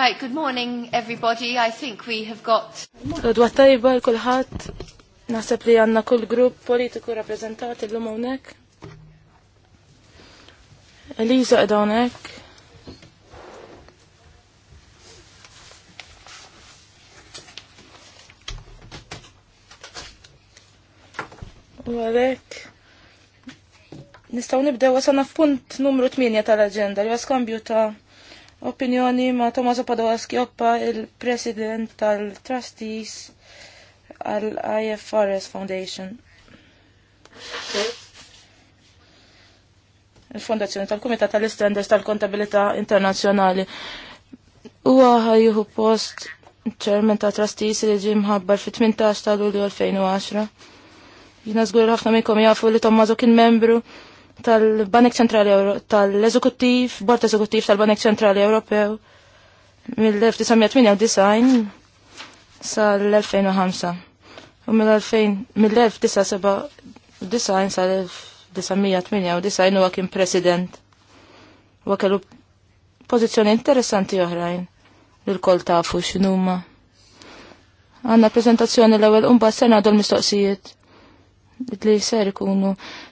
Right, good morning everybody. I think we have got... Għadwa tajba l-kulħat. Nasab li għanna kull grupp politiku rappresentat l-lum għonek. Eliza għedha għonek. U għalek. Nistaw nibdew għasana f'punt numru 8 tal-agenda, li għaskombju ta' opinjoni ma' Tomaso Padowaski Oppa, il-president tal-trustees għal-IFRS Foundation. Il-fondazzjoni tal-Kumitat tal-Istandards tal-Kontabilità Internazzjonali. Huwa ħajjuhu post ċermen ta' trustees li ġim mħabbar fit-18 ta' Lulju 2010. Jina żgur ħafna minnkom jafu li Tommaso kien membru tal-Banek Ċentrali tal-Eżekuttiv, Bord Eżekuttiv tal-Banek Ċentrali Ewropew mill-1998 sal-2005 u mill-1997 sal-1998 huwa kien president u kellu pożizzjoni interessanti oħrajn l-kol tafu x'numa. Għanna prezentazzjoni l-ewwel u mbagħad ser l-mistoqsijiet li ser ikunu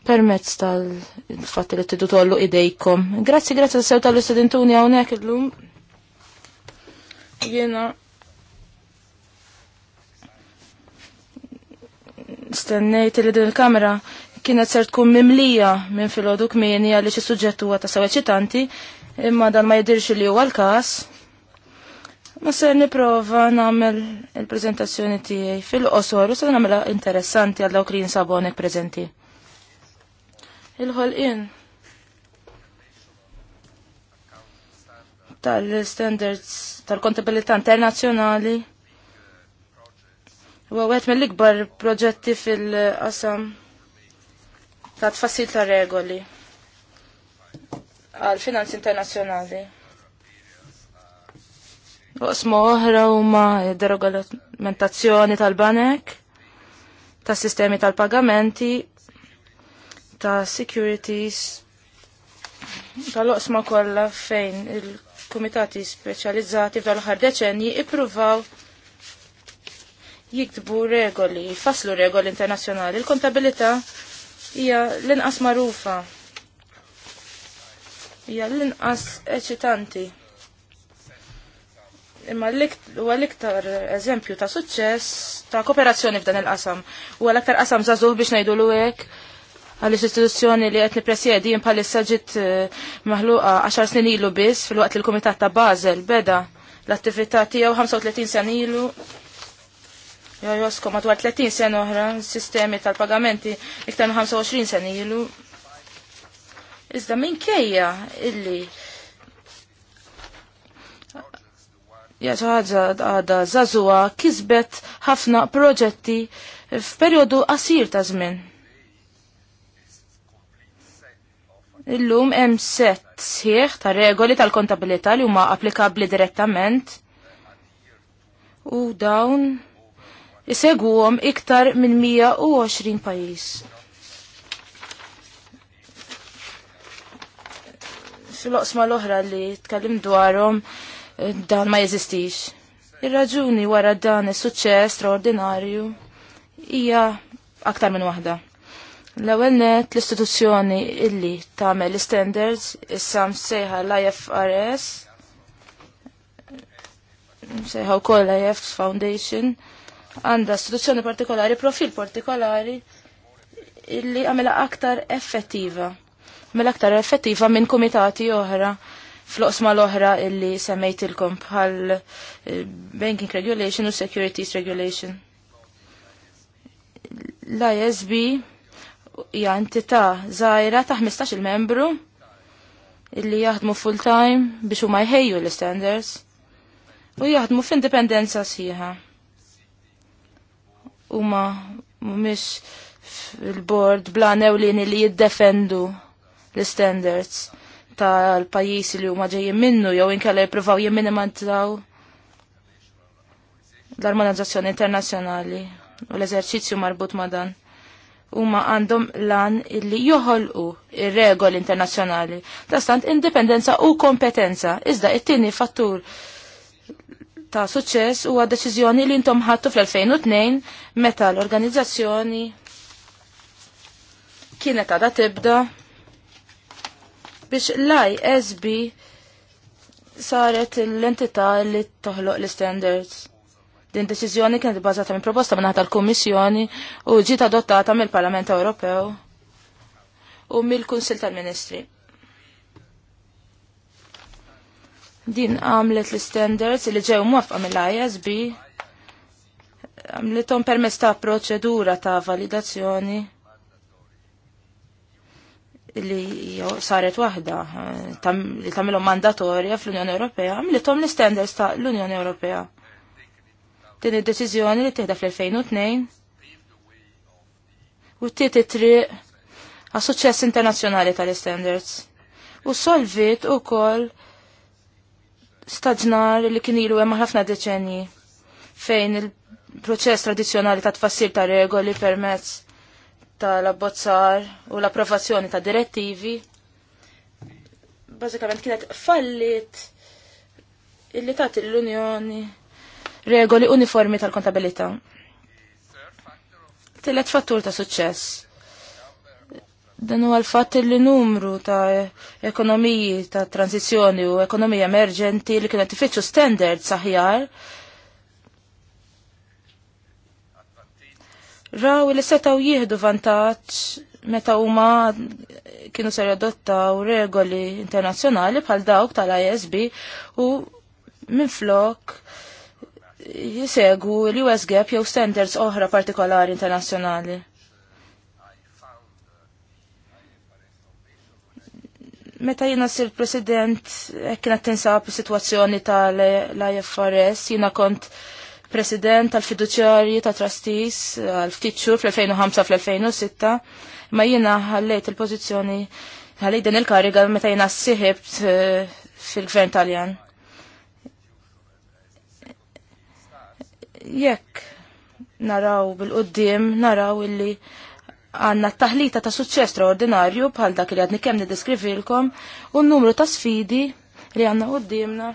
permezz tal-fatti li tidu tollu idejkom. Grazzi, grazzi sew tal-istudentuni għawnek il-lum. Jena stennejt li din il-kamera kienet ser tkun mimlija minn filgħodu kmieni għaliex is-suġġett huwa ta' sew eċitanti, imma dan ma jidirx li huwa l-każ. Ma se niprofa namel il-prezentazzjoni tiegħi fil-qosor se nagħmilha interessanti għal dawk li jinsabu prezenti. il Il-ħolqien tal-standards tal-kontabilità internazzjonali huwa wieħed mill-ikbar proġetti fil-qasam ta' tfassil ta' regoli għal finanzi internazzjonali. Osmo oħra huma deregolamentazzjoni tal-banek, tas sistemi tal-pagamenti, ta' securities, tal-osma kollha fejn il-komitati speċjalizzati f'dan l-aħħar deċenji ippruvaw jiktbu regoli, faslu regoli internazzjonali. Il-kontabilità hija l-inqas marufa, hija l-inqas eċitanti Imma l-iktar eżempju ta' suċċess ta' kooperazzjoni f'dan il-qasam. Huwa l-aktar qasam żagħżugħ biex ngħidulu hekk għall-istituzzjoni li qed nippresjedi jien s-sagġit eh, maħluqa 10 snin ilu biss fil-waqt li l-Kumitat ta' Bazel beda l-attività tiegħu 35 sen ilu Jo joskom madwar 30 sen oħra, sistemi tal-pagamenti iktar 25 sen ilu. Iżda minkejja illi ħaġa għada zazua kisbet ħafna proġetti f'perjodu qasir ta' żmien. Illum hemm set sħiħ ta' regoli tal-kontabilità li huma applikabbli direttament u dawn isegwhom iktar minn 120 pajjiż. Fil-oqsma l-oħra li tkellim dwarhom dan ma jeżistix. Ir-raġuni wara dan is-suċċess straordinarju hija aktar minn waħda. L-ewwel net l-istituzzjoni illi tagħmel l-standards issa msejħa l-IFRS msejħa wkoll l IFS Foundation għandha istituzzjoni partikolari, profil partikolari illi għamela aktar effettiva. Mela aktar effettiva minn kumitati oħra fl-osma l-oħra illi semmejtilkom bħal eh, Banking Regulation u Securities Regulation. L-ISB hija entità żgħira ta' 15 il membru illi jaħdmu full-time biex huma jħejju l-standards u jaħdmu f'indipendenza sħiħa. Huma mhumiex il-board bla ewlieni li jiddefendu l-standards tal-pajis li huma ġejjin minnu jew inkella jippruvaw jimminimantlaw l-armonizzazzjoni internazzjonali u l-eżerċizzju marbut ma' dan. Huma għandhom lan illi joħolqu ir-regoli internazzjonali. Tastant indipendenza u kompetenza. Iżda it-tieni fattur ta' suċċess huwa deċiżjoni li intom ħadtu fl-2002 meta l-organizzazzjoni kienet għada tibda biex l-ISB saret l-entità li toħloq l-standards. Din deċiżjoni kienet bbażata minn proposta minn tal-Kummissjoni u ġiet adottata mill-Parlament Ewropew u mill-Kunsil tal-Ministri. Din għamlet l-standards li ġew muwafqa mill-ISB għamletom permess ta' proċedura ta' validazzjoni li saret waħda li tamilhom mandatorja fl-Unjoni Ewropea, tom l-standards ta' l-Unjoni Ewropea. Din id-deċiżjoni li teħda fl-2002 u tiet it-triq għas suċċess internazzjonali tal-standards. U solvit ukoll staġnar li kien ilu hemm ħafna deċenji fejn il-proċess tradizzjonali ta' tfassir ta' regoli permezz tal-abbozzar u l-approvazzjoni ta' direttivi bażikament kienet fallit illi ta' l-Unjoni regoli uniformi tal-kontabilità. Tillet fattur ta' suċċess. Dan huwa l-fatt li numru ta' ekonomiji ta' tranzizjoni u ekonomija emerġenti li kienet tifittxu standards aħjar raw li setaw jieħdu vantaġġ meta huma kienu ser adottaw regoli internazzjonali bħal dawk tal-ISB u minflok jisegu l-US Gap jew standards oħra partikolari internazzjonali. Meta jina sir president, kienet tinsab situazzjoni tal-IFRS, jina kont uh, president tal-fiduċjarji ta' trustees għal-ftit xhur fl-2005 fl-2006, ma jiena ħallejt il-pożizzjoni ħallejt din il-kariga meta s siħibt eh, fil-gvern Taljan. Jekk naraw bil-qoddim, naraw illi għanna taħlita ta' suċċess straordinarju bħal dak li għadni kemm niddeskrivilkom u n-numru ta' sfidi li għanna qoddimna.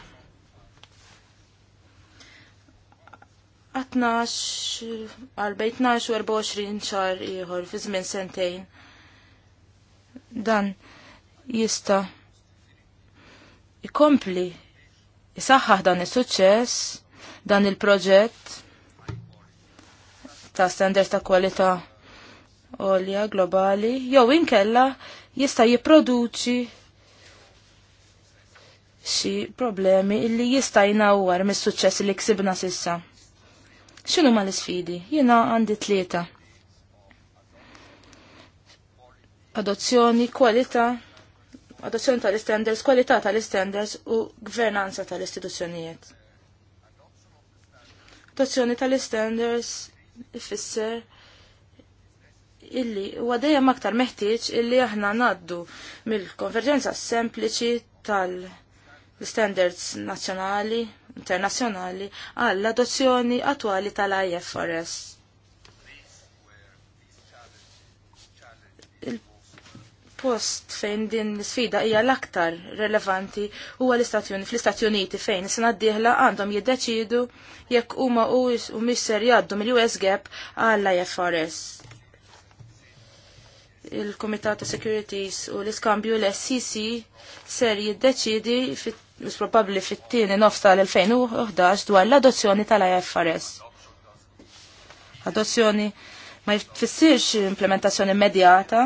12 għal bej 12 u 24 xar ieħor fi żmien sentejn. Dan jista' ikompli isaħħaħ dan is-suċċess, dan il-proġett ta' standard ta' kwalità olja globali, jew inkella jista' jipproduċi xi problemi illi jista' jinawwar mis-suċċess li ksibna sissa xinu ma l-isfidi? Jiena għandi tlieta. Adozzjoni, kwalità, adozzjoni tal-istenders, kwalità tal-istenders u gvernanza tal-istituzzjonijiet. Adozzjoni tal-istenders ifisser illi huwa dejjem aktar meħtieġ illi aħna ngħaddu mill-konverġenza sempliċi tal-standards nazzjonali internazzjonali għall-adozzjoni attwali tal-IFRS. Il-post fejn din l-sfida hija l-aktar relevanti huwa l-Istati Uniti fl-Istati Uniti fejn is-sena d-dieħla għandhom jiddeċidu jekk huma u misser jgħaddu mill-US Gap għall-IFRS il-Komitat ta' Securities u l-Iskambju l-SCC ser jiddeċidi fit probabli fit-tieni nofs tal-2011 dwar l-adozzjoni tal-IFRS. Adozzjoni ma jfissirx implementazzjoni immedjata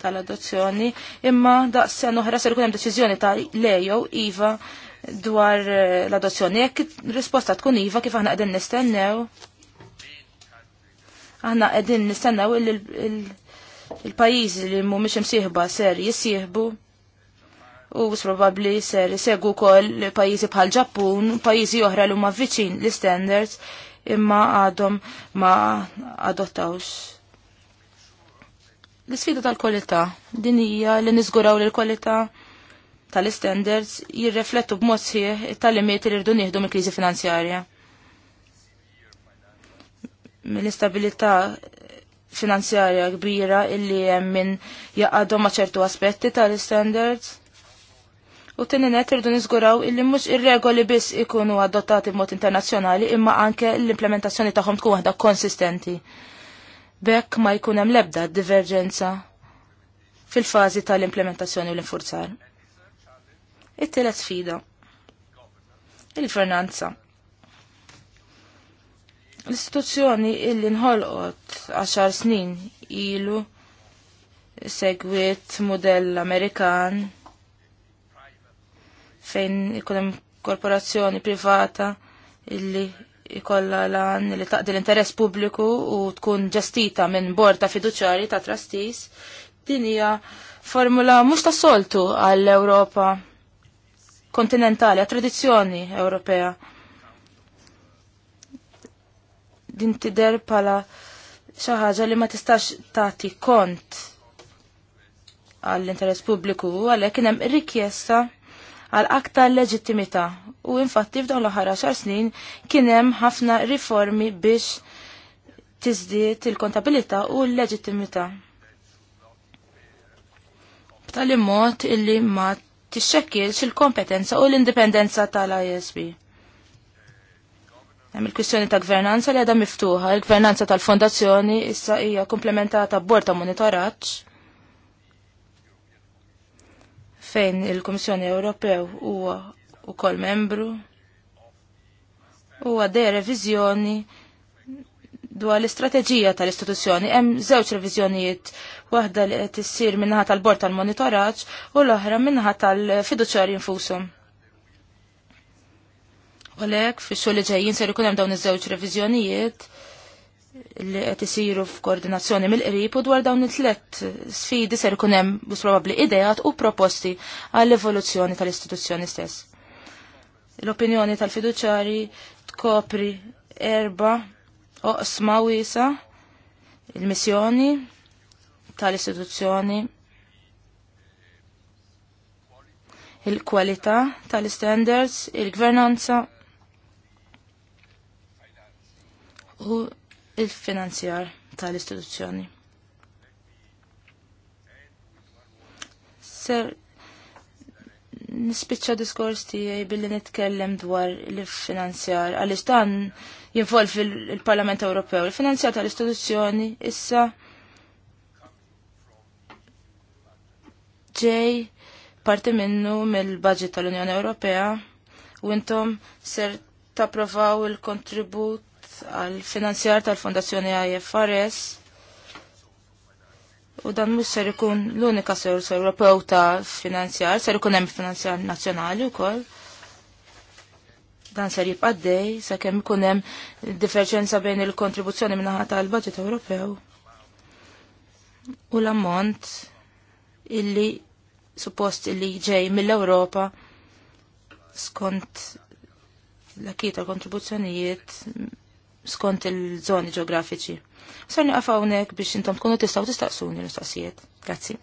tal-adozzjoni, imma daqsen oħra se jkun hemm deċiżjoni ta' lejo iva dwar eh, l-adozzjoni. Jekk risposta tkun iva kif aħna qegħdin nistennew. Aħna qegħdin nistennew il-pajjiżi li mhumiex imsieħba ser jissieħbu u probabli ser segu kol pajjiżi bħal Ġappun, pajjiżi oħra li huma viċin l standards imma għadhom ma adottawx. L-sfida tal-kwalità din hija li niżguraw li l-kwalità tal-standards jirreflettu b'mod sħiħ tal-limiti li rridu nieħdu mill-kriżi finanzjarja. Mill-istabilità finanzjarja kbira illi hemm min jaqadhom ma' ċertu aspetti tal-standards U tinni net irdu niżguraw illi mhux ir-regoli biss ikunu adottati b'mod internazzjonali imma anke l-implementazzjoni tagħhom tkun waħda konsistenti. Bekk ma jkun hemm l-ebda diverġenza fil-fażi tal-implementazzjoni u l-infurzar. It-tielet sfida. Il-gvernanza. L-istituzzjoni illi nħolqot għaxar snin ilu segwit modell Amerikan fejn ikun hemm korporazzjoni privata illi ikolla lan li taqdi l-interess pubbliku u tkun ġestita minn bord ta' fiduċari ta' trastis, din hija formula mhux ta' soltu għall-Ewropa kontinentali, għat tradizzjoni Ewropea. Din tider pala xi ħaġa li ma tistax tagħti kont għall-interess pubbliku għalhekk kien rikjesta għal aktar leġittimità u infatti f'dawn l-aħħar xar snin kien hemm ħafna riformi biex tizdiet il-kontabilità u l-leġittimità. B'tali mod illi ma tixxekkilx il-kompetenza u l-indipendenza tal-ISB. Hemm il-kwistjoni ta' gvernanza li għadha miftuħa, il-gvernanza tal-fondazzjoni issa hija komplementata bord ta' monitoraġġ fejn il-Komissjoni Ewropew huwa ukoll membru huwa dej reviżjoni dwar l-istrateġija tal-istituzzjoni hemm żewġ reviżjonijiet waħda li qed issir minnaħa tal-bord tal-monitoraġġ u l-oħra minnaħa tal-fiduċjarji infushom. U hekk fix-xogħol li ġejjin ser ikun hemm dawn iż-żewġ reviżjonijiet li qed isiru f'koordinazzjoni mill-qrib u dwar dawn it-tlet sfidi ser ikun hemm bus probabbli ideat u proposti għall-evoluzzjoni tal-istituzzjoni stess. L-opinjoni tal-fiduċari tkopri erba oqsma wiesa il-missjoni tal-istituzzjoni il-kwalità tal-standards, il-gvernanza u il-finanzjar tal-istituzzjoni. Ser nispiċċa diskors tiegħi billi nitkellem dwar il finanzjar għaliex dan jinvolvi il-Parlament Ewropew. Il-finanzjar tal-istituzzjoni issa ġej parti minnu mill-budget tal-Unjoni Ewropea u intom ser tapprovaw il-kontribut għal finanzjar tal-Fondazzjoni IFRS u dan mhux ser ikun l-unika sors Ewropew ta' finanzjar, ser ikun hemm finanzjar nazzjonali wkoll. Dan ser jibqa' dej sakemm ikun hemm differenza bejn il-kontribuzzjoni minnaħa tal-Baġit Ewropew u l-ammont illi suppost illi ġej mill-Ewropa skont l-akita kontribuzzjonijiet skont il-żoni ġeografiċi. Sar niqaf hawnhekk biex intom tkunu tistgħu tistaqsuni l-istaqsijiet. Grazzi.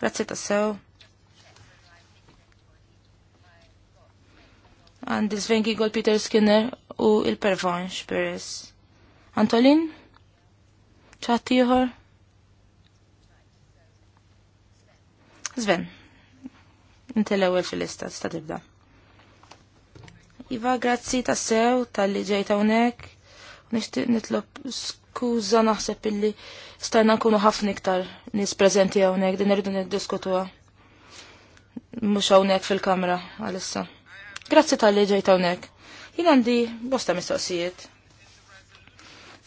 Grazzi tassew. Għandi Sven Gigol Peter Skinner u il-Pervanx Perez. Antolin? ċat ieħor? Sven, inti l-ewwel fil-lista sta tibda. Iva, grazzi tassew tal-li ġejt hawnhekk Nishtiq nitlob skuża naħseb illi stajna nkunu ħafna iktar nis preżenti hawnhekk din irridu niddiskutuha. Mhux hawnhekk fil-kamra għalissa. Grazzi tal-li ġejt hawnhekk. Jien għandi bosta mistoqsijiet.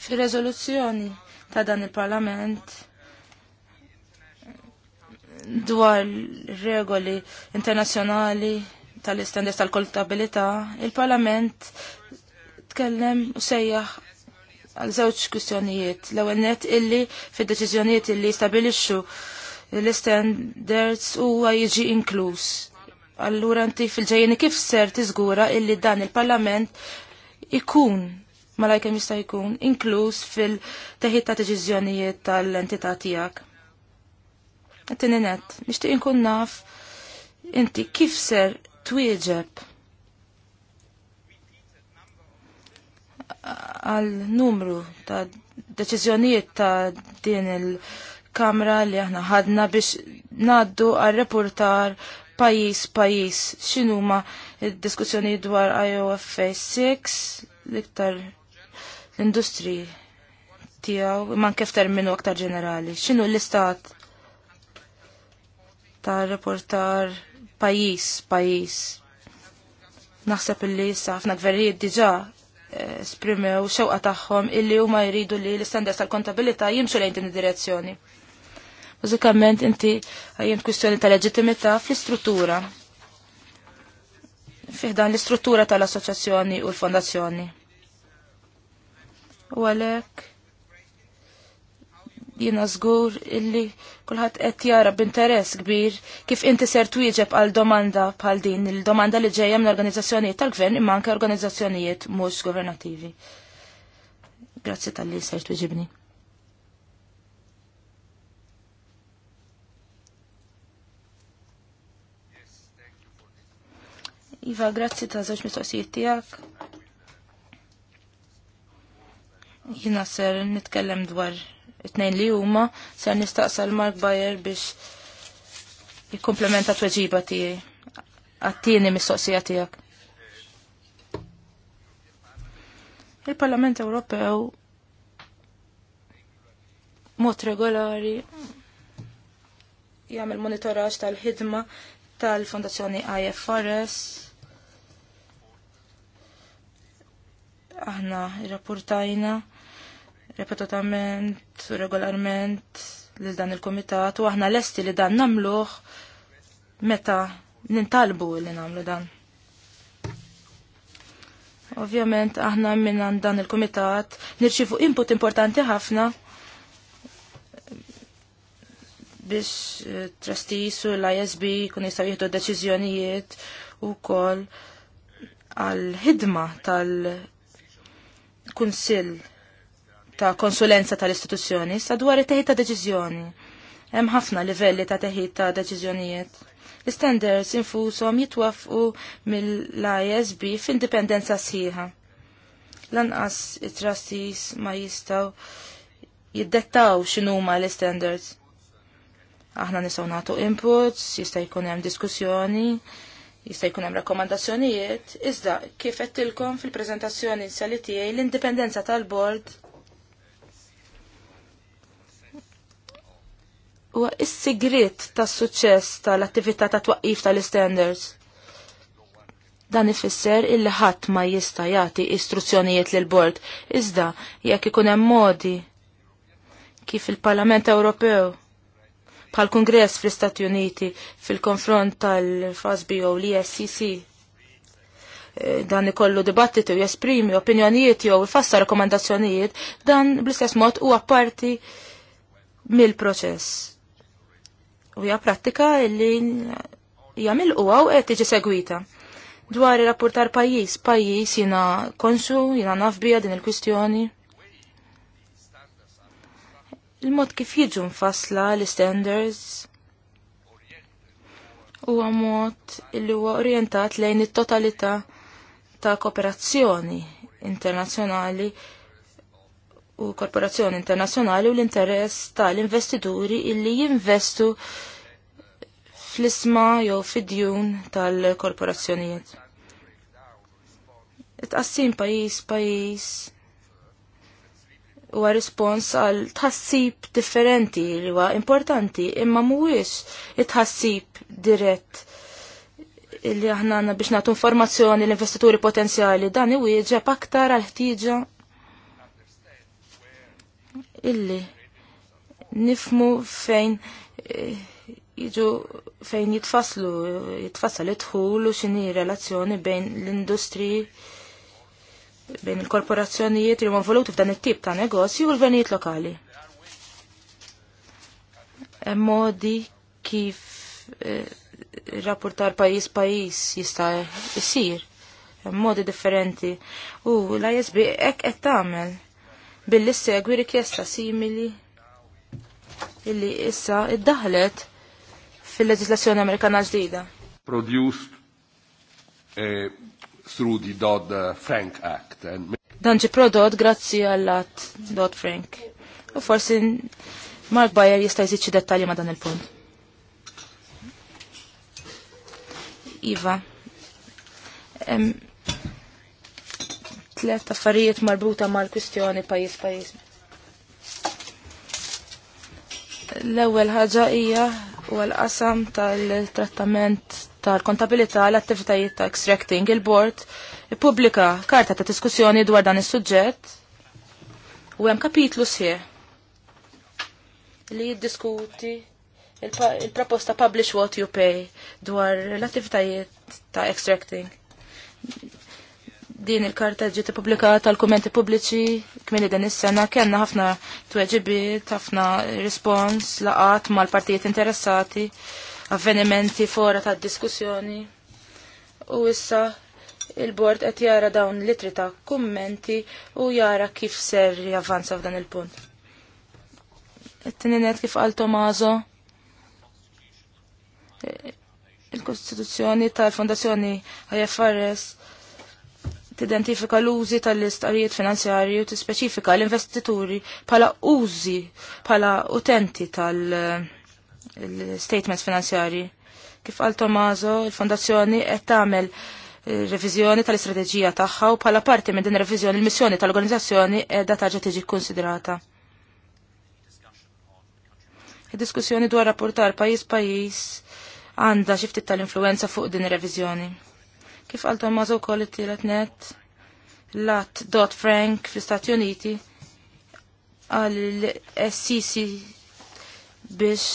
Fir-reżoluzzjoni ta' dan il-Parlament dwar regoli internazzjonali tal-istandard tal-koltabilità, il-Parlament tkellem u sejjaħ għal żewġ kwistjonijiet. L-ewwel net illi fid-deċiżjonijiet illi stabilixxu l-standards huwa jiġi inkluż. Allura inti fil-ġejjeni kif ser tiżgura illi dan il-Parlament ikun malaj kemm jista' jkun inkluż fil-teħid ta' deċiżjonijiet tal-entità tiegħek. Qed net, nixtieq inkun naf inti kif ser twieġeb għal numru ta' deċiżjonijiet ta' din il-kamra li aħna ħadna biex naddu għal reportar pajis pajis x'inhuma il diskussjoni dwar IOFA 6 l-iktar l-industri tiegħu man kif terminu aktar ġenerali. X'inhu l-istat ta' reportar pajis pajis naħseb illi issa ħafna gverrijiet diġà esprimew xewqa tagħhom illi huma jridu li l-istandards tal-kontabilità jimxu lejn din id-direzzjoni. Bażikament inti għajjem kwistjoni ta' leġittimità fl-istruttura. Fiħdan l-istruttura tal-assoċjazzjoni u l-fondazzjoni. U għalhekk Jiena żgur illi kulħadd qed jara b'interess kbir kif inti ser twieġeb għal domanda bħal din, il-domanda li ġejja minn organizzazzjonijiet tal-gvern imma anke organizzazzjonijiet mhux governattivi. Grazzi tal-li ser twieġibni. Iva, grazzi ta' żewġ mistoqsijiet tiegħek. Jina ser nitkellem dwar it-tnejn li huma ser nistaqsal Mark Bayer biex jikkomplementa tweġiba tiegħi għat-tieni mistoqsija tiegħek. Il-Parlament Ewropew mod regolari jagħmel monitoraġġ tal-ħidma tal-Fondazzjoni IFRS. Aħna rapportajna repetutament, regolarment lil dan il-komitat u aħna lesti li dan namluħ meta nintalbu li namlu dan. Ovvjament aħna minn dan il-komitat nirċifu input importanti ħafna biex eh, trustees u l-ISB kun jistaw jihdu deċizjonijiet u koll għal-ħidma tal-kunsill ta' konsulenza tal-istituzzjoni sa dwar it-teħid ta' deċiżjoni. Hemm ħafna livelli ta' teħid ta' deċiżjonijiet. L-standards infushom jitwafqu mill-ISB f'indipendenza sħiħa. Lanqas it-trustees ma jistgħu jiddettaw x'inhuma l-standards. Aħna nistgħu nagħtu inputs, jista' jkun hemm diskussjoni, jista' jkun hemm rakkomandazzjonijiet, iżda kif qedtilkom fil-preżentazzjoni sali tiegħi l-indipendenza tal-bord huwa is-sigriet tas-suċċess tal-attività ta' twaqqif tal-standards. Dan ifisser illi ħadd ma jista' jagħti istruzzjonijiet lil bord iżda jekk ikun hemm modi kif il-Parlament Ewropew bħal Kungress fl-Istati Uniti fil-konfront tal-FASB u l-ISCC eh, dan ikollu dibattitu jesprimi opinjonijiet jew ifassar rakkomandazzjonijiet, dan bl-istess mod huwa parti mill-proċess u hija prattika li hija milquha u qed tiġi segwita. Dwar ir-rapportar pajjiż, pajjiż jiena konsu, jiena naf bija din il-kwistjoni. Il-mod kif jiġu mfassla l-standards huwa mod li huwa orjentat lejn it-totalità ta' kooperazzjoni internazzjonali u korporazzjoni internazzjonali u l-interess tal-investituri illi jinvestu fl-isma jew fid-djun tal-korporazzjonijiet. it pajis pajis huwa rispons għal tħassib differenti li huwa importanti imma mhuwiex it-tħassib dirett li aħna għandna biex nagħtu informazzjoni l-investituri potenzjali dan iwieġeb aktar għal ħtieġa illi nifmu fejn eh, jiġu fejn jitfaslu, jitfassal itħulu u xini relazzjoni bejn l-industri, bejn il-korporazzjonijiet li huma voluti f'dan it-tip ta' negozju u l venijiet lokali. Hemm modi kif eh, rapportar pajis pajis jista' jsir hemm modi differenti u l-ISB hekk qed tagħmel billi segwi rikjesta simili illi issa iddaħlet fil-leġislazzjoni Amerikana ġdida. Produced eh, through the Dodd-Frank eh, Act. And... Dan ġi prodott grazzi għall-att Dodd-Frank. U forsi Mark Bayer jista' jżid dettalji ma' dan il-punt. Iva, tlet affarijiet marbuta mal-kwistjoni pajis pajis. L-ewwel ħaġa hija huwa l-qasam tal-trattament tal-kontabilità l-attivitajiet ta' extracting il-bord ippubblika karta ta' diskussjoni dwar dan is-suġġett u hemm kapitlu sħiħ li jiddiskuti il-proposta publish what you pay dwar l-attivitajiet ta' extracting din il-karta ġiet ippubblikata l-kumenti pubbliċi kmieni din is-sena kellna ħafna tweġibiet, ħafna rispons laqat mal-partijiet interessati, avvenimenti fora ta' diskussjoni. U issa il-bord qed jara dawn litri ta' kummenti u jara kif ser javvanza f'dan il-punt. it kif qal Tomaso il-Kostituzzjoni tal-Fondazzjoni IFRS tidentifika l-użi tal-istqarijiet finanzjarji u tispeċifika l-investituri pala użi pala utenti tal-statements eh, finanzjarji. Kif għal Tomazo, il-fondazzjoni qed tagħmel eh, revizjoni tal-istrateġija tagħha u pala parti minn din revizjoni il-missjoni tal-organizzazzjoni qiegħda tarġa' tiġi konsidrata. Id-diskussjoni dwar rapportar pajjiż pajjiż għandha xi ftit tal-influenza fuq din ir-reviżjoni. Kif għal Tommaso ukoll it-tielet net, lat Dot Frank fl-Istati Uniti għal SCC biex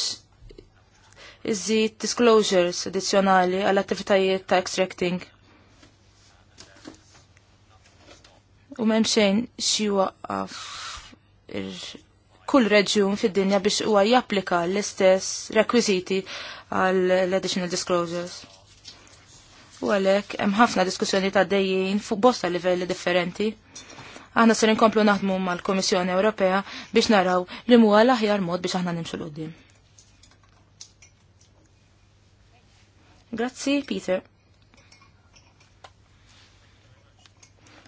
iżid disclosures addizzjonali għal attivitajiet ta' extracting. U memxejn xi għaf kull reġjun fid-dinja biex huwa japplika l-istess rekwiżiti għall additional disclosures. U għalek, hemm ħafna diskussjoni ta' dejjin fuq bosta livelli differenti. Aħna ser inkomplu naħdmu mal-Komissjoni Ewropea biex naraw li mu l-aħjar mod biex aħna nimxu l-qudiem. Grazzi, Peter.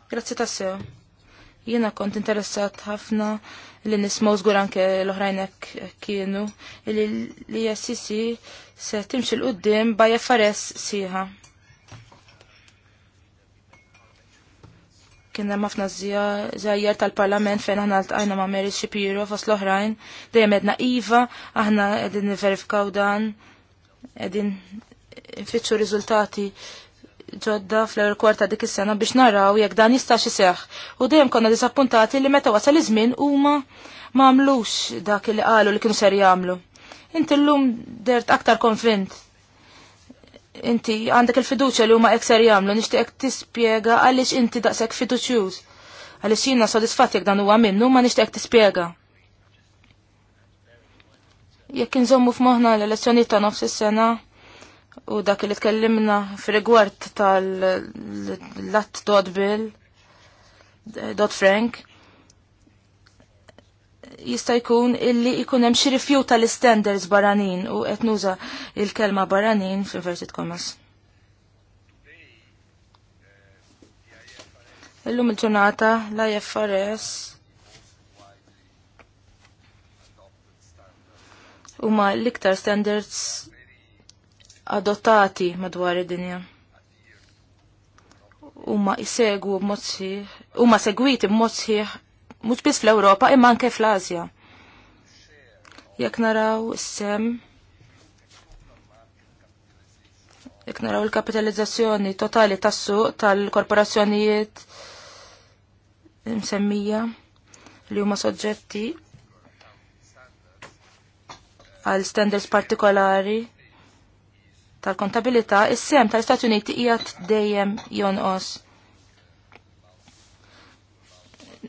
Grazzi tassew. Jiena kont interessat ħafna li nismaw żgur anke l-oħrajnek kienu li l-ISCC se timxi l-qudiem bajja fares siħa. Kien hemm ħafna żjajjar tal-Parlament fejn aħna ltqajna ma' Mary Shapiro fost l-oħrajn, dejjem qedna iva, aħna qegħdin niverifikaw dan, qegħdin nfittxu riżultati ġodda fl-ewwel kwarta dik is-sena biex naraw jekk dan jistax iseħħ. U dejjem konna disappuntati li meta wasal iż-żmien huma m'għamlux dak li qalu li kienu ser jagħmlu. Inti llum dert aktar konvint inti għandek il-fiduċa li huma ekser jagħmlu nixtieqek tispjega għaliex inti daqshekk fiduċjuż. Għaliex jiena sodisfatt jekk dan huwa minnu ma nixtieq tispjega. Jekk inżommu f'moħħna l-elezzjonijiet ta' nofs is-sena u dak li tkellimna fir-rigward tal lat Dodd Bill, Dodd Frank, jista' jkun illi jkun hemm xi rifjut tal istandards barranin u qed nuża l kelma barranin f'inverted commas. Illum il-ġurnata l-IFRS huma l-iktar standards adottati madwar id-dinja. Huma jsegwu b'mod sħiħ, huma segwiti b'mod sħiħ mhux biss fl-Ewropa imma anke fl azja Jekk naraw is-sem jekk naraw il-kapitalizzazzjoni totali tas-suq tal-korporazzjonijiet msemmija li huma soġġetti għal standards partikolari tal-kontabilità, is-sem tal-Istati Uniti hija dejjem jonqos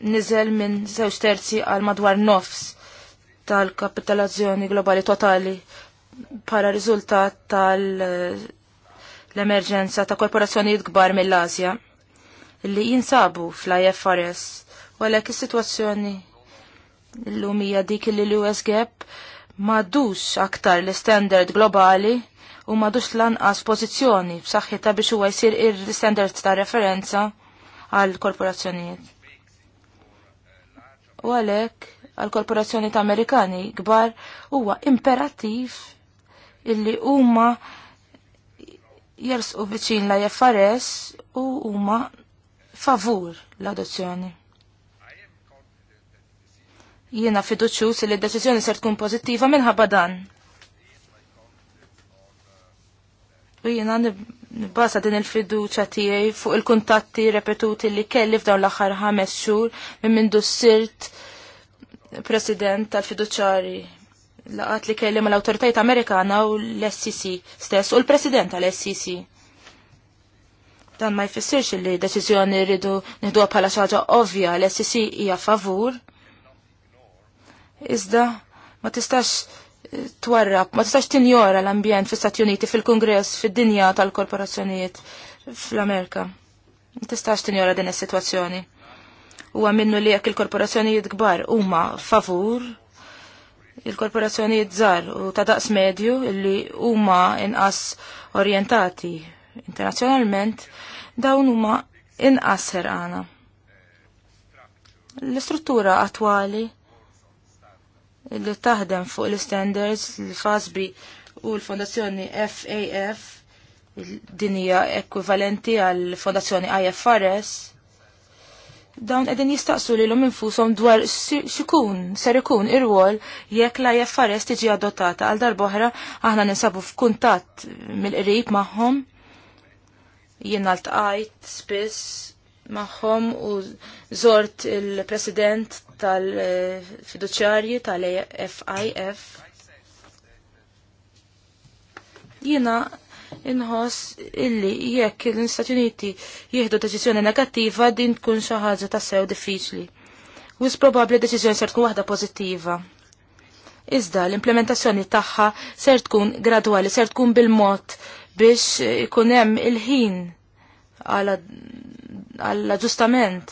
niżel minn żewġ terzi għal madwar nofs tal-kapitalazzjoni globali totali para riżultat tal-emerġenza ta' korporazzjonijiet kbar mill azja li jinsabu fl-IFRS u għalhekk is-sitwazzjoni l lumija dik li l-US Gap madux aktar l-standard globali u madux lanqas pożizzjoni b'saħħitha biex huwa jsir il standard ta' referenza għal korporazzjonijiet. U għalhekk għall-korporazzjoni ta' Amerikani kbar huwa imperattiv illi huma jersqu viċin la jaffares u huma favur l-adozzjoni. Jiena fiduċjuż li d-deċiżjoni ser tkun pożittiva minħabba dan. U jiena Basa din il-fiduċa tiegħi fuq il-kuntatti repetuti li kelli f'dawn l-aħħar ħames xhur minn mindu sirt president tal-fiduċari laqat li kelli mal-awtoritajiet Amerikana u l-SCC stess u l-president tal-SCC. Dan ma jfissirx li deċiżjoni rridu nieħduha bħala xi ħaġa ovvja l-SCC hija favur. Iżda ma tistax twarrab, ma tistax tinjora l-ambjent fl-Istati Uniti, fil-Kongress, fil dinja tal-korporazzjonijiet fl-Amerika. Ma tistax tinjora din is-sitwazzjoni. Huwa minnu li jekk il-korporazzjonijiet kbar huma favur il-korporazzjonijiet żgħar u ta' daqs medju li huma inqas orientati internazzjonalment dawn huma inqas ħerqana. L-istruttura attwali li taħdem fuq l-standards l-FASBI u l-fondazzjoni FAF din hija ekwivalenti għal fondazzjoni IFRS dawn edin jistaqsu li l-om infusom dwar xikun, ser ikun ir-wol jekk la ifrs tiġi adottata għal darboħra aħna ninsabu f'kuntatt mill-qrib magħhom jiena l spiss magħhom u zort il-president tal-fiduċjarji tal-AFIF. Jiena inħoss illi jekk l-Istati Uniti jieħdu deċiżjoni negattiva din tkun xi ħaġa ta' sew diffiċli. Wis probabbli deċiżjoni ser tkun waħda pożittiva. Iżda l-implementazzjoni tagħha ser tkun gradwali, ser tkun bil-mod biex ikun hemm il-ħin għall-aġġustament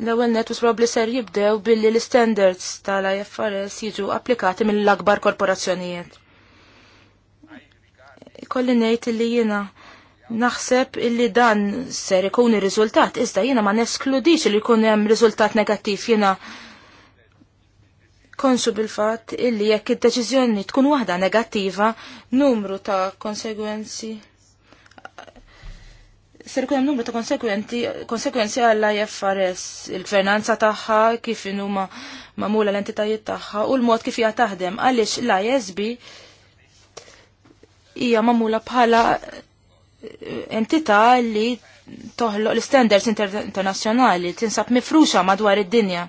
L-ewwel net probabbli ser jibdew billi l-standards tal-IFRS jiġu applikati mill-akbar korporazzjonijiet. Kolli ngħid li jiena naħseb illi dan ser ikun ir-riżultat, iżda jiena ma neskludix li jkun hemm riżultat negattiv jiena konsu bil-fatt illi jekk id-deċiżjoni tkun waħda negattiva, numru ta' konsegwenzi ser ikun hemm numru ta' konsekwenzi għall IFRS, il-gvernanza tagħha, kif huma magħmula l-entitajiet tagħha u l-mod kif hija taħdem għaliex l-ISB hija magħmula bħala eh, entità li toħloq l-standards internazzjonali tinsab mifruxa madwar id-dinja.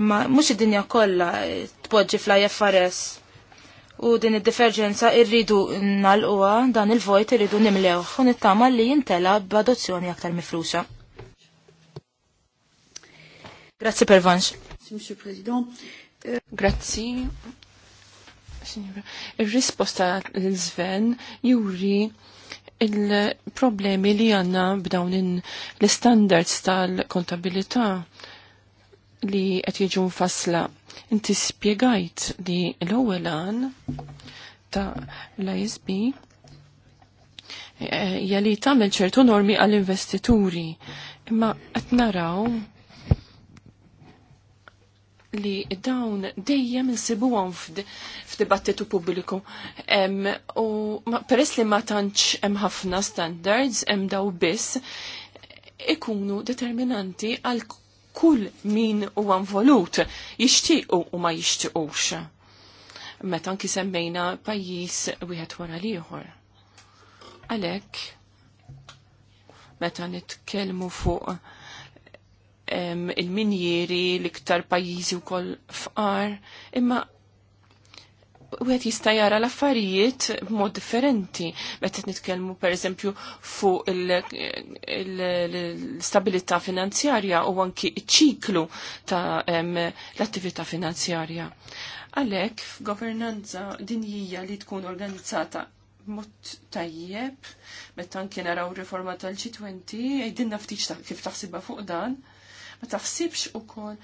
Imma mhux id-dinja kollha eh, tpoġġi fl-IFRS u din id diferġenza irridu nalquha dan il-vojt irridu nimlewh u nittama li jintela b'adozzjoni aktar mifruxa. Grazie Pervanx. Monsieur President. Euh, Grazzi. Ir-risposta l-Sven juri il-problemi li għanna b'dawn l-standards tal-kontabilità li qed jiġu mfassla. Inti spjegajt li l-ewwel għan ta' l-ISB eh, hija li tagħmel ċertu normi għall-investituri. Imma qed naraw li dawn dejjem insibuhom f'dibattitu pubbliku. U peress li ma tantx hemm ħafna standards, hemm daw biss, ikunu determinanti għal kull min huwa involut jixtiequ u ma jixtiequx. Meta anki semmejna pajjiż wieħed wara l-ieħor. Għalhekk meta nitkellmu fuq il-minjeri l-iktar pajjiżi wkoll fqar, imma u għet jista jara l-affarijiet b'mod differenti. Meta nitkellmu per eżempju fuq l stabilita finanzjarja u anki ċiklu ta' l-attività finanzjarja. Għalek, f'governanza dinjija li tkun organizzata mod tajjeb, meta anki naraw riforma tal-G20, għidinna ta' kif taħsibba fuq dan, ma taħsibx ukoll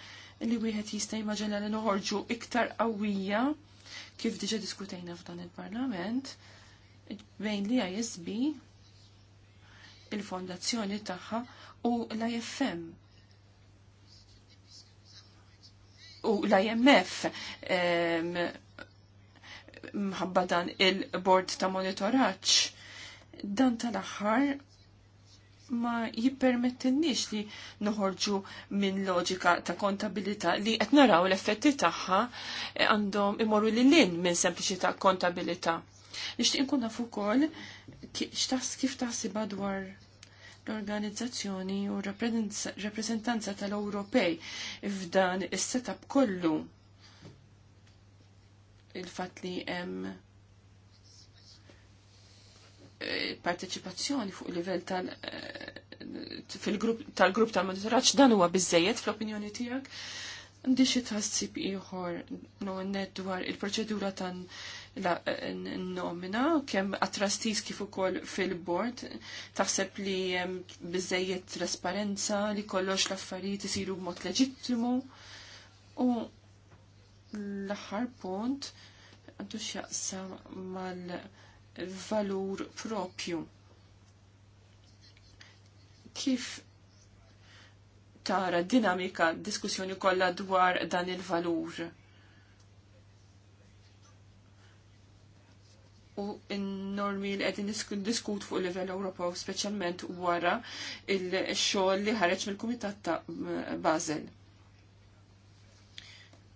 li wieħed jista' jimmaġina li noħorġu iktar qawwija kif diġa diskutejna f'dan il-Parlament, bejn li ISB il-fondazzjoni tagħha u l-IFM u l-IMF mħabba dan il-bord ta' monitoraċ dan tal-axħar ma jippermettinniex li noħorġu minn loġika ta' kontabilità li qed naraw l-effetti tagħha eh, għandhom imorru li lin minn sempliċità kontabilità. Nixtieq nkun naf ukoll kif taħsibha dwar l-organizzazzjoni u rappresentanza tal-Ewropej f'dan is-setup kollu il-fatt li hemm Parteċipazzjoni fuq livell tal- eh, grupp tal-grupp tal-monitoraġġ dan huwa biżejjed fl-opinjoni tiegħek. Għandi xi tħassib ieħor net dwar il-proċedura tan eh, nomina kemm attrastis kif ukoll fil-bord taħseb li hemm biżejjed trasparenza li kollox l-affarijiet isiru b'mod leġittimu u l-aħħar punt għandu x'jaqsam mal- valur propju. Kif tara dinamika diskussjoni kollha dwar dan il-valur? u n-normi li għedin diskut fuq livell Ewropew speċjalment wara il-xogħol li ħareġ mill-Kumitat ta' Basel.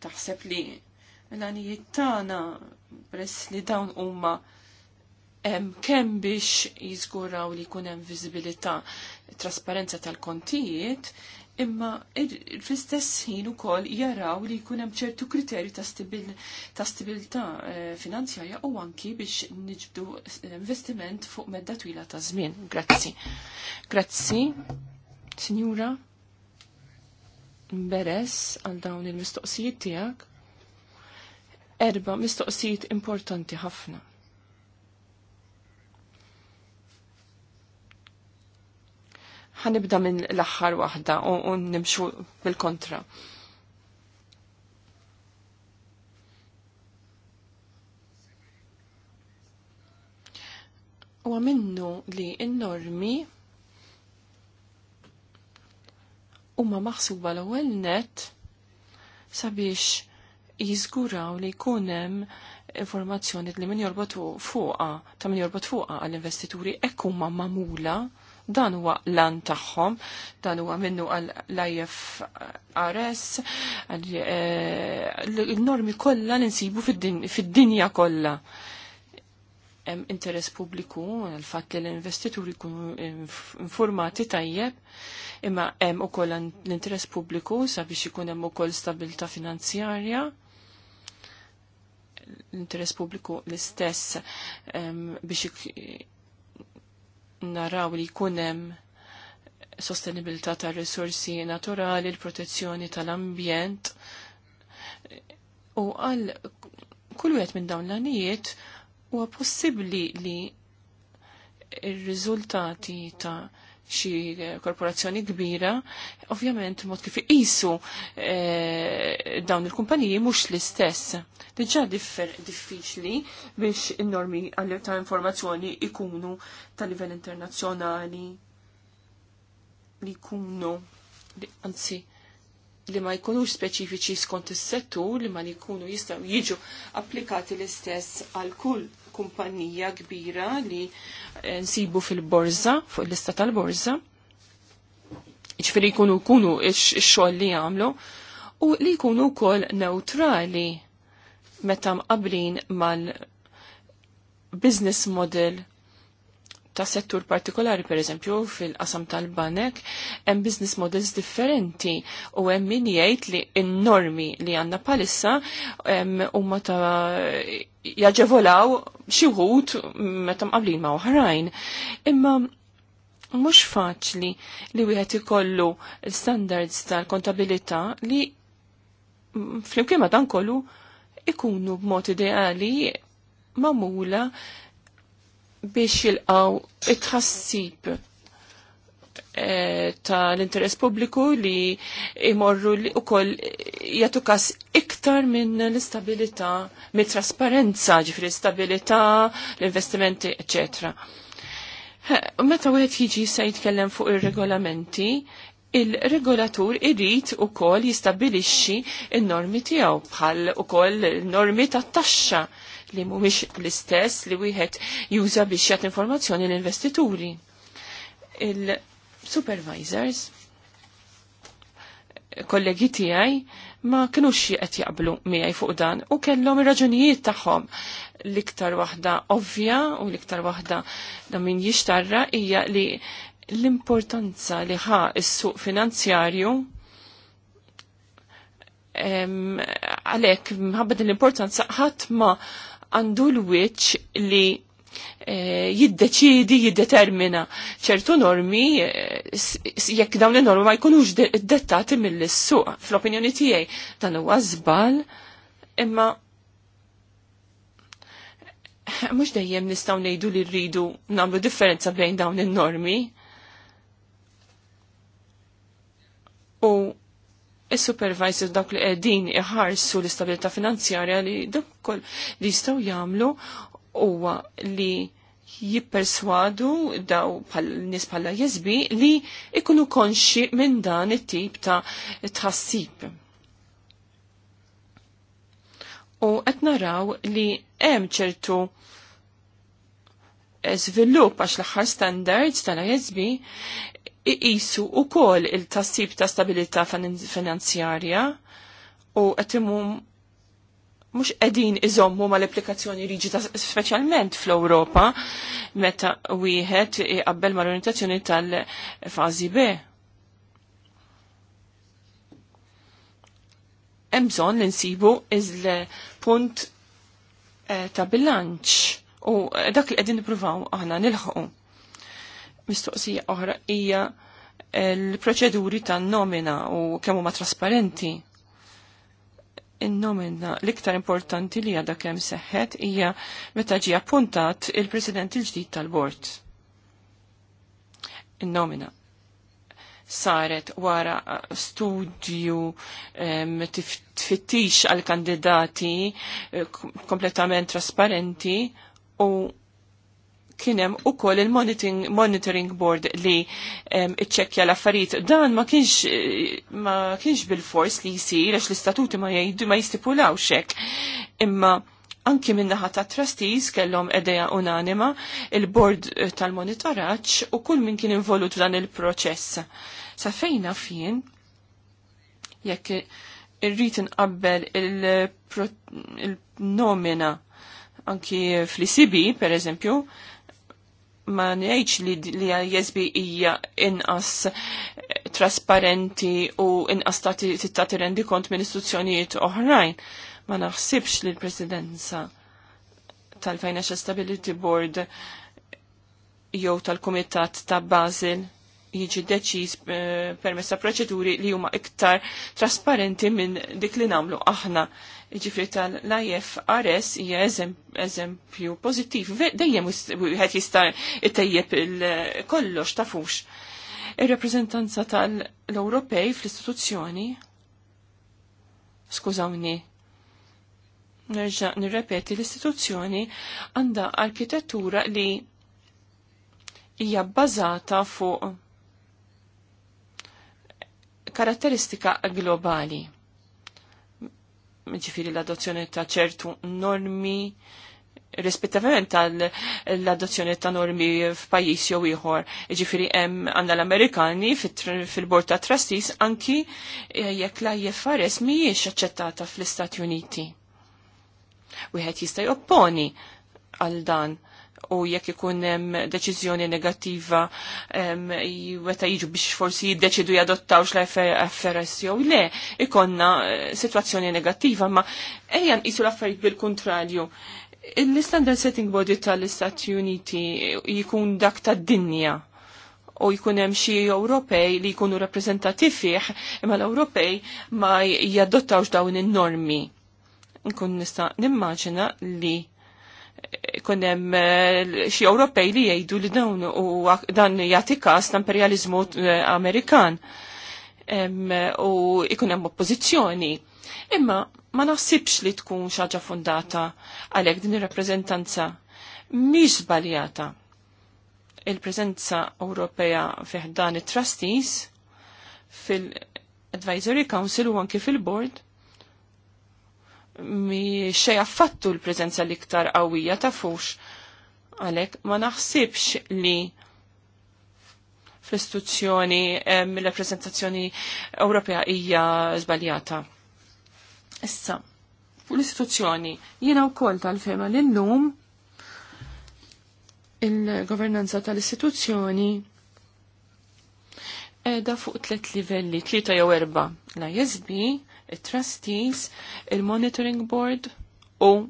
Taħseb li l-għanijiet tagħna press li dawn huma kemm biex jiżguraw li jkun hemm trasparenza tal-kontijiet, imma fl-istess ħin ukoll jaraw li jkun hemm ċertu kriterju ta' stabilità eh, finanzjarja u anki biex niġbdu investiment fuq medda twila ta' żmien. Grazzi. Grazzi, signora. Beres għal dawn il-mistoqsijiet tiegħek. Erba' mistoqsijiet importanti ħafna ħanibda minn l-axħar waħda u nimxu bil-kontra. U minnu li n-normi huma maħsuba l-ewwel net sabiex jiżguraw li jkun hemm informazzjoni li min jorbot fuqa ta' min jorbot fuqa għall-investituri hekk huma mamula Dan huwa lan tagħhom, dan huwa minnu għall-IFRS, eh, l-normi kollha li nsibu fid-dinja kollha. Hemm interess pubbliku għal fatt li l-investituri jkunu informati tajjeb, imma hemm ukoll l-interess pubbliku sabiex ikun hemm ukoll stabilità finanzjarja l-interess pubbliku l-istess ehm, biex naraw li kunem sostenibilità ta' risorsi naturali, l-protezzjoni tal-ambjent u għal kull wieħed minn dawn l-anijiet huwa possibbli li r-riżultati ta' xi korporazzjoni kbira, ovvjament mod kif iqisu eh, dawn il-kumpaniji mhux l-istess. Diġà diffiċli biex in-normi għal ta' informazzjoni ikunu ta' livell internazzjonali li jkunu anzi li ma jkunux speċifiċi skont is-settur li ma jkunu jistgħu jiġu applikati l-istess għal kull kumpanija kbira li eh, nsibu fil-borza, fuq l-lista tal-borza, ġifiri jkunu kunu x-xol li għamlu, u li jkunu kol neutrali meta qablin mal-business model ta' settur partikolari, per eżempju, fil-qasam tal-banek, hemm business models differenti u hemm min jgħid li n-normi li għandna palissa huma ta' jaġevolaw xi wħud meta mqablin ma' oħrajn. Imma mhux faċli li wieħed ikollu standards tal-kontabilità li flimkien ma dan kollu ikunu b'mod ideali mamula biex jilqaw it-ħassib eh, tal-interess pubbliku li imorru li u koll jatukas iktar minn l-istabilita, minn trasparenza, ġifri l-istabilita, l-investimenti, eccetera. Meta għed jiġi se jitkellem fuq il-regolamenti, il-regolatur irrit u koll jistabilixi il-normi tijaw bħal u il normi ta' taxxa li mhumiex l-istess li wieħed juża biex jagħti informazzjoni l-investituri. Il-supervisors kollegi tiegħi ma kinux qed jaqblu miegħi fuq dan u kellhom ir-raġunijiet tagħhom. L-iktar waħda ovvja u l-iktar waħda da min jixtarra hija li l-importanza li ħa is-suq finanzjarju għalek mħabba din l-importanza ħadd ma għandu l-wiċ li eh, jiddeċidi, jiddetermina ċertu normi eh, jekk dawn li normi ma jkunux dettati mill issuq Fl-opinjoni tiegħi dan huwa għazbal, imma mhux dejjem nistgħu ngħidu li rridu nagħmlu differenza bejn dawn in-normi. U il supervisor dawk li qegħdin iħarsu l-istabilità finanzjarja li dakkol li jistgħu jagħmlu huwa li jipperswadu daw nies bħala jesbi li ikunu konxi minn dan it-tip ta' tħassib. U qed naraw li hemm ċertu żvilupp għax l-aħħar standards tal-ISB iqisu u kol il-tassib ta' stabilita finanzjarja u għetimu mux edin iżommu ma l-applikazzjoni ta' specialment fl-Europa meta wieħed iqabbel ma l-orientazzjoni tal-fazi B. Emżon l-insibu iż-punt eh, ta' bilanċ u dak li qegħdin nippruvaw aħna nilħu. Mistoqsija oħra hija l-proċeduri tan-nomina u kemm huma trasparenti. In-nomina l-iktar importanti li għadha kemm seħħet hija meta ġie appuntat il-President il-ġdid tal-Bord. In-nomina saret wara studju um, tfittix għal kandidati eh, kompletament trasparenti u kienem u koll il-monitoring board li iċċekkja l-affarijiet. Dan ma kienx, ma kienx bil-fors li jisir, għax l-istatuti ma jgħidu ma jistipulaw xek. Imma anki minnaħa ta' trustees kellhom edeja unanima il-board eh, tal-monitoraċ u kull min kien involut dan il-proċess. Sa fejna fien, jekk irrit inqabbel il-nomina il nomina anki fl-ICB, per eżempju, ma ngħidx li li jesbi hija inqas eh, trasparenti u inqas tagħti rendi kont minn istituzzjonijiet oħrajn. Ma naħsibx li l-Presidenza tal-Financial Stability Board jew tal-Kumitat ta' Basel jiġi deċiż eh, permezz ta' proċeduri li huma iktar trasparenti minn dik li nagħmlu aħna ġifri tal-IFRS hija eżempju pozittiv. Dejjem wieħed jista' ittejjeb il-kollox tafux. Ir-rappreżentanza tal-Ewropej fl-istituzzjoni skużawni nerġa' nirrepeti l-istituzzjoni għandha arkitettura li hija bbażata fuq karatteristika globali ġifiri l-adozzjoni ta' ċertu normi rispettivament tal-adozzjoni ta' normi f'pajjiż jew ieħor. Ġifieri hemm għandna l-Amerikani fil-Bord ta' Trustees anki eh, jekk la IFRS mhijiex aċċettata fl-Istati Uniti. Wieħed jista' jopponi għal dan u jekk ikun hemm deċiżjoni negattiva weta jiġu biex forsi jiddeċidu jadottawx la FRS jew le, ikonna eh, sitwazzjoni negattiva, ma ejja nqisu l-affarijiet bil-kontrarju. Il-Standard Setting Body tal-Istati Uniti jikun dak tad-dinja u jkun hemm xi Ewropej li jkunu rappreżentati fih, imma l-Ewropej ma jadottawx dawn in-normi. Nkun nista' nimmaġina li kunem eh, xie Ewropej li jgħidu li dawn u dan jagħti każ l-imperializmu eh, Amerikan u ikun hemm oppożizzjoni. Imma ma naħsibx li tkun xaġa fundata għalhekk din ir-rappreżentanza miġ żbaljata. Il-preżenza Ewropea fih dan it-trustees fil-Advisory Council u anki fil-Board mi xej affattu l-prezenza l-iktar qawwija ta' fux. Għalek ma naħsibx li fl-istituzzjoni mill-rappresentazzjoni Ewropea hija żbaljata. Issa, fuq l-istituzzjoni jiena wkoll tal-fema l il-governanza tal-istituzzjoni edha fuq tliet livelli, tlieta jew erba' la ISB, il-trustees, il-monitoring board u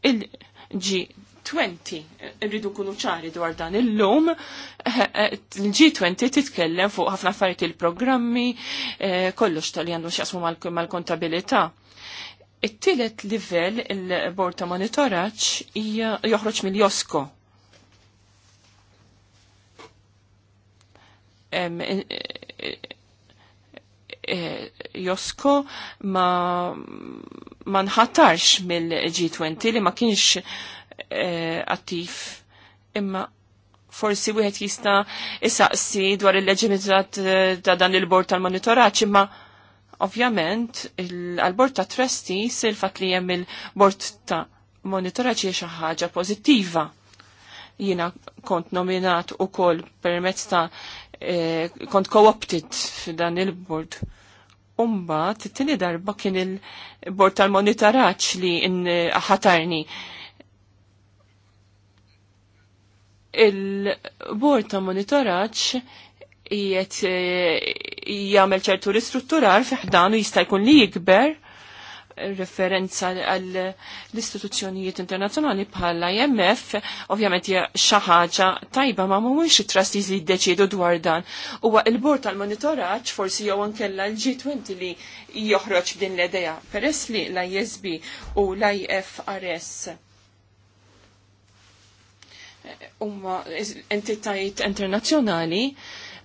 il-G20. Rridu kunu ċari dwar dan il-lum, il-G20 titkellem fuq ħafna affarijiet il-programmi, eh, kollox tal-li għandu mal-kontabilità. It-tielet livell il-Bord ta' Monitoraġġ joħroġ mill-Josko. Eh, Eh, Josko ma, ma nħattarx mill-G20 li ma kienx eh, attiv imma forsi wieħed jista' isaqsi dwar il-leġimitat ta' dan il-bord tal-monitoraġġ imma ovvjament għal-bord ta' tresti il-fatt li hemm il-bord ta' monitoraġġ hija xi ħaġa pożittiva. Jiena kont nominat ukoll permezz ta' Eh, kont co-opted f'dan il-bord. Umba, t-tini darba kien il-bord tal-monitoraċ li eh, ħatarni. Il-bord tal-monitoraċ jiet eh, jgħamil ċertu ristrutturar fiħdan u jista' jkun li jikber referenza għall l-istituzzjonijiet internazzjonali bħala IMF, ovvjament hija xi ħaġa tajba ma mhumiex it-trustees li jiddeċiedu dwar dan. Huwa l-bord tal-monitoraġġ forsi jew ankella l-G20 li joħroġ din l-idea. Peress li l-ISB u l-IFRS huma entitajiet internazzjonali,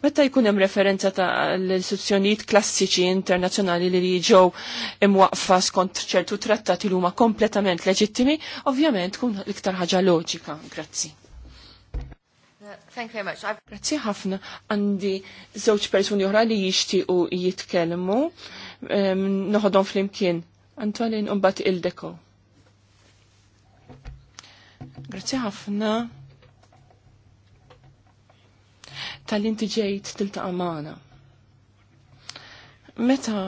Meta jkun hemm referenza ta' l-istituzzjonijiet klassiċi internazzjonali li jiġew imwaqfa skont ċertu trattati li huma kompletament leġittimi, ovvjament tkun iktar ħaġa loġika. Grazzi. Uh, thank you very much. Grazzi ħafna. Għandi żewġ persuni oħra li jixtiequ jitkellmu. Noħodhom flimkien. Antonin u mbagħad il-deko. Grazzi ħafna. tal-inti ġejt tiltaqa' magħna. Meta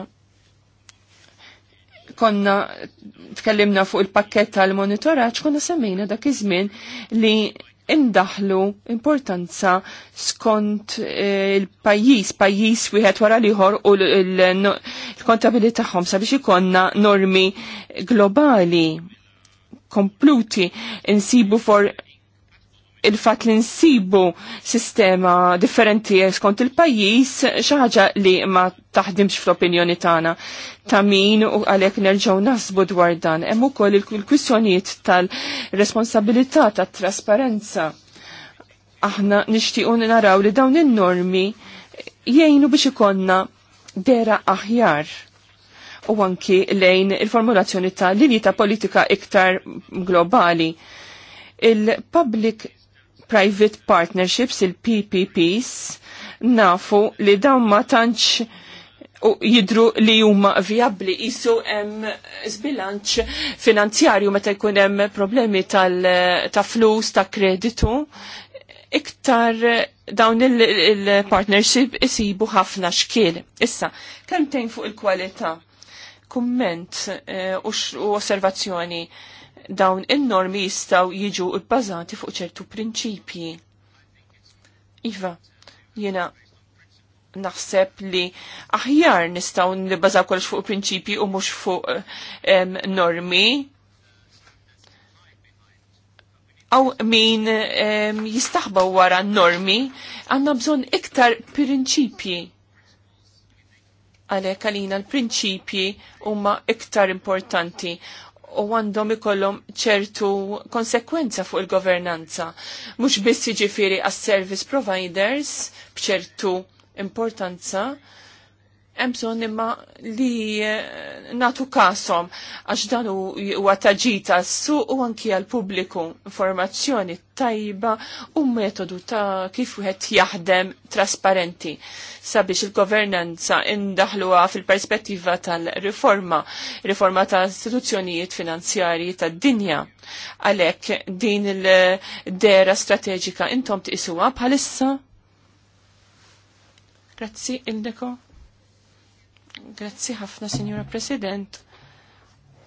konna tkellimna fuq il-pakket tal-monitoraġġ konna semmejna dak iż-żmien li indaħlu importanza skont eh, il-pajjiż, pajjiż wieħed wara liħor u l-kontabilità tagħhom sabiex ikonna normi globali kompluti insibu for il-fat li nsibu sistema differenti skont il-pajis xaħġa li ma taħdimx fl-opinjoni tagħna ta' min u għalhekk nerġgħu nasbu dwar dan. Hemm ukoll il kwissjoniet tal-responsabilità tat-trasparenza. Aħna nixtiequ naraw li dawn in-normi jgħinu biex ikonna dera aħjar u anki lejn il-formulazzjoni ta' linji ta' politika iktar globali il-public private partnerships, il-PPPs, nafu li dawn ma tantx jidru li huma viabli isu hemm zbilanċ finanzjarju meta jkun hemm problemi tal ta' flus ta' kreditu iktar dawn il-partnership il isibu ħafna xkiel. Issa, kemm tejn fuq il-kwalità? Kumment uh, u osservazzjoni dawn in-normi jistaw jiġu bbażati fuq ċertu prinċipji. Iva, jena naħseb li aħjar nistaw nibbażaw kollox fuq prinċipji u mhux fuq um, normi. Aw min um, jistaħbaw wara normi, għandna bżonn iktar prinċipji għalek għalina l-prinċipji huma iktar importanti u għandhom ikollhom ċertu konsekwenza fuq il-governanza. Mhux biss jiġifieri għas-service providers b'ċertu importanza, emson imma li eh, natu kasom għax dan huwa taġita s-suq u anki għal pubbliku informazzjoni tajba u metodu ta' kif wieħed jaħdem trasparenti sabiex il-governanza indaħluha fil-perspettiva tal-riforma, riforma ta' istituzzjonijiet finanzjarji tad-dinja. Għalhekk din il-dera strateġika intom tqisuha bħalissa? Grazzi, Indeko. Grazzi ħafna, Signora President.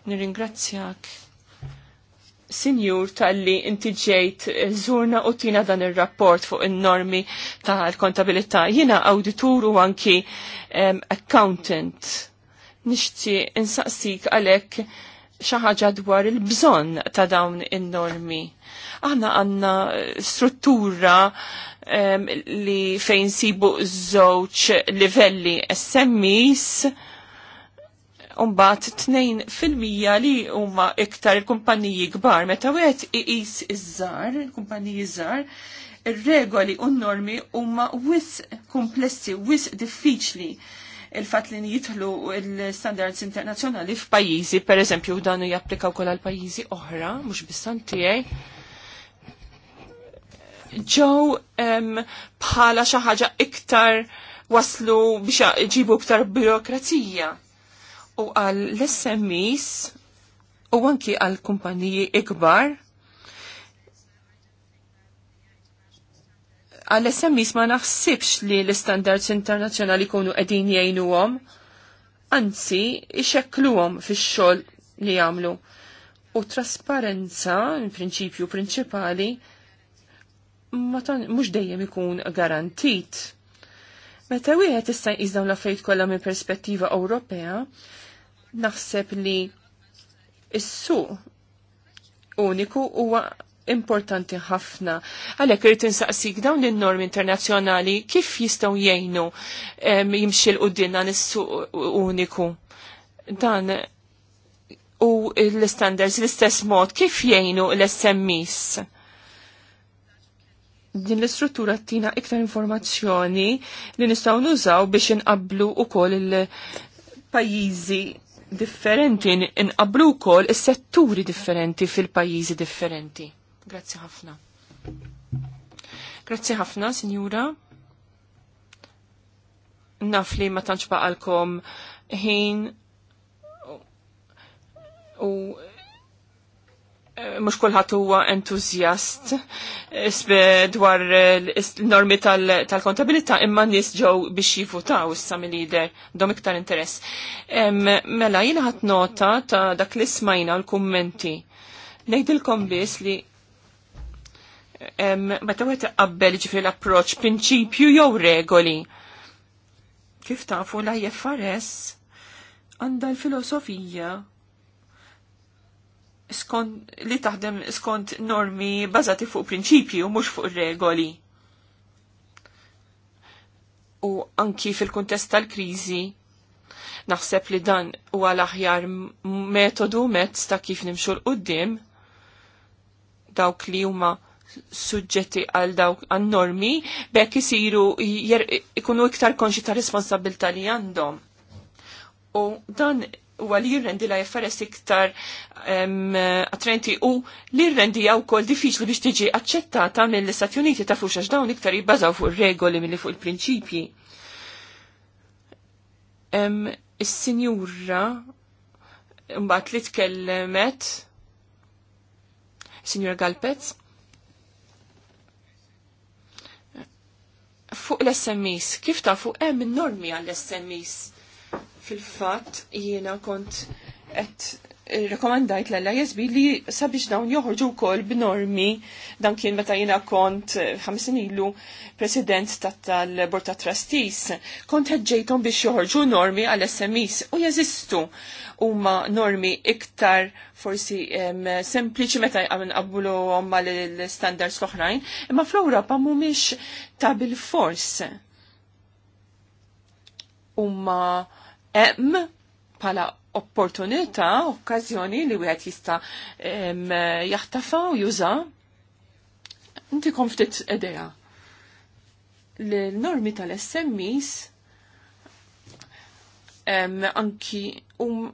Nirringrazzjak. Signor, tal-li inti ġejt eh, zurna u tina dan il-rapport fuq il-normi tal-kontabilità. Jina auditur u anki um, accountant. Nishti insaqsik għalek xaħġa dwar il-bżon ta' dawn in-normi. Aħna għanna struttura um, li fejn sibu żewġ livelli SMEs Umbat 2% li huma iktar il-kumpaniji kbar meta wieħed iqis iż-żar, il-kumpaniji żar, ir-regoli u n-normi huma wis komplessi, wis diffiċli il-fat li jitħlu il-standards internazzjonali f'pajjiżi, per eżempju, danu japplikaw kol għal pajjiżi oħra, mhux bistantijaj. tiegħi. Ġew bħala xi ħaġa iktar waslu biex ġibu iktar birokrazija. U għal l-SMEs u anki għal kumpaniji ikbar għal-SMIs ma naħsibx li l-standards internazzjonali kunu edin jgħinuhom, anzi ixekkluhom fix-xogħol li għamlu. U trasparenza, il-prinċipju prinċipali, mhux dejjem ikun garantit. Meta wieħed jħet jqis dawn l fejt kollha minn perspettiva Ewropea, naħseb li is uniku huwa importanti ħafna. Għalek irrit insaqsik dawn il-norm internazjonali kif jistaw jgħinu jimxil u dinna nissu uniku. Dan u l-standards l-istess mod kif jgħinu l-SMIs. Din l-istruttura tina iktar informazzjoni li nistaw nużaw biex inqablu u koll il-pajizi differenti, inqablu u koll il-setturi differenti fil-pajizi differenti. Grazzi ħafna. Grazzi ħafna, Sinjura. Naf li ma tantx baqalkom ħin u eh, mux kullħat huwa entuzjast eh, dwar l-normi eh, tal-kontabilità imma nis ġew biex jivutaw issa mill-lider dom iktar interess. Mela jina ħadd nota ta' dak li smajna l-kummenti. Ngħidilkom biss li meta għet għabbel ġifri l-approċ prinċipju jew regoli. Kif tafu la jeffares, għanda l-filosofija li taħdem skont normi bazati fuq prinċipju mhux fuq regoli. U anki fil-kuntest tal-kriżi naħseb li dan huwa l-aħjar metodu mezz ta' kif nimxu l qoddim dawk li huma suġġetti għal dawk għan-normi bekk isiru ikunu iktar konxi ta' responsabilta li għandhom. U dan huwa li jirrendi la jaffaress iktar attrenti u li jirrendi għaw kol diffiċli biex tiġi accettata mill-Istati Uniti ta' fuxax dawn iktar jibbażaw fuq regoli mill fuq il-prinċipji. Is-sinjura mbagħad li tkelmet Signor Galpez, fuq l-SMEs, kif tafu hemm normi għall-SMEs. Fil-fatt jiena kont qed rekomandajt l-ISB li sabiex dawn joħorġu kol b'normi dan kien meta jina kont eh, ħamsin ilu president tal-Bord Trustees, kont ħedġejtom biex joħorġu normi għal SMIs u jeżistu huma normi iktar forsi sempliċi meta għabbulu għomma l-standards l-oħrajn, imma fl-Ewropa mhumiex ta' bil-fors. Huma hemm bħala opportunità, okkażjoni li wieħed jista' jaħtafa u juża. Inti ftit idea. L-normi tal sms anki um,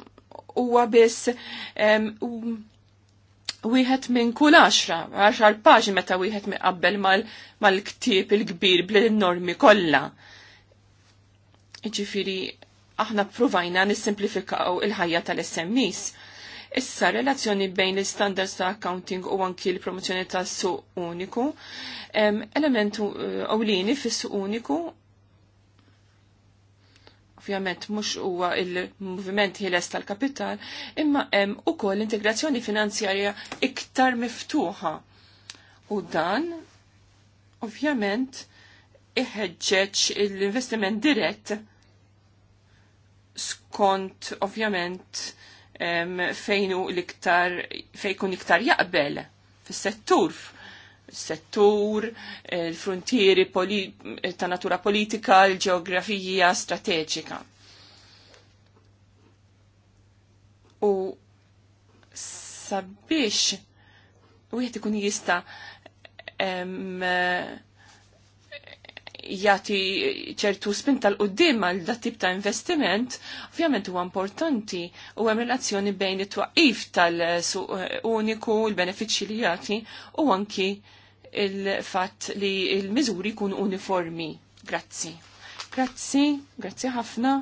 huwa biss um, wieħed minn kull għaxra, għaxar paġi meta wieħed miqabbel mal-ktieb il-kbir bl-normi kollha. Ġifiri, aħna pruvajna nissimplifikaw il-ħajja tal-SMEs. Issa relazzjoni bejn l-standards ta' accounting u anki l-promozjoni ta' suq uniku, elementu eh, ewlieni fis suq uniku ovvjament mhux huwa il-moviment ħiles tal-kapital, imma hemm ukoll integrazzjoni finanzjarja iktar miftuħa. U dan ovvjament iħeġġeġ l-investiment dirett skont ovvjament fejn l-iktar fejkun iktar jaqbel fis-settur settur, il-frontieri eh, eh, ta' natura politika, il-ġeografija strateġika. U sabiex u jħet ikun jista' jati ċertu spin tal-qoddim għal dat tip ta' investiment, ovvjament huwa importanti u hemm relazzjoni bejn it-twaqif tal-suq eh, uniku, l-benefiċċji li jati u anki il-fatt li l-miżuri il jkunu uniformi. Grazzi. Grazzi, grazzi ħafna.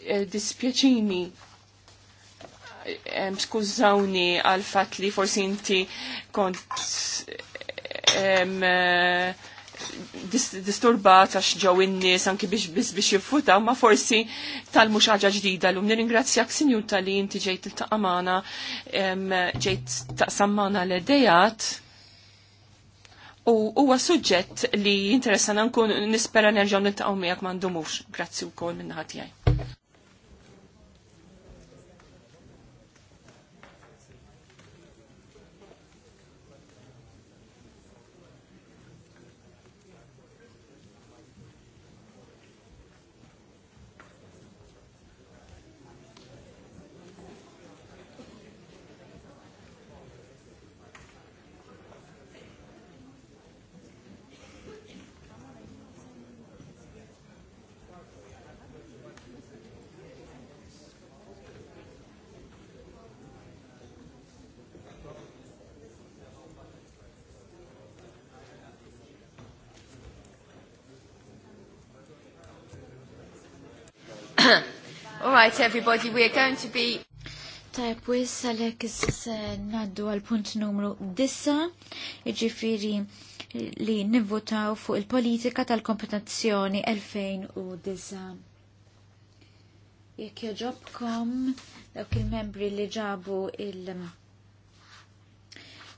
Eh, dispjaċini eh, skużawni għal fatt li forsi inti kont disturbat għax ġew in-nies anki biex biex biex jiffutaw, ma forsi tal-mhux ħaġa ġdida l-um. Nirringrazzjak Sinjur tal-li inti ġejt il-taqamana, ġejt taqsammana l-idejat. U huwa suġġett li interessana nkun nispera nerġgħu niltaqgħu miegħek mhux. Grazzi wkoll minn ħadd right, everybody, we're going to be... Tajb, wis għalek naddu għal punt numru 9, iġifiri li nivvotaw fuq il-politika tal-kompetazzjoni 2009. Jekk joġobkom dawk il-membri li ġabu il-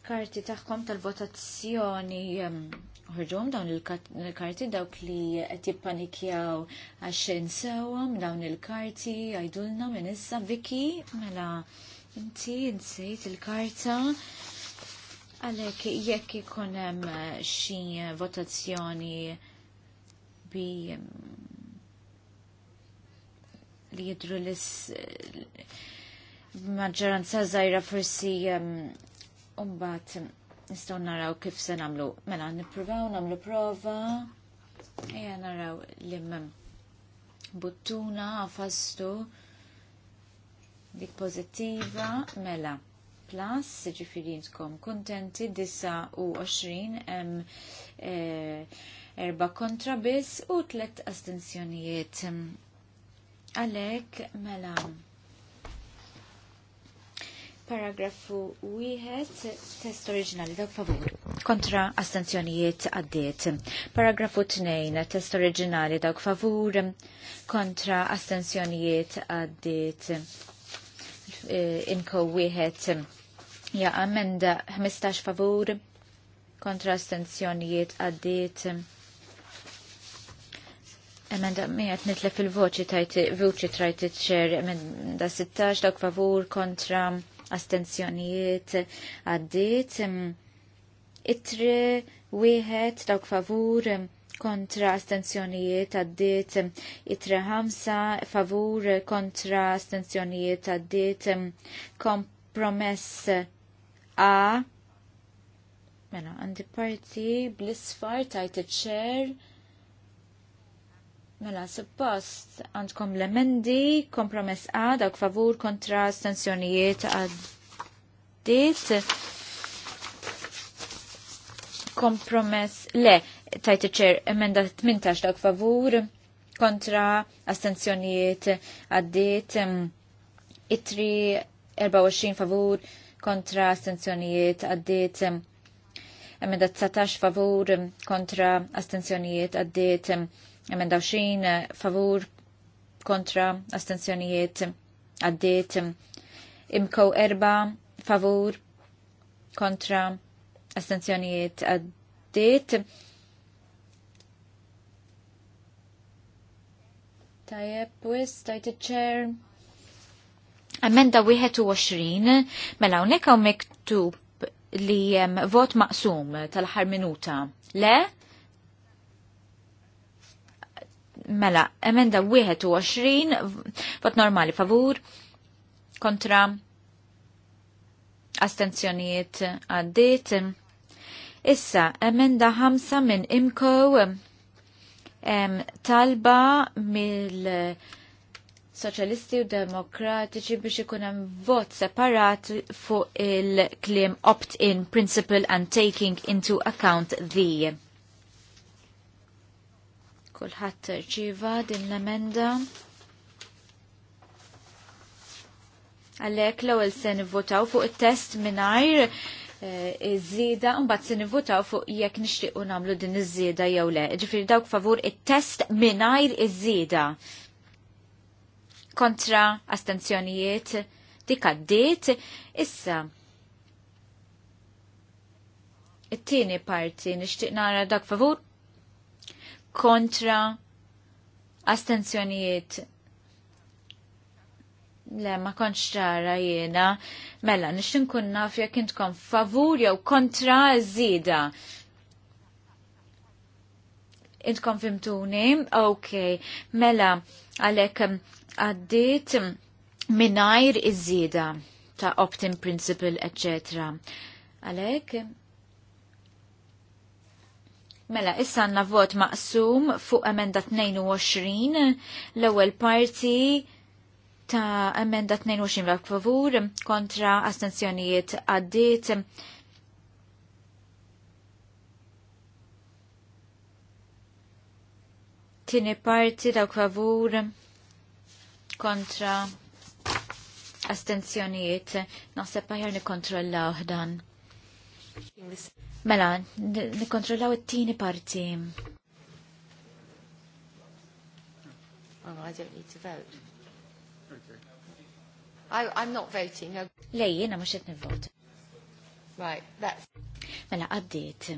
karti taħkom tal-votazzjoni um, ħorġom dawn il-karti dawk li qed jippanikjaw għax insewhom dawn il-karti għajdulna minn issa Viki mela inti nsejt il-karta għalhekk jekk ikun hemm xi votazzjoni bi mm, li jidru lis maġġoranza żgħira forsi mm, umbat mm, nistaw nistgħu naraw kif se nagħmlu. Mela nippruvaw nagħmlu prova. Eja naraw li buttuna għafastu. dik pozittiva, mela plus, ġifiri jintkom kontenti, disa u 20, em, e, erba kontra bis u tlet astensjonijiet. Għalek, mela, Paragrafu wieħed test oriġinali dawk favur. Kontra astenzjonijiet għaddiet. Paragrafu 2 test oriġinali dawk favur. Kontra astenzjonijiet għaddiet. E, inko wieħed ja amenda 15 favur. Kontra astenzjonijiet għaddiet. Emenda miħat nitlef il-voċi tajt, voċi tajt emenda 16, dawk favur kontra astenzjonijiet għaddit Itri wieħed dawk favur kontra astenzjonijiet għaddit Itri ħamsa favur kontra astenzjonijiet għaddit kompromess A Mela, għandi parti bl-isfar tajt iċ-ċer Mela, suppost, għandkom l-emendi, kompromess A, għak favur kontra stenzjonijiet għaddit. Kompromess, le, tajt ċer, emenda 18 għak favur kontra astenzjonijiet dit. Itri 24 favur kontra astenzjonijiet dit. Emenda 19 favur kontra astenzjonijiet dit emenda xin, favur kontra astenzjonijiet għaddit imkow erba favur kontra astenzjonijiet għaddit Tajep, wis, tajt iċ-ċer. Amenda 21, mela hawnhekk hawn miktub li vot maqsum tal-ħar minuta. Le? Mela, emenda 21, vot normali favur, kontra astenzjonijiet għaddit. Issa, emenda 5 minn imko em, talba mill soċjalisti u demokratiċi biex ikun hemm vot separat fuq il-kliem opt-in principle and taking into account the Kulħadd ċiva din l-emenda. Għalhekk l-ewwel se nivvotaw fuq it-test mingħajr eh, iż-żieda un mbagħad se nivvotaw fuq jekk nixtiequ nagħmlu din iż-żieda jew le. Ġifieri dawk favur it-test mingħajr iż-żieda. Kontra astenzjonijiet dik għaddiet issa it-tieni parti nixtieq nara dak favur kontra astenzjonijiet le ma konċ ċara jiena mela nix nkun naf jekk intkom favur jew kontra żieda. Intkom fimtuni? Ok, mela għalek um, għaddit minajr iż-żieda ta' opt-in principle, etc. Għalek, Mela, issa għanna vot maqsum fuq emenda 22, l-ewel parti ta' emenda 22 l favur kontra astenzjonijiet għaddit. Tini parti dawk favur kontra astenzjonijiet. Naħseb aħjar nikontrollaw dan. Mela, nikkontrollaw it-tieni parti. Oh, I don't need to vote. I, I'm not voting. No. Lej, jena mux qed nivvota. Right, that's... Mela, għaddit.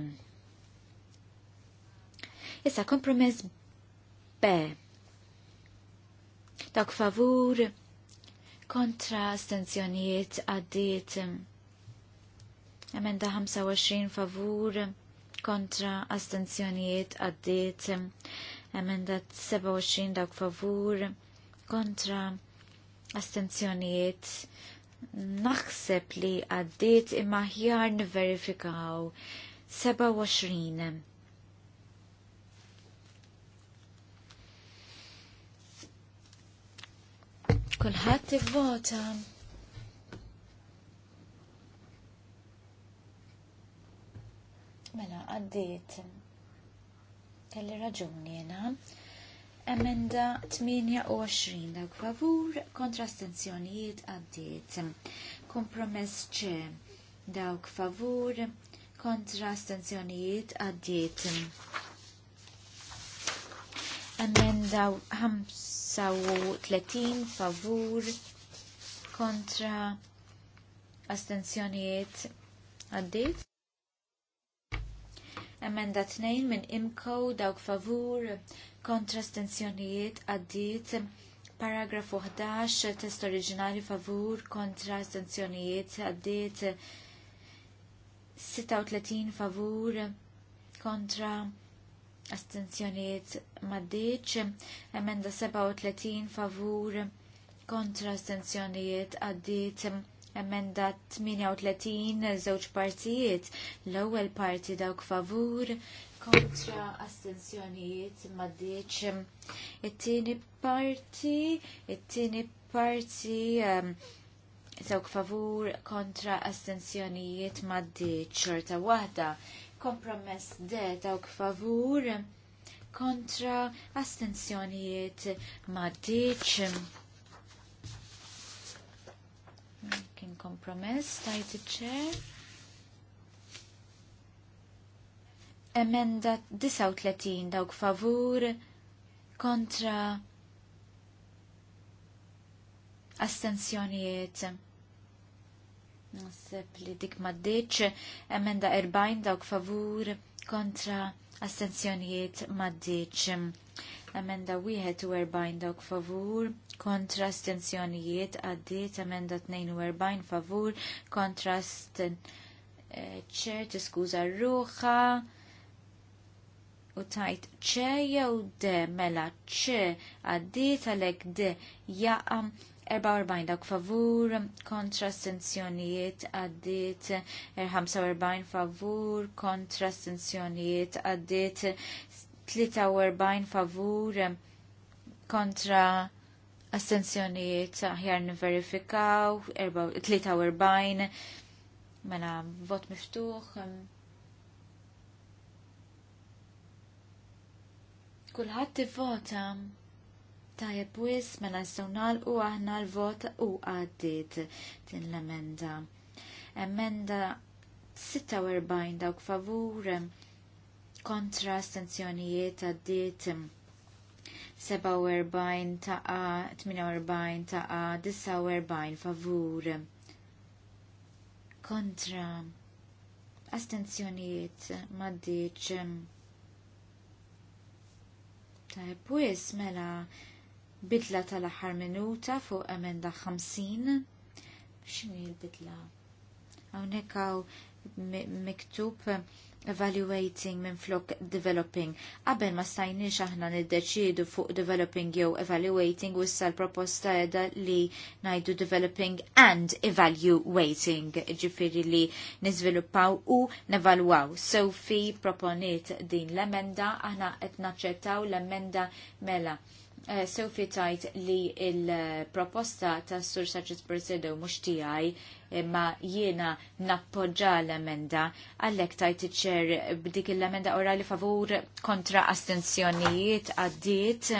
Issa, kompromiss B. Dak favur kontra astenzjonijiet għaddiet. Emenda 25 favur kontra astenzjonijiet għaddiet. Emenda 27 dawk favur kontra astenzjonijiet naħseb li għaddiet imma ħjar verifikaw 27. Kulħadd ivvota. vota Mela, għaddit. Kelli raġuni jena. Emenda 28 dawk favur kontra astenzjonijiet għaddit. Kompromess ċe dawk favur kontra astenzjonijiet għaddit. Emenda 35 favur kontra astenzjonijiet għaddit. Emenda tnejn minn imkow dawk favur kontra stenzjonijiet għaddiet. Paragrafu 11 test oriġinali favur kontra stenzjonijiet għaddiet. 36 favur kontra astenzjonijiet maddiċ, emenda 37 favur kontra astenzjonijiet addiet. Emenda 38 żewġ partijiet. L-ewwel parti dawk favur kontra astensjonijiet maddiċ. It-tieni parti, it-tieni parti um, Sawk favur kontra astensjonijiet maddi xorta waħda. Kompromess de dawk favur kontra astensjonijiet maddiċ. Kien kompromess tajt iċ Emenda 39 dawk favur kontra astensjonijiet. Nasib li dik maddiċ, emenda 40 dawk favur kontra astensjonijiet maddiċ. Emenda 41 dawk favur kontra stenzjonijiet għaddiet. Emenda 42 favur kontra eh, ċert iskuża ruħa u tajt ċe jew de mela ċe għaddiet għalek de jaqam 44 dawk favur kontra stenzjonijiet għaddit 45 er, favur kontra stenzjonijiet għaddit 43 favur kontra astenzjonijiet aħjar niverifikaw 43 mela vot miftuħ kulħadd ivvota tajjeb wis mela nistgħu nagħlqu aħna l-vot u għaddiet din l-emenda. Emenda 46 dawk favur kontra astenzjonijiet għaddit 47 taqa 48 taqa 49 favur kontra astenzjonijiet maddiċ Ta' wis mela bidla tal-aħħar minuta fuq emenda 50. X'inhi l bitla Hawnhekk miktub evaluating minn flok developing. Qabel ma stajniex aħna niddeċidu fuq developing jew evaluating wissa l-proposta edha li najdu developing and evaluating ġifiri li nizviluppaw u nevalwaw. So fi proponiet din l-emenda aħna qed naċċettaw l-emenda mela Eh, Sofi tajt li il-proposta ta' Sur Saċet Bersedo mux tijaj imma jiena nappoġġa l-emenda għallek tajt iċċer b'dik l-emenda orali favur kontra astenzjonijiet għaddiet.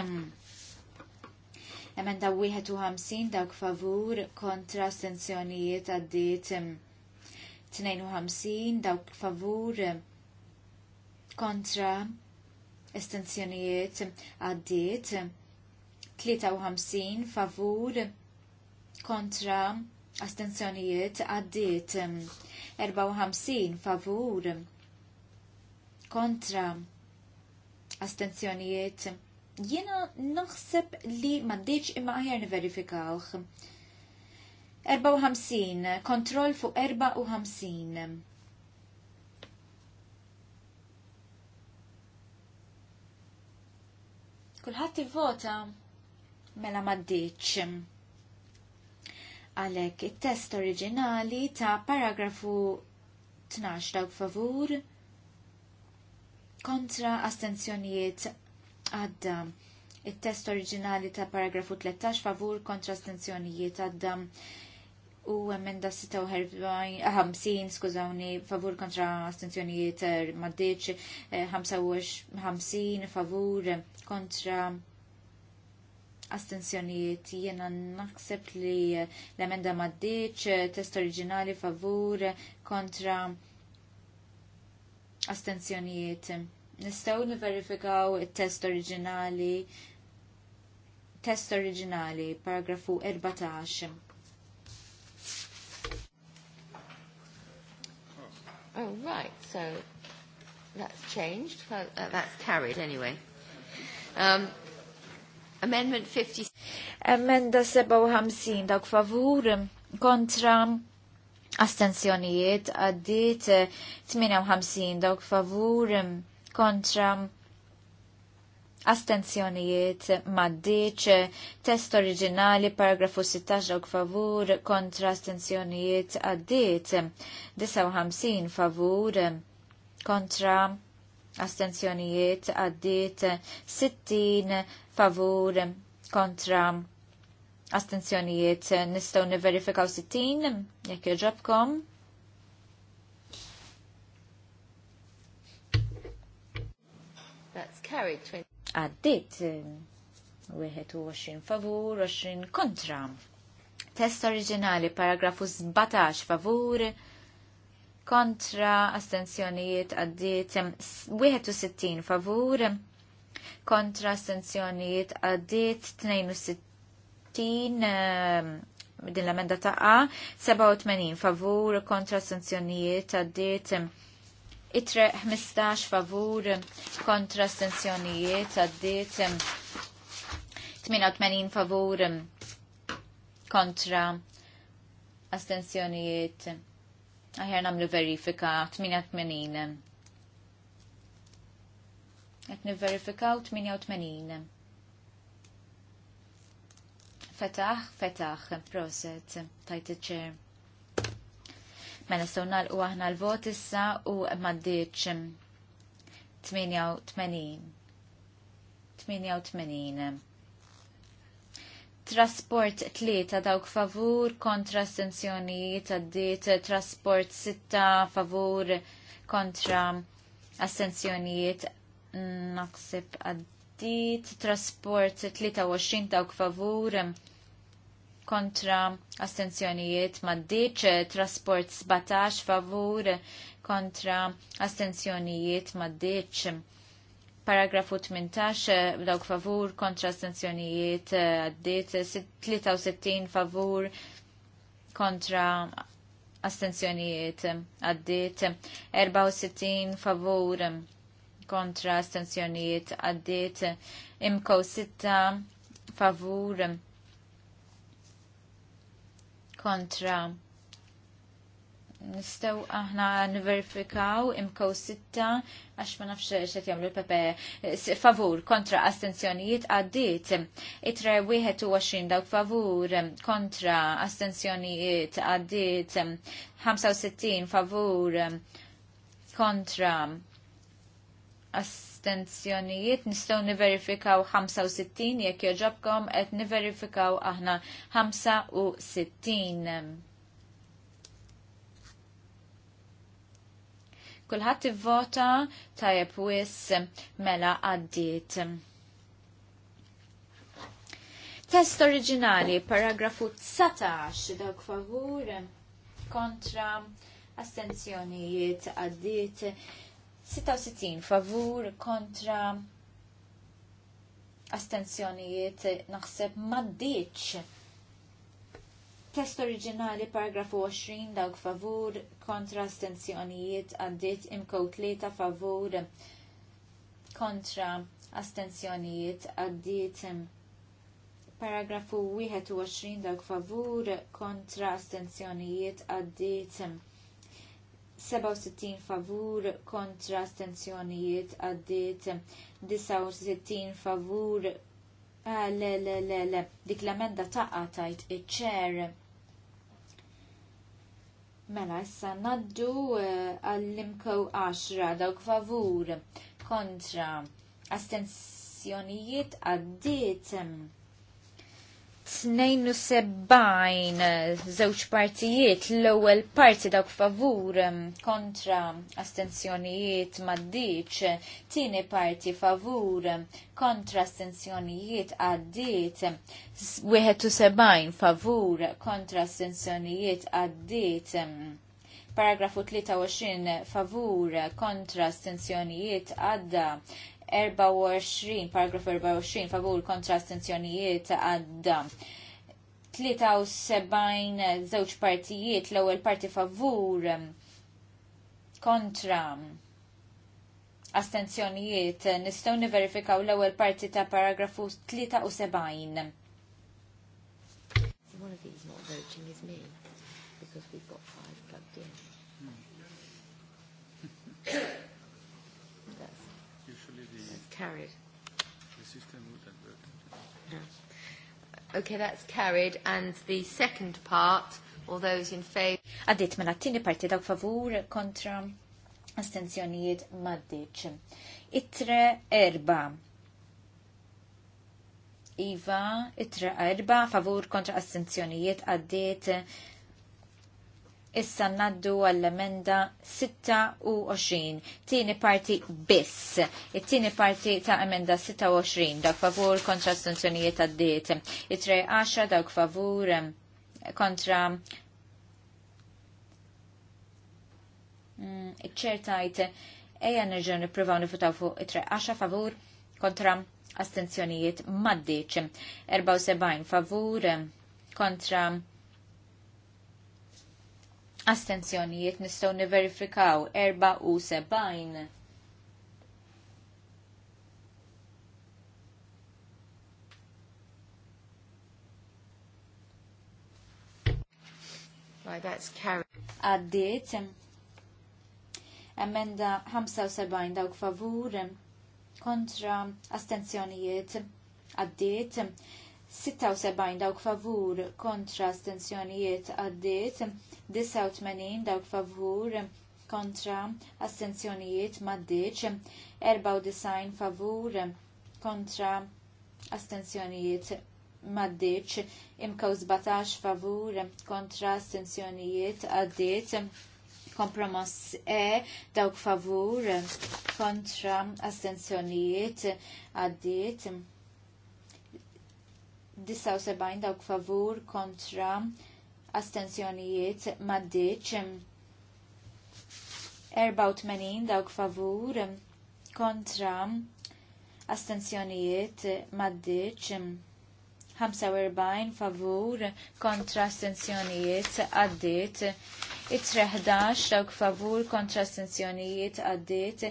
Emenda 51 dawk favur kontra astenzjonijiet għaddiet 52 dawk favur kontra astenzjonijiet għaddit. 53 favur kontra astenzjonijiet għaddiet um, 54 favur kontra astenzjonijiet jena naħseb li maddiċ imma ħjar niverifikawħ. 54, kontroll fuq 54. Kulħadd ivvota mela maddiċ. Għalek, il-test oriġinali ta' paragrafu 12 dawk favur kontra astenzjonijiet għadda. Il-test oriġinali ta' paragrafu 13 favur kontra astenzjonijiet għadda u emenda 56, eh, skużawni, favur kontra astenzjonijiet eh, maddiċ, 55 eh, favur kontra astensjonijiet jena naħseb li l-emenda maddiċ, test oriġinali favur kontra astensjonijiet. Nistaw niverifikaw il-test oriġinali, test oriġinali, paragrafu 14. Oh, right, so that's changed. Well, uh, that's carried anyway. Um, Amendment 50. Emenda 57 dawk favur kontra astensjonijiet għaddit 58 eh, dawk favur kontra astenzjonijiet maddiċ test oriġinali paragrafu 16 dawk favur kontra astenzjonijiet għaddit 59 favur kontra astenzjonijiet għaddit 60 favur kontra astenzjonijiet nistaw niverifikaw sittin, jekk joġobkom. That's carried 20. Għaddit 21 favur, 20 kontra. Test oriġinali, paragrafu 17 favur, kontra astenzjonijiet għaddit 61 favur, kontra sanzjonijiet għaddit 62 ehm, din l-amenda ta' A 87 favur kontra sanzjonijiet għaddit ehm, itre 15 favur kontra sanzjonijiet għaddit 88 ehm, favur kontra astenzjonijiet. Aħjar namlu verifika 88 Qed nivverifikaw 88. Fetaħ, fetaħ, proset, tajt iċ Mela sew u aħna l-vot issa u m'għaddiex 88. 88. Trasport tlieta dawk favur kontra assenzjonijiet għaddiet, trasport sitta favur kontra assenzjonijiet naħseb għaddit, trasport 23 dawk favur kontra astenzjonijiet maddiċ, trasport 17 favur kontra astenzjonijiet maddiċ. Paragrafu 18 dawk favur kontra astenzjonijiet eh, għaddit, 63 favur kontra astenzjonijiet eh, għaddit 64 favur kontra stanzjoniet għaddit imkow sitta favur kontra nistaw aħna n-verifikaw imkow sitta għax ma nafx xet jamlu l-pepe favur kontra astenzjonijiet għaddit itra 21 dawk favur kontra astenzjonijiet għaddit 65 favur kontra astenzjonijiet nistgħu niverifikaw 65 jekk joġobkom qed niverifikaw aħna 65. Kulħadd ivvota tajjeb wis mela għaddiet. Test oriġinali, paragrafu 19, dawk favur, kontra, astenzjonijiet, għaddiet, 66 favur kontra astenzjonijiet naħseb maddiċ. Test oriġinali paragrafu 20 dawk favur kontra astenzjonijiet għaddit imkot tlieta favur kontra astenzjonijiet għaddit paragrafu 21 dawk favur kontra astenzjonijiet għaddit 67 favur kontra stenzjonijiet għaddit 69 favur eh, le le le le dik l-amenda taqqa tajt iċ Mela, issa naddu eh, għall-imkow uh, 10 dawk favur kontra astenzjonijiet għaddit 72 żewġ partijiet l-ewwel parti dawk favur kontra astenzjonijiet maddiċ, tieni parti favur kontra astenzjonijiet għaddiet, 71 favur kontra astenzjonijiet għaddiet. Paragrafu 23 favur kontra astenzjonijiet għadda, 24, paragraf 24, favur kontra astenzjonijiet għadda. 73 żewġ partijiet l-ewwel parti favur kontra astenzjonijiet nistgħu niverifikaw l-ewwel parti ta' paragrafu 73. carried. The system would have worked. Yeah. Okay, that's carried. And the second part, all those in favour? Għaddit mela t-tini parti dawk favur kontra astenzjonijiet maddiċ. Itre erba. Iva, itre erba, favur kontra astenzjonijiet għaddit Issa naddu għall-emenda 26, tieni parti biss, it-tieni parti ta' emenda 26, dawk favur kontra sanzjonijiet għaddiet, it-3 10 dawk favur kontra mm, ċertajt eja nerġan niprivaw nifutaw fuq it-3 10 favur kontra astenzjonijiet maddiċ, 74 favur kontra Astenzjonijiet nistgħu niverifikaw 74. u that's Għaddiet, Emenda 75 dawk favur kontra astenzjonijiet. għaddiet 76 dawk favur kontra astenzjonijiet. għaddiet. 89 dawk favur kontra astenzjonijiet maddiċ 94 favur kontra astenzjonijiet maddiċ imkaw 17 favur kontra astenzjonijiet għaddiet kompromess E dawk favur kontra astenzjonijiet għaddiet 79 dawk favur kontra astenzjonijiet maddiċ 84 dawk favur kontra astenzjonijiet maddiċ 45 favur kontra astenzjonijiet għaddit it-13 dawk favur kontra astenzjonijiet għaddiet,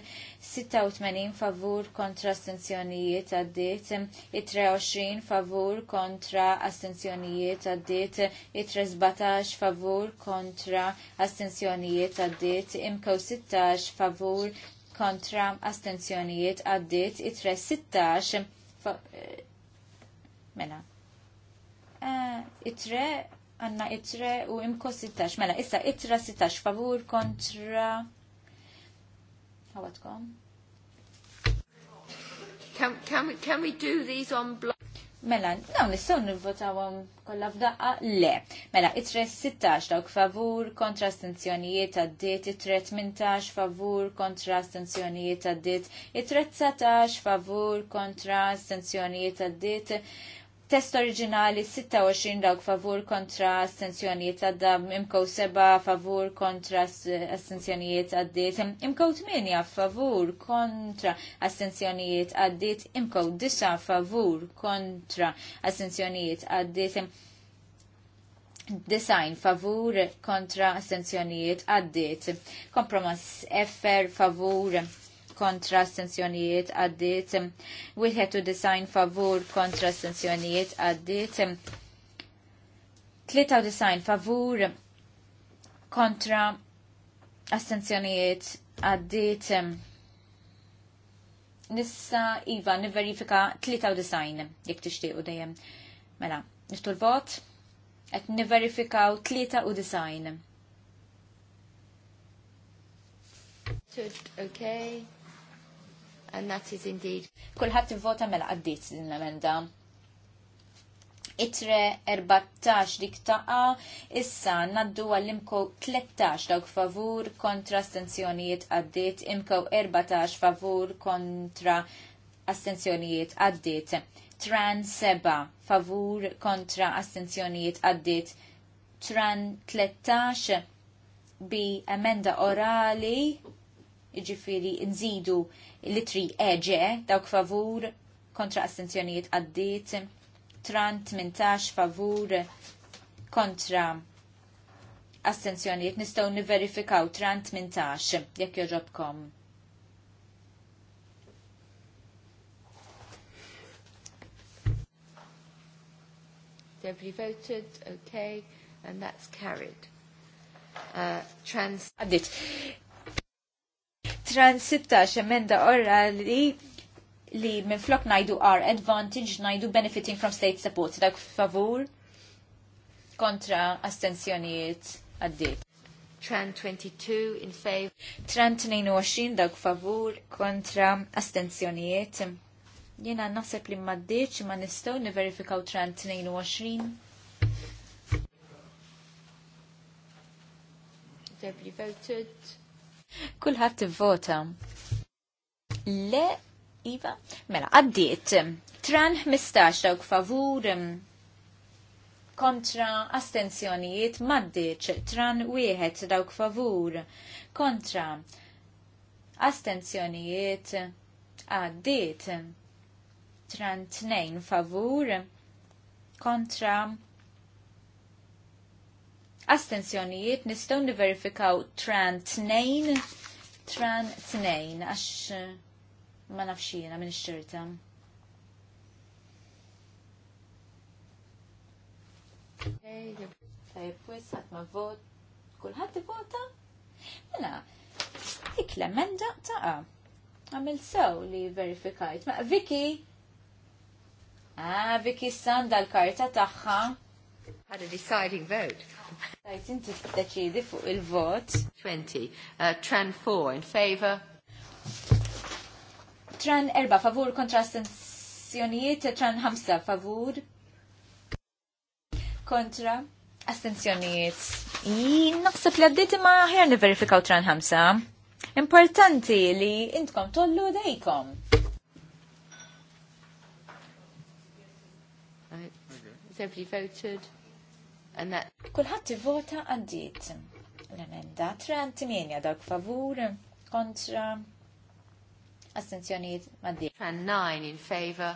86 favur kontra astenzjonijiet għaddiet, it-23 favur kontra astenzjonijiet għaddiet, it-17 favur kontra astenzjonijiet għaddiet, imkaw 16 favur kontra astenzjonijiet għaddit it-3 16 mena. Uh, it-3 għanna itre u imko 16. Mela, issa itra 16 favur kontra. Għawatkom. Can, can, we, can we do these on block? Mela, naw nistaw nivvotawhom kollha f'daqqa? Le. Mela, itre 16 dawk favur kontra astenzjonijiet għaddiet, itre 18 favur kontra astenzjonijiet għaddiet, itre 19 favur kontra astenzjonijiet għaddiet, Test oriġinali 26 dawk favur kontra astenzjonijiet għadda imkow 7 favur kontra astenzjonijiet għaddit, imkow 8 favur kontra astenzjonijiet għaddit, imkow 9 favur kontra astenzjonijiet għaddit, design favur kontra astenzjonijiet għaddit, kompromess effer favur kontra astensjonijiet għaddit, wieħed u design favur kontra astensjonijiet għaddit, design favur kontra assenzjonijiet għaddit. Nissa Iva niverifika design jekk tixtiequ dejjem. Mela, niftu l-vot, qed niverifikaw 93. Okay and that is indeed. Kulħadd ivvota mela qaddiet din l-emenda. Itre 14 dik taqa, issa naddu għall 13 dawk favur kontra astenzjonijiet għaddit, imko 14 favur kontra astenzjonijiet għaddit. Tran 7 favur kontra astenzjonijiet għaddit. Tran 13 bi emenda orali Iġifiri nżidu litri eġe dawk favur kontra astenzjonijiet għaddit. Tran 18 favur kontra astenzjonijiet nistaw niverifikaw tran 18 jekk joġobkom. They've voted, okay, and that's carried. Uh, trans... Fitran 16 emenda orra li minn flok najdu are advantage najdu benefiting from state support. Dak favur kontra astensjonijiet għaddit. Tran 22 in favor. Tran 22 dak favur kontra astensjonijiet. Jena naħseb li maddiċ ma nistaw niverifikaw tran 22. Deputy voted. Kulħadd ivvota. Le, Iva, mela, għaddiet. Tran 15 dawk favur kontra astenzjonijiet maddiċ tran wieħed dawk favur kontra astenzjonijiet għaddiet tran 2 favur kontra astensjonijiet nistgħu niverifikaw tran tnejn tran tnejn għax uh, ma nafx jiena minn xċerta. Tajb, wis ma vot, kulħadd ivota? Mela, dik l-emenda taqa. Għamil sew li verifikajt. Ma, Viki, Ah, Viki sanda l-karta tagħha. Had a deciding vote. 20. Uh, tran 4 in favour. Tran 4 favour kontra astensjonijiet, tran 5 favur kontra astensjonijiet. Naħseb li għaddit imma ħjar niverifikaw tran 5. Importanti li intkom tollu dejkom. Is everybody voted? Kulħadd vota għaddiet. L-emenda 38 dak favur kontra astenzjoniet maddi. Tran in favor.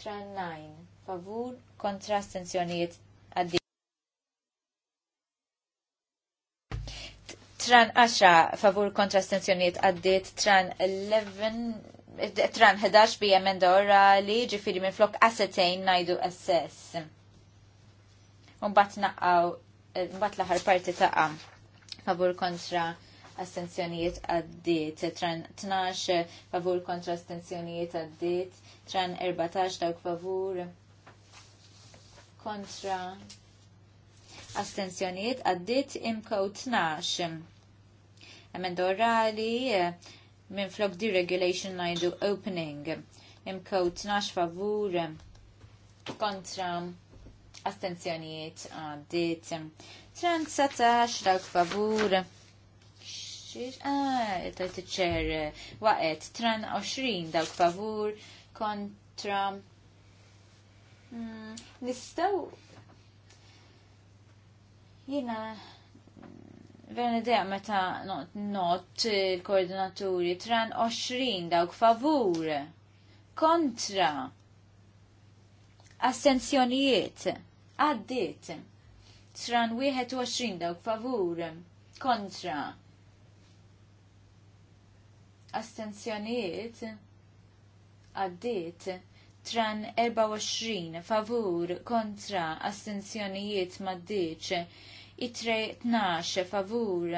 Tran 9 favur kontra astenzjoniet għaddiet. Tran 10 favur kontra astenzjonijiet għaddiet. Tran 11 tran 11 eh, bi emenda orali ġifiri minn flok assetain najdu assess. Mbatt naqgħu mbatt eh, l-aħħar parti taqa' favur kontra astenzjonijiet għaddit. tran 12 eh, favur kontra astenzjonijiet għaddit. tran 14 dawk favur kontra astenzjonijiet għaddiet imkow 12. Emendo orali eh, minn flok deregulation najdu opening imkow 12 favur kontra astenzjonijiet għaddit. Tran 19 dawk favur. Ah, il-tajt ċer waqet. Tran 20 dawk favur kontra. Hmm, nistaw. Jina. Verna dea meta not, il-koordinaturi tran 20 dawk favur kontra assenzjonijiet għaddit. Sran 21 dawk favur kontra Astenzjoniet għaddit. tran 24 favur kontra astenzjonijiet maddiċ itre 12 favur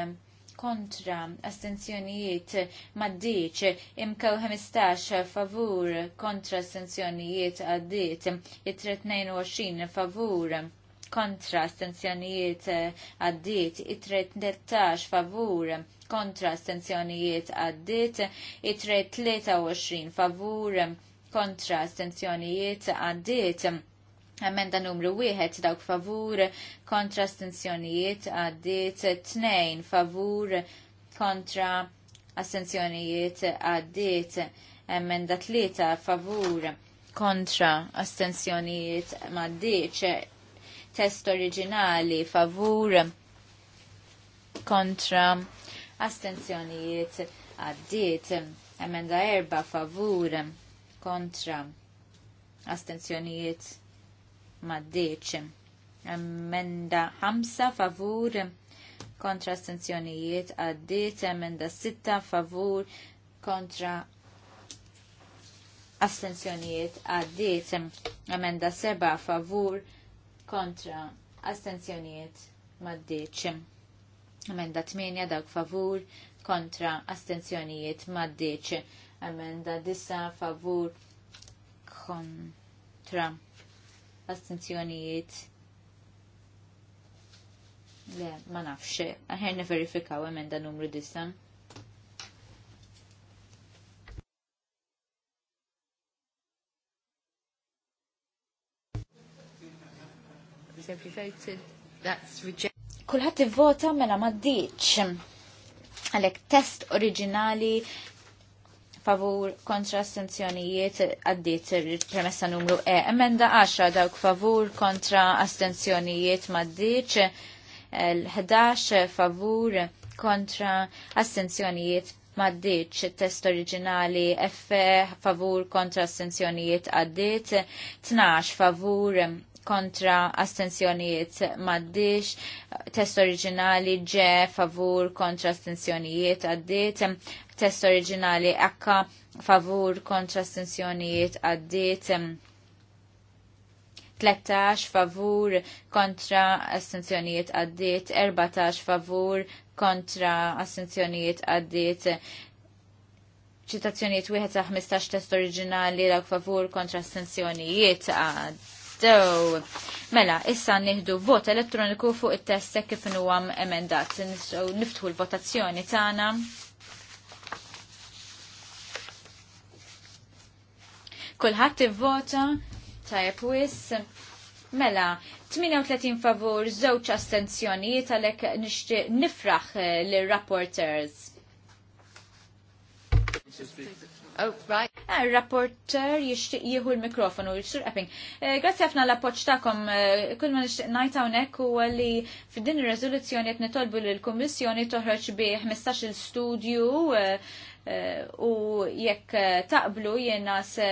kontra astenzjonijiet maddiċ imkew 15 favur kontra astenzjonijiet għaddiċ, it 32 favur kontra astenzjonijiet għaddiċ, it 13 favur kontra astenzjonijiet għaddiċ, it 23 favur kontra astenzjonijiet għaddiċ. Emenda numru wieħed dawk favur kontra astenzjonijiet għaddit tnejn favur kontra astenzjonijiet għaddit emenda tlieta favur kontra astenzjonijiet maddiċ test oriġinali favur kontra astenzjonijiet għaddit emenda erba favur kontra astenzjonijiet ma' maddiċ. Emenda 5 favur kontra astenzjonijiet għaddit, emenda 6 favur kontra astenzjonijiet għaddit, emenda 7 favur kontra astenzjonijiet ma' deċ. Emenda 8 dak favur kontra astenzjonijiet ma' deċ. Emenda 9 favur kontra astenzjonijiet le, ma nafx, għaxħer neverifikaw emenda numru disa. Kulħat vota mela maddiċ. Għalek test oriġinali favur kontra astenzjonijiet għaddit il-premessa numru E. Emenda 10 dawk favur kontra astenzjonijiet maddiċ l-11 favur kontra astenzjonijiet maddiċ test oriġinali F favur kontra astenzjonijiet għaddit 12 favur kontra astenzjonijiet maddix, test oriġinali ġe favur kontra astenzjonijiet għaddit, test oriġinali akka favur kontra stenzjonijiet għaddit 13 favur kontra astenzjonijiet għaddit, 14 favur kontra astenzjonijiet għaddit, ċitazzjonijiet wieħed ta' 15 test oriġinali dak favur kontra astenzjonijiet għaddew. Mela, issa nieħdu vot elettroniku fuq it-test kif nuwam emendat. Niftħu l-votazzjoni tagħna. Kulħadd ivvota tajjeb wis. Mela, 38 favur, żewġ astenzjoni, għalhekk nixtieq nifraħ eh, lir-rapporters. Oh, ah, rapporter jixtieq jieħu l-mikrofonu, jixtieq epping. Eh, grazzi ħafna l-appoċ tagħkom, eh, kull ma nixtieq ngħid hawnhekk huwa li f'din ir-reżoluzzjoni qed nitolbu lill kummissjoni toħroġ bi 15-il studju Eh, u jekk eh, taqblu jena se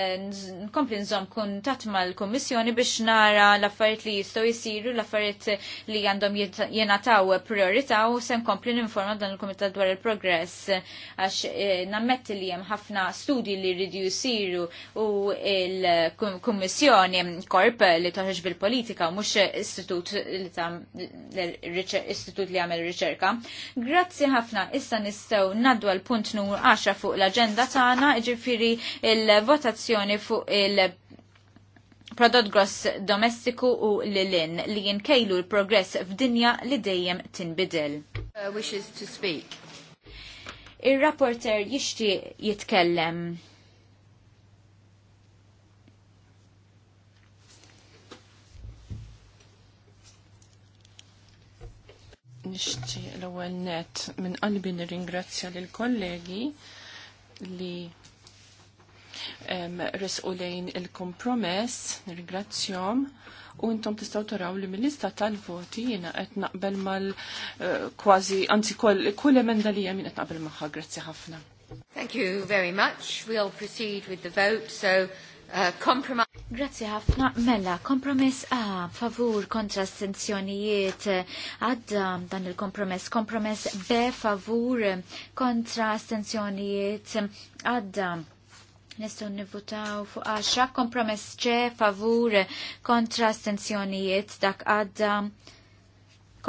nkompli nżom tatma l komissjoni biex nara l-affarijiet li jistgħu jisiru, l-affarijiet li għandhom jena taw priorità u se nkompli ninforma dan il-Komitat dwar il-progress għax eh, nammetti li hemm ħafna studji li jridu jisiru u l komissjoni korp li toħroġ bil-politika mhux istitut li istitut li għamel riċerka. Grazzi ħafna, issa nistgħu nadwa l-punt numru 10 fuq l-agenda tagħna, ġifiri il-votazzjoni fuq il- prodott gross domestiku u lilin li jinkejlu l-progress f'dinja li dejjem tinbidel. Uh, wishes to speak. Ir-rapporter jixtieq jitkellem. nixti l-ewwel net minn qalbi nirringrazzja lil kollegi li resqu lejn il-kompromess, nirringrazzjom u intom tistaw taraw li mill-lista tal-voti jina qed naqbel mal-kważi, eh, anzi kull emenda li jgħamin qed naqbel magħha, grazzi ħafna. Thank you very much. We'll proceed with the vote. So, uh, compromise. Grazzi ħafna. Mella, kompromess A, favur kontra astenzjonijiet għadda dan il-kompromess. Kompromess B, favur kontra astenzjonijiet għadda. Nistu nivutaw fuq għaxa. Kompromess ċe favur kontra astenzjonijiet dak għadda.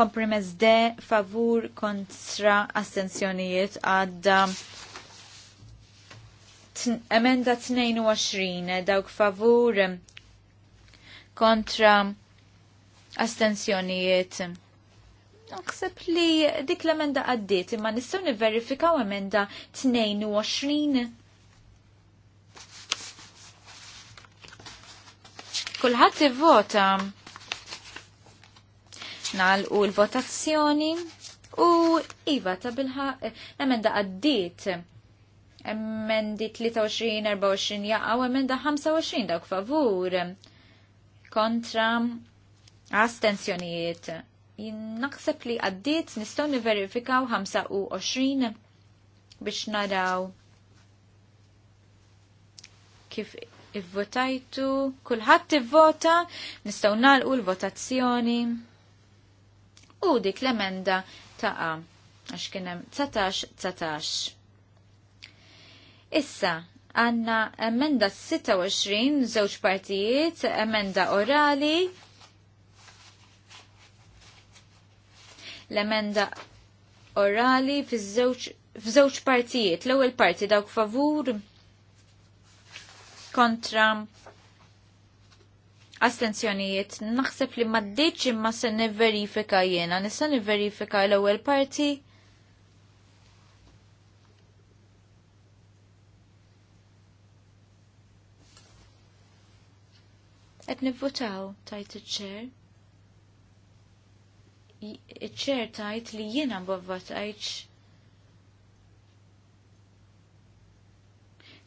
Kompromess D, favur kontra astenzjonijiet għadda. Emenda 22 eh, dawk favur eh, kontra astensjonijiet. Naħseb li dik l-emenda għaddit imma nistgħu niverifikaw emenda 22. Kulħadd ivvota nagħlqu l-votazzjoni u iva ta' bilħa l-emenda eh, għaddiet. Emmendi 23, 24 jaqaw, emenda 25 dawk favur. Kontra astenzjonijiet. Naħseb li għaddit nistgħu verifikaw 25 biex naraw kif ivvotajtu, kulħadd ivvota, nistgħu nagħlqu l-votazzjoni. U dik l-emenda taqa' għax kien hemm 19 19. Issa, għanna emenda 26, żewġ partijiet, emenda orali, l-emenda orali f'żewġ partijiet. L-ewwel parti dawk favur kontra astenzjonijiet. Naħseb li maddiċ imma se niverifika jiena, Nissa niverifika l-ewwel parti. qed nivvotaw tajt iċ-ċer. Iċ-ċer tajt li jiena mbavvatajċ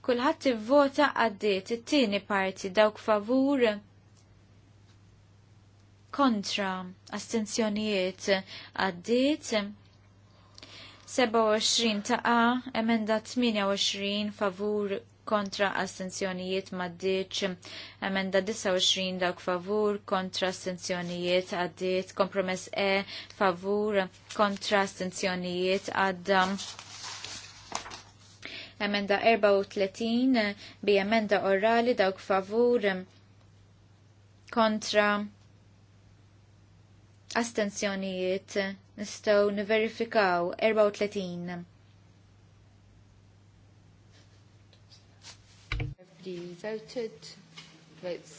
Kulħadd ivvota għaddiet it-tieni parti dawk favur kontra astenzjonijiet għaddiet 27 taqa emenda 28 favur kontra astenzjonijiet maddiċ emenda 29 dawk favur kontra astenzjonijiet għaddiet kompromess E favur kontra astenzjonijiet għadda emenda 34 bi emenda orali dawk favur kontra astenzjonijiet nistaw niverifikaw 34 li voted, votes.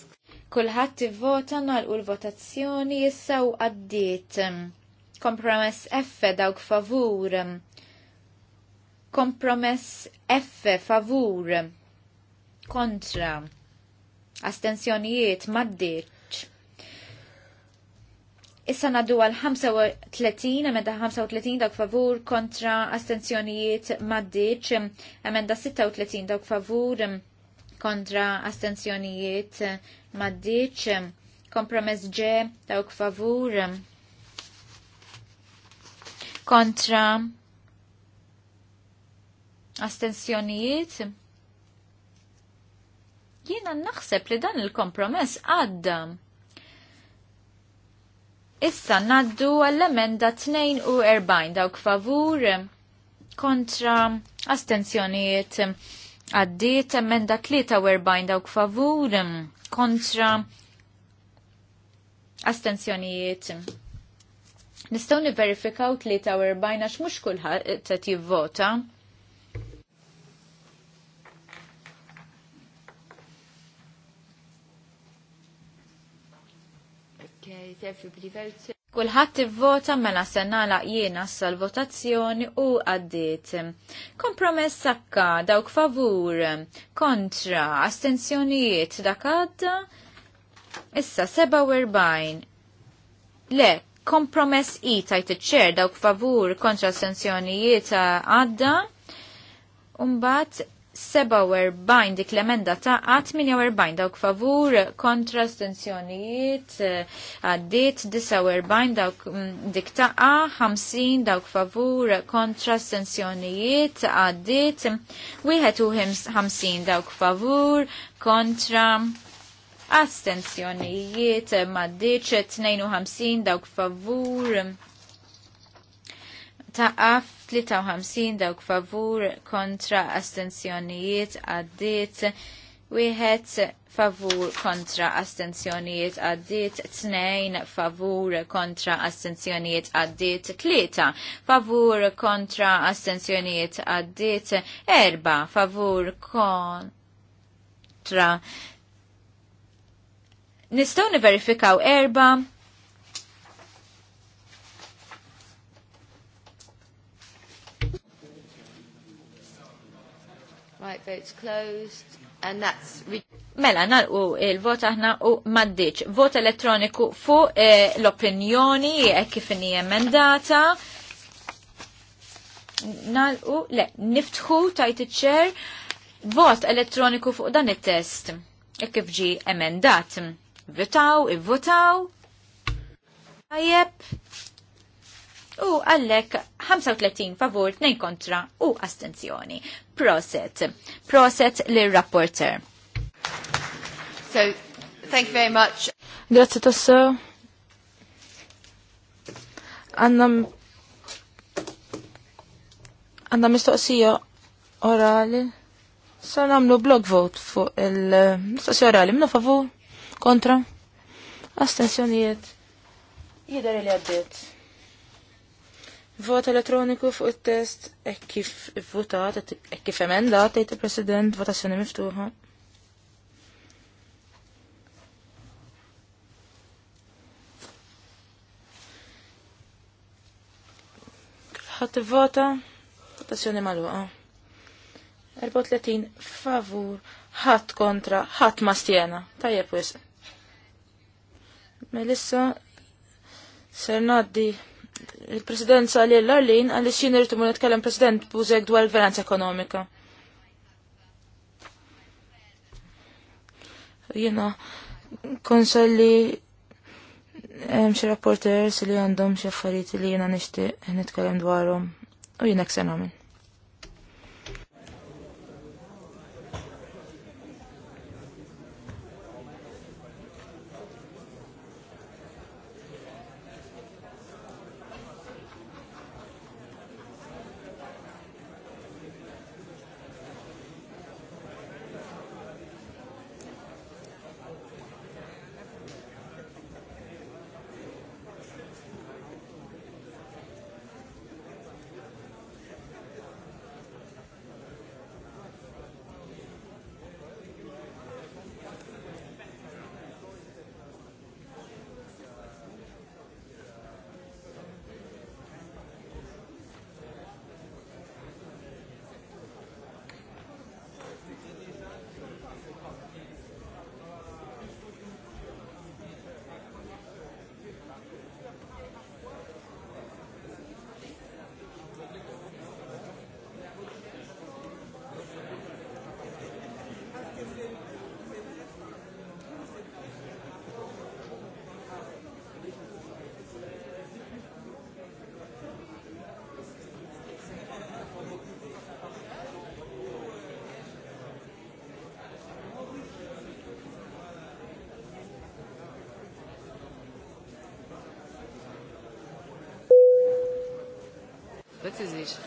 Kulħadd ivvota nagħlqu l-votazzjoni issa u għaddiet. Kompromess F dawk favur. Kompromess F favur. Kontra. Astenzjonijiet maddiet. Issa naddu għal 35, emenda 35 dawk favur kontra astenzjonijiet maddiċ, emenda 36 dawk favur kontra astenzjonijiet maddiċ kompromess ġe dawk favur kontra astenzjonijiet jiena naħseb li dan il-kompromess għadda. Issa naddu għall-emenda 42 dawk favur kontra astenzjonijiet Għaddiet emenda 43 dawk favur kontra astenzjonijiet. Nistgħu niverifikaw 43 għax mhux kulħadd qed jivvota. Okay, everybody Kulħadd ivvota mela se nagħlaq jiena s-salvotazzjoni u għaddiet. Kompromess sakka dawk favur, kontra, astenzjonijiet dak għadda. Issa 47. Le, kompromess i tajt iċ-ċer dawk favur kontra astenzjonijiet għadda. Umbat 47 dik l-emenda ta' 48 eh, mm, dawk favur kontra stenzjonijiet għaddit 49 dawk dik ta' 50 dawk favur kontra stenzjonijiet għaddit 51 dawk favur kontra astenzjonijiet maddiċ 52 dawk favur ta' 53 dawk favur kontra astenzjonijiet għaddiet wieħed favur kontra astenzjonijiet għaddiet tnejn favur kontra astenzjonijiet għaddiet tlieta favur kontra astenzjonijiet għaddiet erba favur kontra Nistgħu niverifikaw erba' Right, votes closed. And that's... Mela, nalqu il-vot aħna u maddiċ. Vot elettroniku fuq eh, l-opinjoni eh, kif inni emendata. Nalqu, le, niftħu tajt iċ Vot elettroniku fuq dan it-test. E kif ġi emendat. Votaw, ivvotaw. Tajjeb. U għallek 35 favur, 2 kontra u astenzjoni. Proset. Proset l-rapporter. So, thank you very much. Grazie tosso. Għanna għanna mistoqsija orali. Sa namlu blog vote fuq il-mistoqsija orali. Minna favur? Kontra? Astenzjonijiet? Jidari li għaddit. Vot elettroniku fuq il-test ek kif votat, ek kif emendat, tejt il-President, votazzjoni miftuħa. Ħat vota, votazzjoni maluqa. 34 favur, ħat kontra, ħat mastjena. Tajjeb wis. Melissa, ser naddi il-presidenza li l-Arlin għalli xin irritu mun nitkellem president Bużek dwar il veranza ekonomika. Jena, konsalli hemm xi rapporters li għandhom xi affarijiet li jiena nixtieq nitkellem dwarhom u jena hekk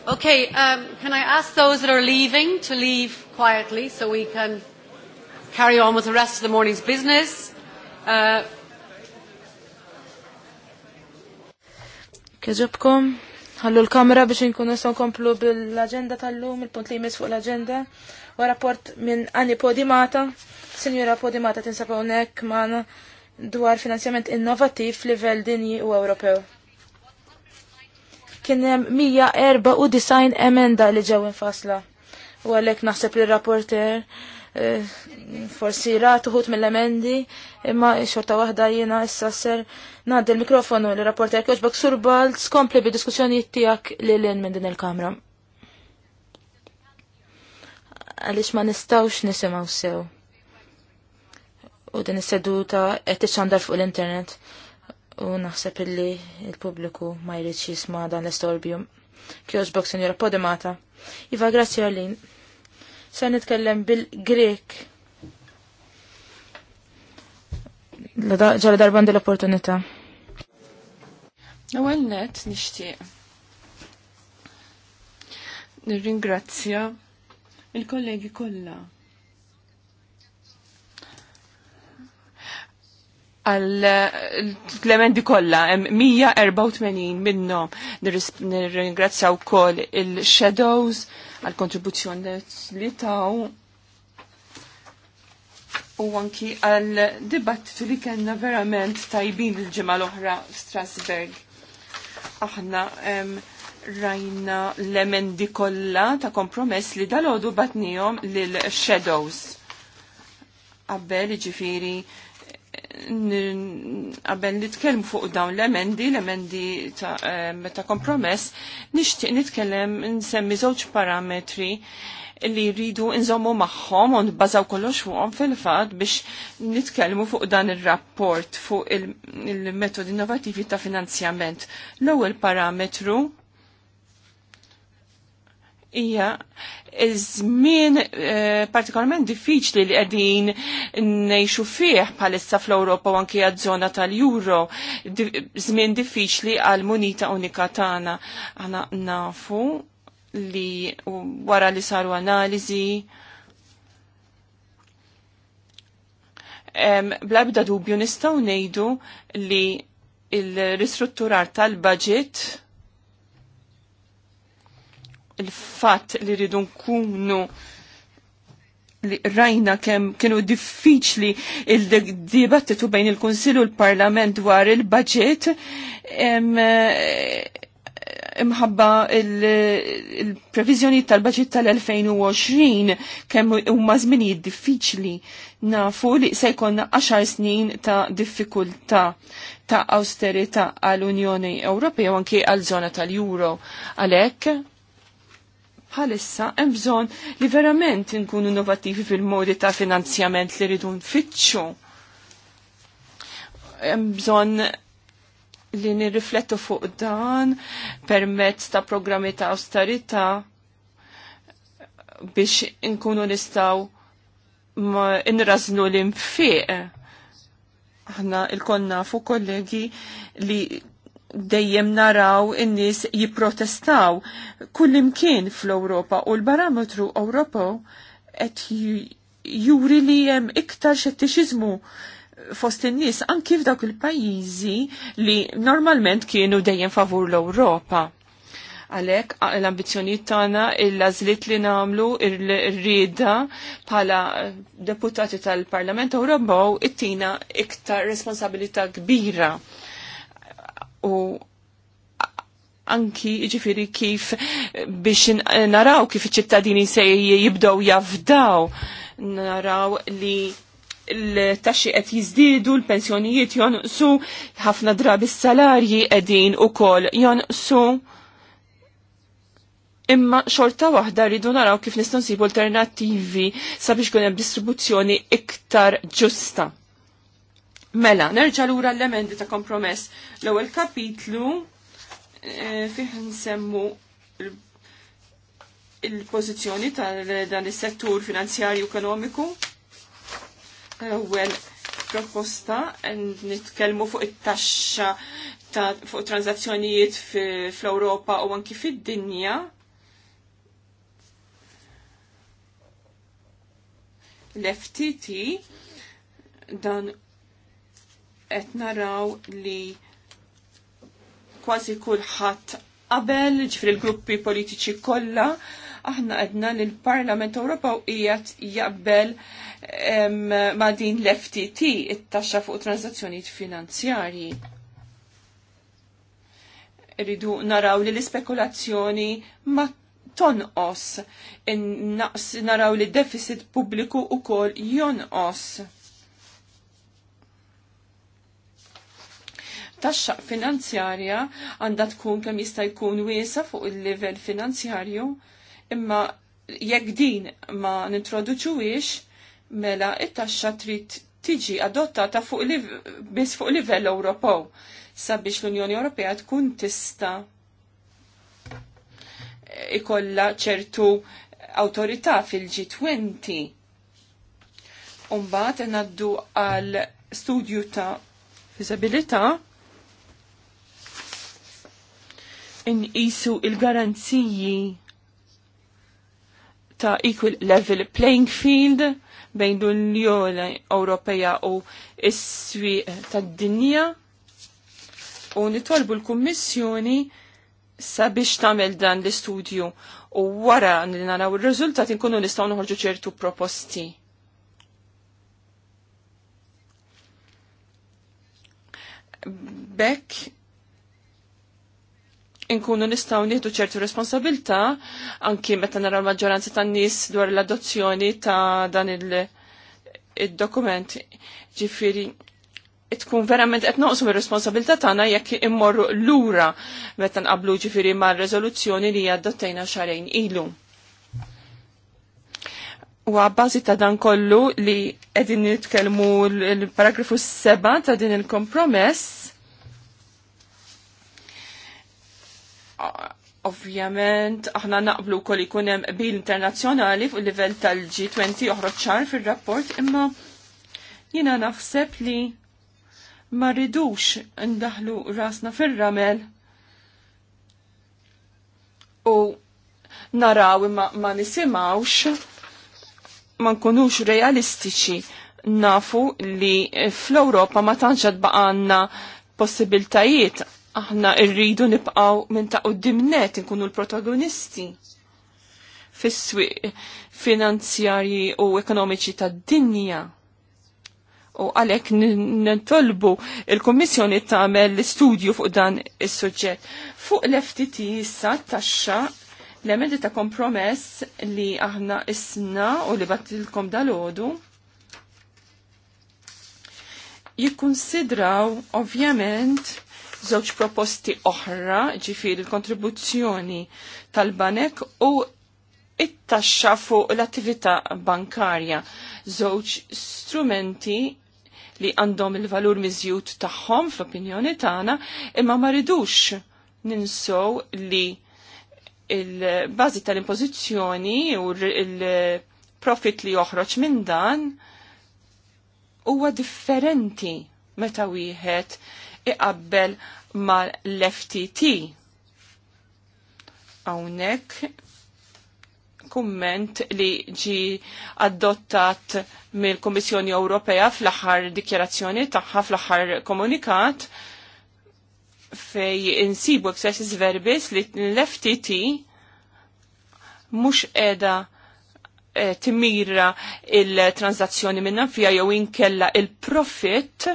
Okay, um, can I ask those that are leaving to leave quietly so we can carry on with the rest of the morning's business? Uh, Keġobkom, ħallu l-kamera biex nkunu nistaw komplu bil-agenda tal-lum, il-punt li jmiss fuq l-agenda, u rapport minn Anni Podimata, Signora Podimata tinsabaw nek maħna dwar finanzjament innovativ livell dinji u Ewropew kien hemm 194 emenda li ġew infasla. U għalhekk naħseb li rapporter eh, forsi rat uħut mill-emendi, imma xorta wahda jena issa ser naddi l-mikrofonu li rapporter kjoċ bak surbal skompli bi diskussjoni tijak li l-in minn din il-kamra. Għalix ma nistawx nisimaw sew. U din is-seduta qed tiċċandar fuq l-internet u naħseb illi il-pubbliku ma jridx jisma' dan l Kjoż bok Senjora Podemata. Iva, grazzi għalin. Se nitkellem bil-Grek. Ġala darban dell-opportunità. Ewwel net nixtieq. Nirringrazzja il-kollegi kollha għal-Klemendi kolla, 184 minnom. Nirringrazzjaw kol il-Shadows għal-kontribuzzjoni li taw u anki għal-dibattitu li kena verament tajbin il-ġemma l-oħra Strasberg. Aħna rajna l-emendi kolla ta' kompromess li dal-ħodu batnijom l shadows Għabbel ġifiri qabel nitkellmu fuq dawn l-emendi, l-emendi ta' kompromess, nixtieq nitkellem nsemmi żewġ parametri li rridu nżommu magħhom u nbażaw kollox fuqhom fil-fatt biex nitkellmu fuq dan ir-rapport fuq il-metodi innovativi ta' finanzjament. L-ewwel parametru hija żmien eh, partikolarment diffiċli li qegħdin ngħixu fih bħalissa fl-Ewropa u anke għaż-żona tal-Euro, żmien diffiċli għal munita unika tagħna. Aħna nafu li wara li saru analiżi Blabda dubju nistgħu ngħidu li il-ristrutturar tal-budget il-fat li rridu nkunu li rajna kem kienu diffiċli il-dibattitu bejn il-Konsil u l-Parlament dwar il-budget imħabba il-previżjoni tal-budget tal-2020 kemm huma żminijiet diffiċli nafu li se jkollna 10 snin ta' diffikultà ta' austerità għall-Unjoni Ewropea u anke għal-żona tal-Euro. Għalhekk bħalissa hemm bżonn li verament inkunu innovattivi fil-modi ta' finanzjament li rridu nfittxu. Hemm bżonn li nirriflettu fuq dan permezz ta' programmi ta' austerità biex inkunu nistaw inraznu l-infiq. Aħna il-konna fu kollegi li dejjem naraw in-nies jipprotestaw kullimkien fl-Ewropa u l-barometru Ewropa qed juri li hemm iktar xettixiżmu fost in-nies anki f'dawk il-pajjiżi li normalment kienu dejjem favur l-Ewropa. Għalek, l-ambizjoniet tagħna il-lażlit li nagħmlu il-rida bħala deputati tal-Parlament Ewropew it-tina iktar responsabilità kbira u anki ġifiri kif biex naraw kif iċittadini ċittadini se jibdow jafdaw, naraw li l-taxxi qed jiżdiedu, l-pensjonijiet jonqsu, ħafna drabi s-salarji qegħdin ukoll jonqsu. Imma xorta waħda rridu naraw kif nistgħu nsibu alternattivi sabiex kun hemm distribuzzjoni iktar ġusta. Mela, nerġa lura l-emendi ta' kompromess. L-ewwel kapitlu fiħ e, fih nsemmu il-pożizzjoni tal-dan is-settur finanzjarju ekonomiku. L-ewwel proposta nitkellmu fuq it-taxxa ta' fuq transazzjonijiet fl-Ewropa u anki fid-dinja. L-FTT dan qed naraw li kważi kulħadd qabel, ġifri l-gruppi politiċi kollha, aħna għedna li l-Parlament Ewropew qiegħed jaqbel ma' din l-FTT, it-taxxa fuq transazzjonijiet finanzjarji. Ridu naraw li l-ispekulazzjoni ma tonqos, naqs naraw li deficit pubbliku ukoll jonqos taxxa finanzjarja għandha tkun kemm jista' jkun wiesa fuq il-livell finanzjarju imma jekk din ma nintroduċuwiex mela it-taxxa trid tiġi adottata fuq biss fuq livell Ewropew sabiex l-Unjoni Ewropea tkun tista ikolla ċertu awtorità fil-G20. Umbat naddu għal studju ta' fiżabilità inqisu il-garanziji ta' equal level playing field bejn l-Unjoni Ewropea u s-swi tad-dinja u nitolbu l-Kummissjoni sabiex tagħmel dan l-istudju u wara li naraw ir-riżultati nkunu nistgħu noħorġu ċertu proposti. Bekk inkunu nistaw nieħdu ċertu responsabilta anki meta naraw maġġoranza tan-nies dwar l-adozzjoni ta' dan il-dokument. Il Ġifieri tkun verament qed noqsu mir-responsabilità tagħna jekk immorru lura meta nqablu ġifieri mar-reżoluzzjoni li adottejna xarejn ilu. U għabbażi ta' dan kollu li qegħdin nitkellmu l-paragrafu 7 ta' din il-kompromess Ovvjament, aħna naqblu kol ikun hemm bil internazzjonali fuq livell tal-G20 oħroċ ċar fir-rapport, imma jiena naħseb li ma ridux ndaħlu rasna fir-ramel u naraw imma ma nisimawx ma nkunux realistiċi nafu li fl-Ewropa ma tantx baqanna possibiltajiet aħna rridu nibqaw minn ta' qoddimnet nkunu l-protagonisti fis-swieq finanzjarji u ekonomiċi tad-dinja. U għalek nintolbu il kummissjoni tagħmel l-istudju fuq dan is-suġġett. Fuq l-FTT issa taxxa l-emendi ta' kompromess li aħna isna u li battilkom dal-ħodu jikkonsidraw ovvjament żewġ proposti oħra, ġifiri l-kontribuzzjoni tal-banek u it-taxxa fuq l-attività bankarja. Żewġ strumenti li għandhom il-valur miżjut tagħhom fl-opinjoni tagħna, imma ma ridux ninsow li il-bażi tal-impożizzjoni u il-profit li joħroġ minn dan huwa differenti meta wieħed iqabbel mal-FTT. Hawnhekk kumment li ġi adottat mill-Kummissjoni Ewropea fl-aħħar dikjarazzjoni tagħha fl-aħħar komunikat fej insibu excessis verbis li l-FTT mhux qiegħda eh, timira il-transazzjoni minna fija jew inkella il-profit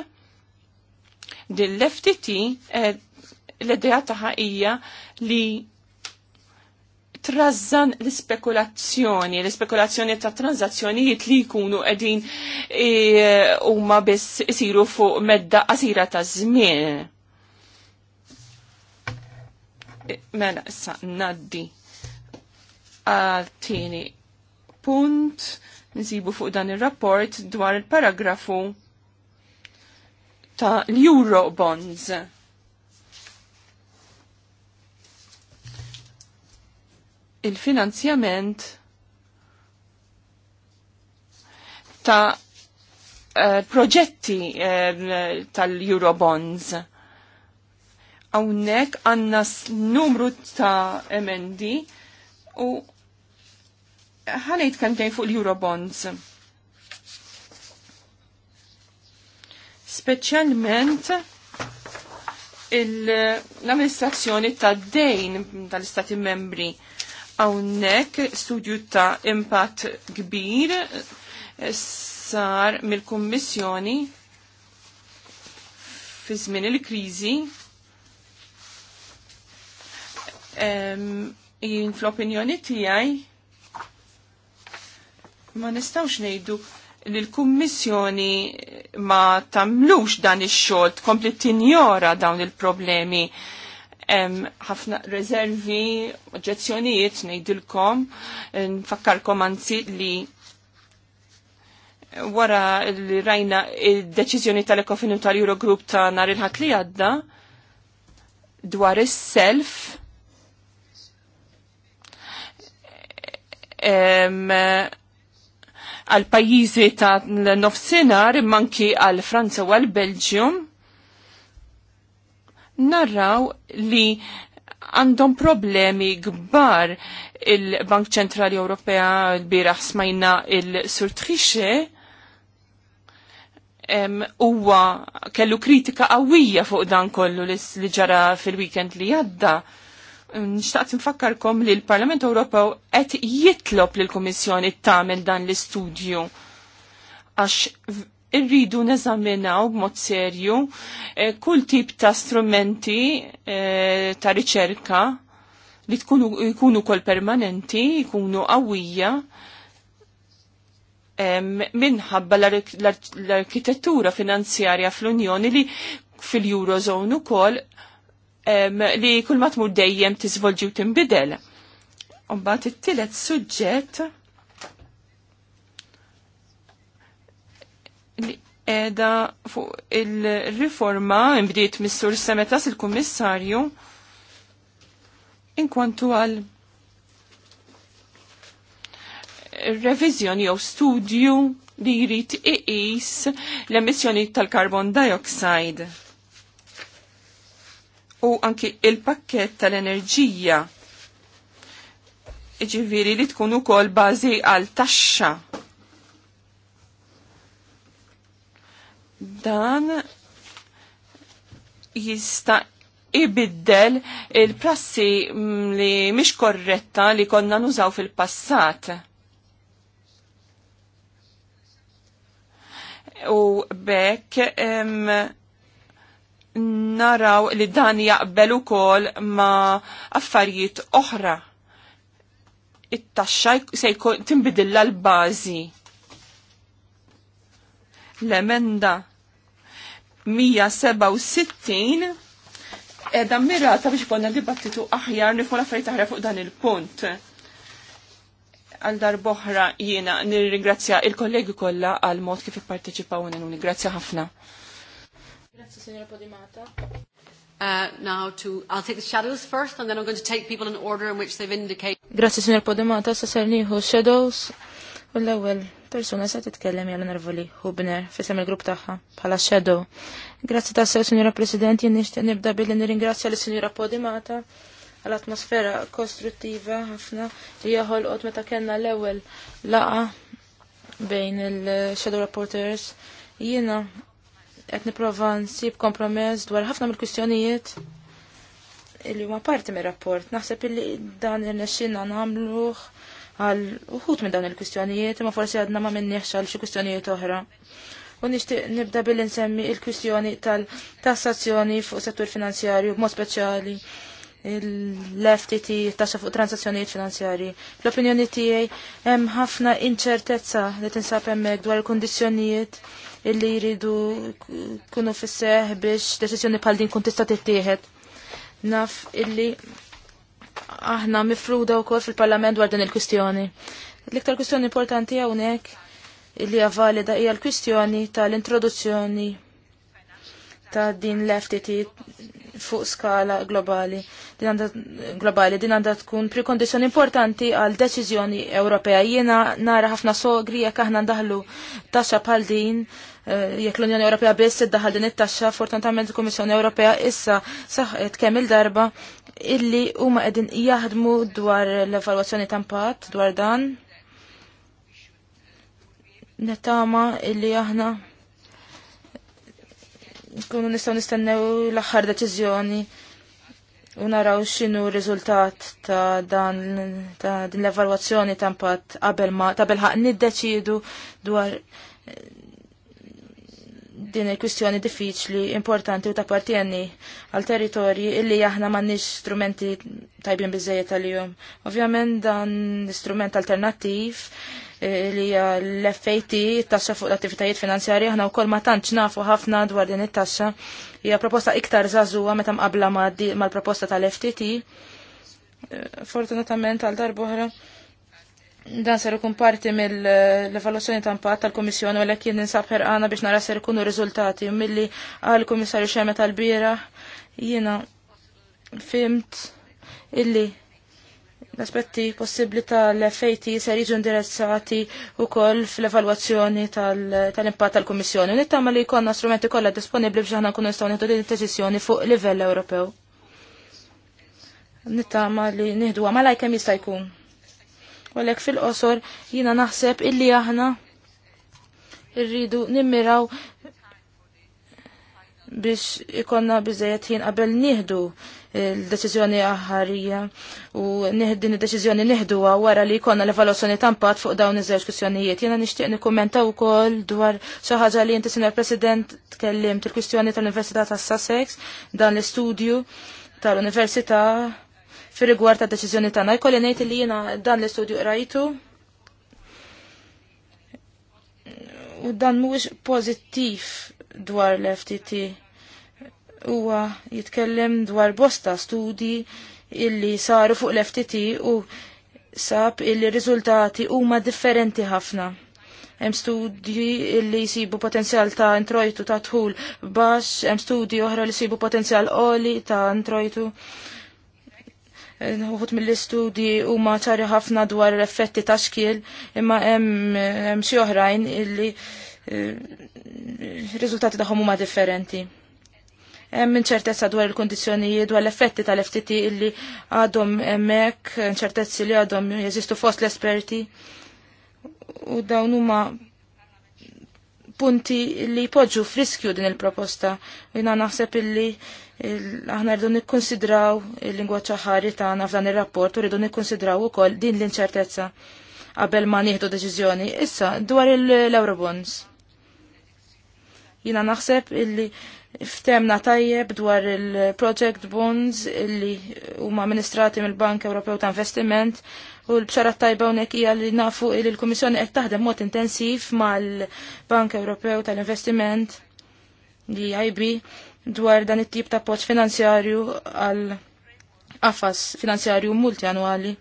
l ftt eh, l-idea taħħa hija li trażan l-spekulazzjoni, l-spekulazzjoni ta' tranzazzjonijiet li jkunu qegħdin eh, huma biss isiru fuq medda qasira ta' żmien. Eh, mela issa naddi għal tieni punt nsibu fuq dan ir-rapport dwar il-paragrafu ta' l-Euro bonds. Il-finanzjament ta' uh, proġetti uh, tal-Euro bonds. Hawnhekk għandna numru ta' MND u ħanajt kantejn fuq l-Eurobonds. bonds speċjalment l-amministrazzjoni ta' dejn tal-Istati membri. Hawnhekk studju ta' impatt kbir sar mill-Kummissjoni fi żmien il-kriżi jien fl-opinjoni tiegħi ma nistgħux ngħidu li l-Kummissjoni ma tamlux dan ix-xogħol tkompli tinjora dawn il-problemi ħafna rezervi, oġġezzjonijiet ngħidilkom, nfakkarkom anzi li wara li rajna il-deċiżjoni tal-Ekofinu tal-Eurogroup ta' nhar il-ħat li għadda dwar is-self um, għal pajjiżi ta' nofsinhar manki għal Franza u għal Belġium narraw li għandhom problemi gbar il-Bank Ċentrali Ewropea l-biraħ smajna il-Sur huwa kellu kritika qawwija fuq dan kollu li ġara fil-weekend li għadda nxtaqt nfakkarkom li l-Parlament Ewropew qed jitlob l kummissjoni tagħmel dan l-istudju għax irridu neżaminaw b'mod serju eh, kull tip ta' strumenti eh, ta' riċerka li tkunu jkunu kol permanenti, jkunu qawwija minħabba l-arkitettura finanzjarja fl-Unjoni li fil-Eurozone u kol li kull ma tmur dejjem tiżvolġi u tinbidel. mbagħad it-tielet suġġett li qiegħda fuq il-riforma imbdiet mis-sur Semetas il-Kummissarju inkwantu għal revizjoni jew studju li jrid iqis l-emissjoni tal-carbon dioxide u anki il-pakket tal-enerġija iġiviri li tkun ukoll bażi għal taxxa. Dan jista' ibiddel il-prassi mm, li mhix korretta li konna nużaw fil-passat. U bekk naraw li dan jaqbel ukoll ma affarijiet oħra. It-taxxa se jkun timbidilla l-bażi. L-emenda 167 edha mirata biex konna dibattitu aħjar nifu l-affarijiet aħra fuq dan il-punt għal darboħra jiena nirringrazzja il-kollegi kollha għal mod kif ipparteċipaw u nirringrazzja ħafna. Grazie, signor Podimata. Uh, now to, I'll take the shadows first and then I'm going to take people in order in which they've indicated. Grazie, signor Podimata, sa ser nieħu shadows. U l-ewwel titkellem jalla nervoli Hubner fisem il-grupp tagħha bħala shadow. Grazie ta' sew, signora Presidenti, jien nibda billi nirringrazzja li signora Podimata għal atmosfera kostruttiva ħafna li jaħolqot meta kena l ewel laqa bejn il-Shadow Reporters jina qed nipprova nsib kompromess dwar ħafna mill-kwistjonijiet illi ma parti mir-rapport. Naħseb illi dan il irnexxinna nagħmluh għal uħut minn dawn il-kwistjonijiet, ma forsi għadna ma minn għal xi kwistjonijiet oħra. U nixtieq nibda billi nsemmi il-kwistjoni tal-tassazzjoni fuq settur finanzjarju b'mod speċjali l-FTT tassa fuq transazzjonijiet finanzjari. L-opinjoni tiegħi hemm ħafna inċertezza li tinsab hemmhekk dwar il-kundizzjonijiet illi jridu kunu fisseħ biex deċiżjoni bħal din kun tista' tittieħed. Naf illi aħna mifruda wkoll fil-Parlament dwar din il-kwistjoni. L-iktar kwistjoni importanti hawnhekk illi hija valida hija l-kwistjoni tal-introduzzjoni ta' din l-FTT fuq skala globali. Din għandha globali din għandha tkun prikondizjoni importanti għal deċiżjoni Ewropea. Jiena nara ħafna sogri jekk aħna ndaħlu taxxa bħal din eh, jekk l-Unjoni Ewropea biss iddaħħal din it-taxxa, fortunatament il-Kummissjoni Ewropea issa saħqet kemm il-darba illi huma qegħdin jaħdmu dwar l-evalwazzjoni ta' impatt dwar dan. Netama illi aħna Kunu nistgħu nistennew l-aħħar deċiżjoni u naraw x'inhu rizultat ta' dan ta' din l-evalwazzjoni ta' impatt qabel ma qabel ħaq niddeċidu dwar eh, din il-kwistjoni diffiċli, importanti u ta' partijenni għal territorji illi aħna m'għandniex strumenti tajbin biżejjed tal-jum. Ovvjament dan strument alternativ alternattiv li l-FAT, tassa fuq l-attivitajiet finanzjarji, ħna wkoll ma tantx nafu ħafna dwar din it-tassa. Hija proposta iktar żagħżugħa meta mqabbla mal-proposta tal-FTT. Eh, fortunatament għal darbohra dan ser ikun parti mill-evaluazzjoni ta' impatt tal-Kummissjoni u l-ekk jien ninsab ħerqana biex nara ser ikunu riżultati milli għal kummissarju xemet tal-bira jiena fimt illi l-aspetti possibli tal-FAT ser jiġu indirizzati u koll fl-evaluazzjoni tal-impatt tal-Kommissjoni. Nittama li konna strumenti kollha disponibli biex aħna nkunu nistgħu nieħdu din id-deċiżjoni fuq livell Ewropew. Nittama li nihdu malaj kemm jista' jkun. Walek fil-qosor jiena naħseb illi aħna irridu nimmiraw biex ikonna biżejjed jien qabel nieħdu il-deċiżjoni aħħarija u din id-deċiżjoni nieħduha wara li jkollna l-evaluazzjoni tampat fuq dawn iż-żewġ kwistjonijiet. Jiena nixtieq nikkummenta wkoll dwar xi ħaġa li inti Sinjor President tkellimt il-kwistjoni tal-Università tas Sussex dan l-istudju tal-Università fir rigward ta' deċiżjoni tagħna. Jkolli ngħid li jiena dan l-istudju qrajtu u dan mhuwiex pożittiv dwar l-FTT huwa jitkellem dwar bosta studi illi saru fuq l-FTT u sab illi riżultati huma differenti ħafna. Hemm studji illi jsibu potenzjal ta' introjtu ta' tħul baxx, hemm studji oħra li jsibu potenzjal qoli ta' introjtu. Uħut mill-istudji huma ċari ħafna dwar l-effetti ta' xkiel, imma hemm xi oħrajn illi eh, riżultati tagħhom huma differenti minċertezza dwar il-kondizjonijiet dwar l-effetti tal-FTT illi għadhom emmek, ċertezzi li għadhom jeżistu fost l-esperti. U dawn huma punti li jpoġġu friskju din il-proposta. Jina naħseb illi aħna rridu nikkonsidraw il-lingwa ċaħari tagħna f'dan ir-rapport u rridu nikkonsidraw ukoll din l-inċertezza qabel ma nieħdu deċiżjoni. Issa dwar l-Eurobonds. Jina naħseb illi ftemna tajjeb dwar il-project bonds illi huma amministrati mill-Bank Ewropew ta' Investiment u l bċara tajba unek hija li nafu li l-Kummissjoni qed taħdem mod intensiv mal-Bank Ewropew tal-Investiment li IB dwar dan it-tip ta' poċ finanzjarju għal qafas finanzjarju multianwali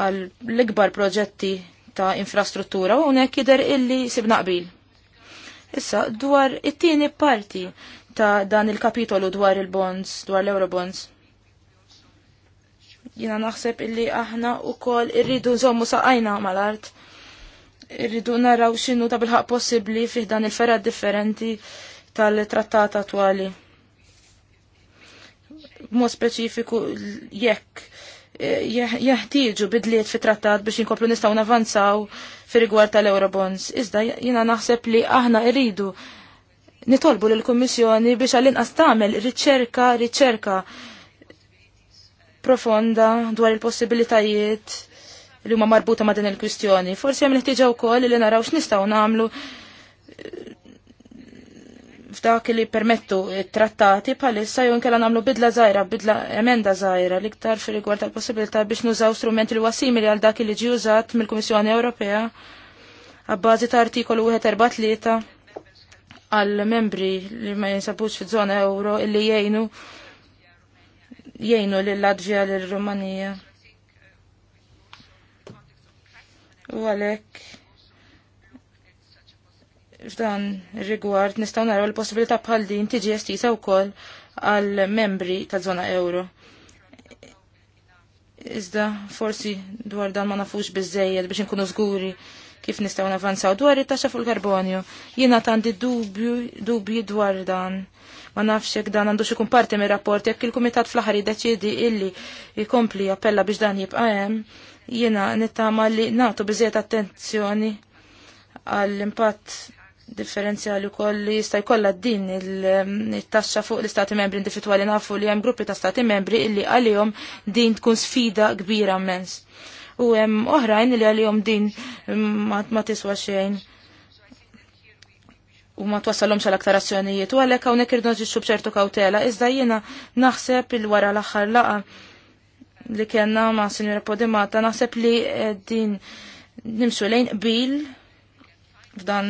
għal l-ikbar proġetti ta' infrastruttura u unek jider illi sibna qbil Issa, dwar it-tieni parti ta' dan il-kapitolu dwar il-bonds, dwar l-eurobonds. Jina naħseb illi aħna u kol irridu nżommu saqajna mal-art. Irridu naraw xinu ta' bilħaq possibli fih dan il-ferad differenti tal-trattat attuali. Mo speċifiku jekk Eh, jeħtieġu bidliet fi trattat biex jinkomplu nistgħu navanzaw fi rigward tal-Eurobonds. Iżda jiena naħseb li aħna rridu nitolbu lill kummissjoni biex għall-inqas tagħmel riċerka, riċerka profonda dwar il-possibilitajiet li huma marbuta ma' din il-kwistjoni. Forsi hemm niħtieġa wkoll li naraw x'nistgħu nagħmlu f'dak li permettu trattati bħalissa jew inkella nagħmlu bidla żgħira, bidla emenda żgħira liktar iktar fi rigward tal-possibilità biex nużaw strumenti li wasimili għal dak li ġi użat mill-Kummissjoni Ewropea għabbażi ta' artikolu 143 għal membri li ma jinsabux fi żona euro illi jgħinu jgħinu lill-Latvija lill-Rumanija. U għalek f'dan rigward nistgħu naraw l-possibilità bħal din tiġi estisa wkoll għal membri ta' żona euro. Iżda forsi dwar dan ma nafux biżejjed biex inkunu żguri kif nistgħu navanzaw dwar it-taxxa fuq il-karbonju. Jiena tandi dubju dubji dwar dan. Ma nafx jekk dan għandu xi kun parti mir-rapport jekk il-kumitat fl-aħħar jiddeċiedi illi jkompli appella biex dan jibqa' hemm, jiena nittama li nagħtu biżejjed attenzjoni għall-impatt differenzjali wkoll li jista' jkollha din il-taxxa mm, fuq l-istati membri individwali nafu li hemm gruppi ta' stati membri illi għalihom din tkun sfida kbira mens. U hemm oħrajn li għalihom din mm, ma tiswa xejn u ma twassalhomx għal aktar azzjonijiet u għalhekk hawnhekk irdu nġixxu b'ċertu kawtela iżda jiena naħseb il wara l-aħħar laqa li kellna ma' Sinjora Podimata naħseb li eh, din nimxu lejn qbil f'dan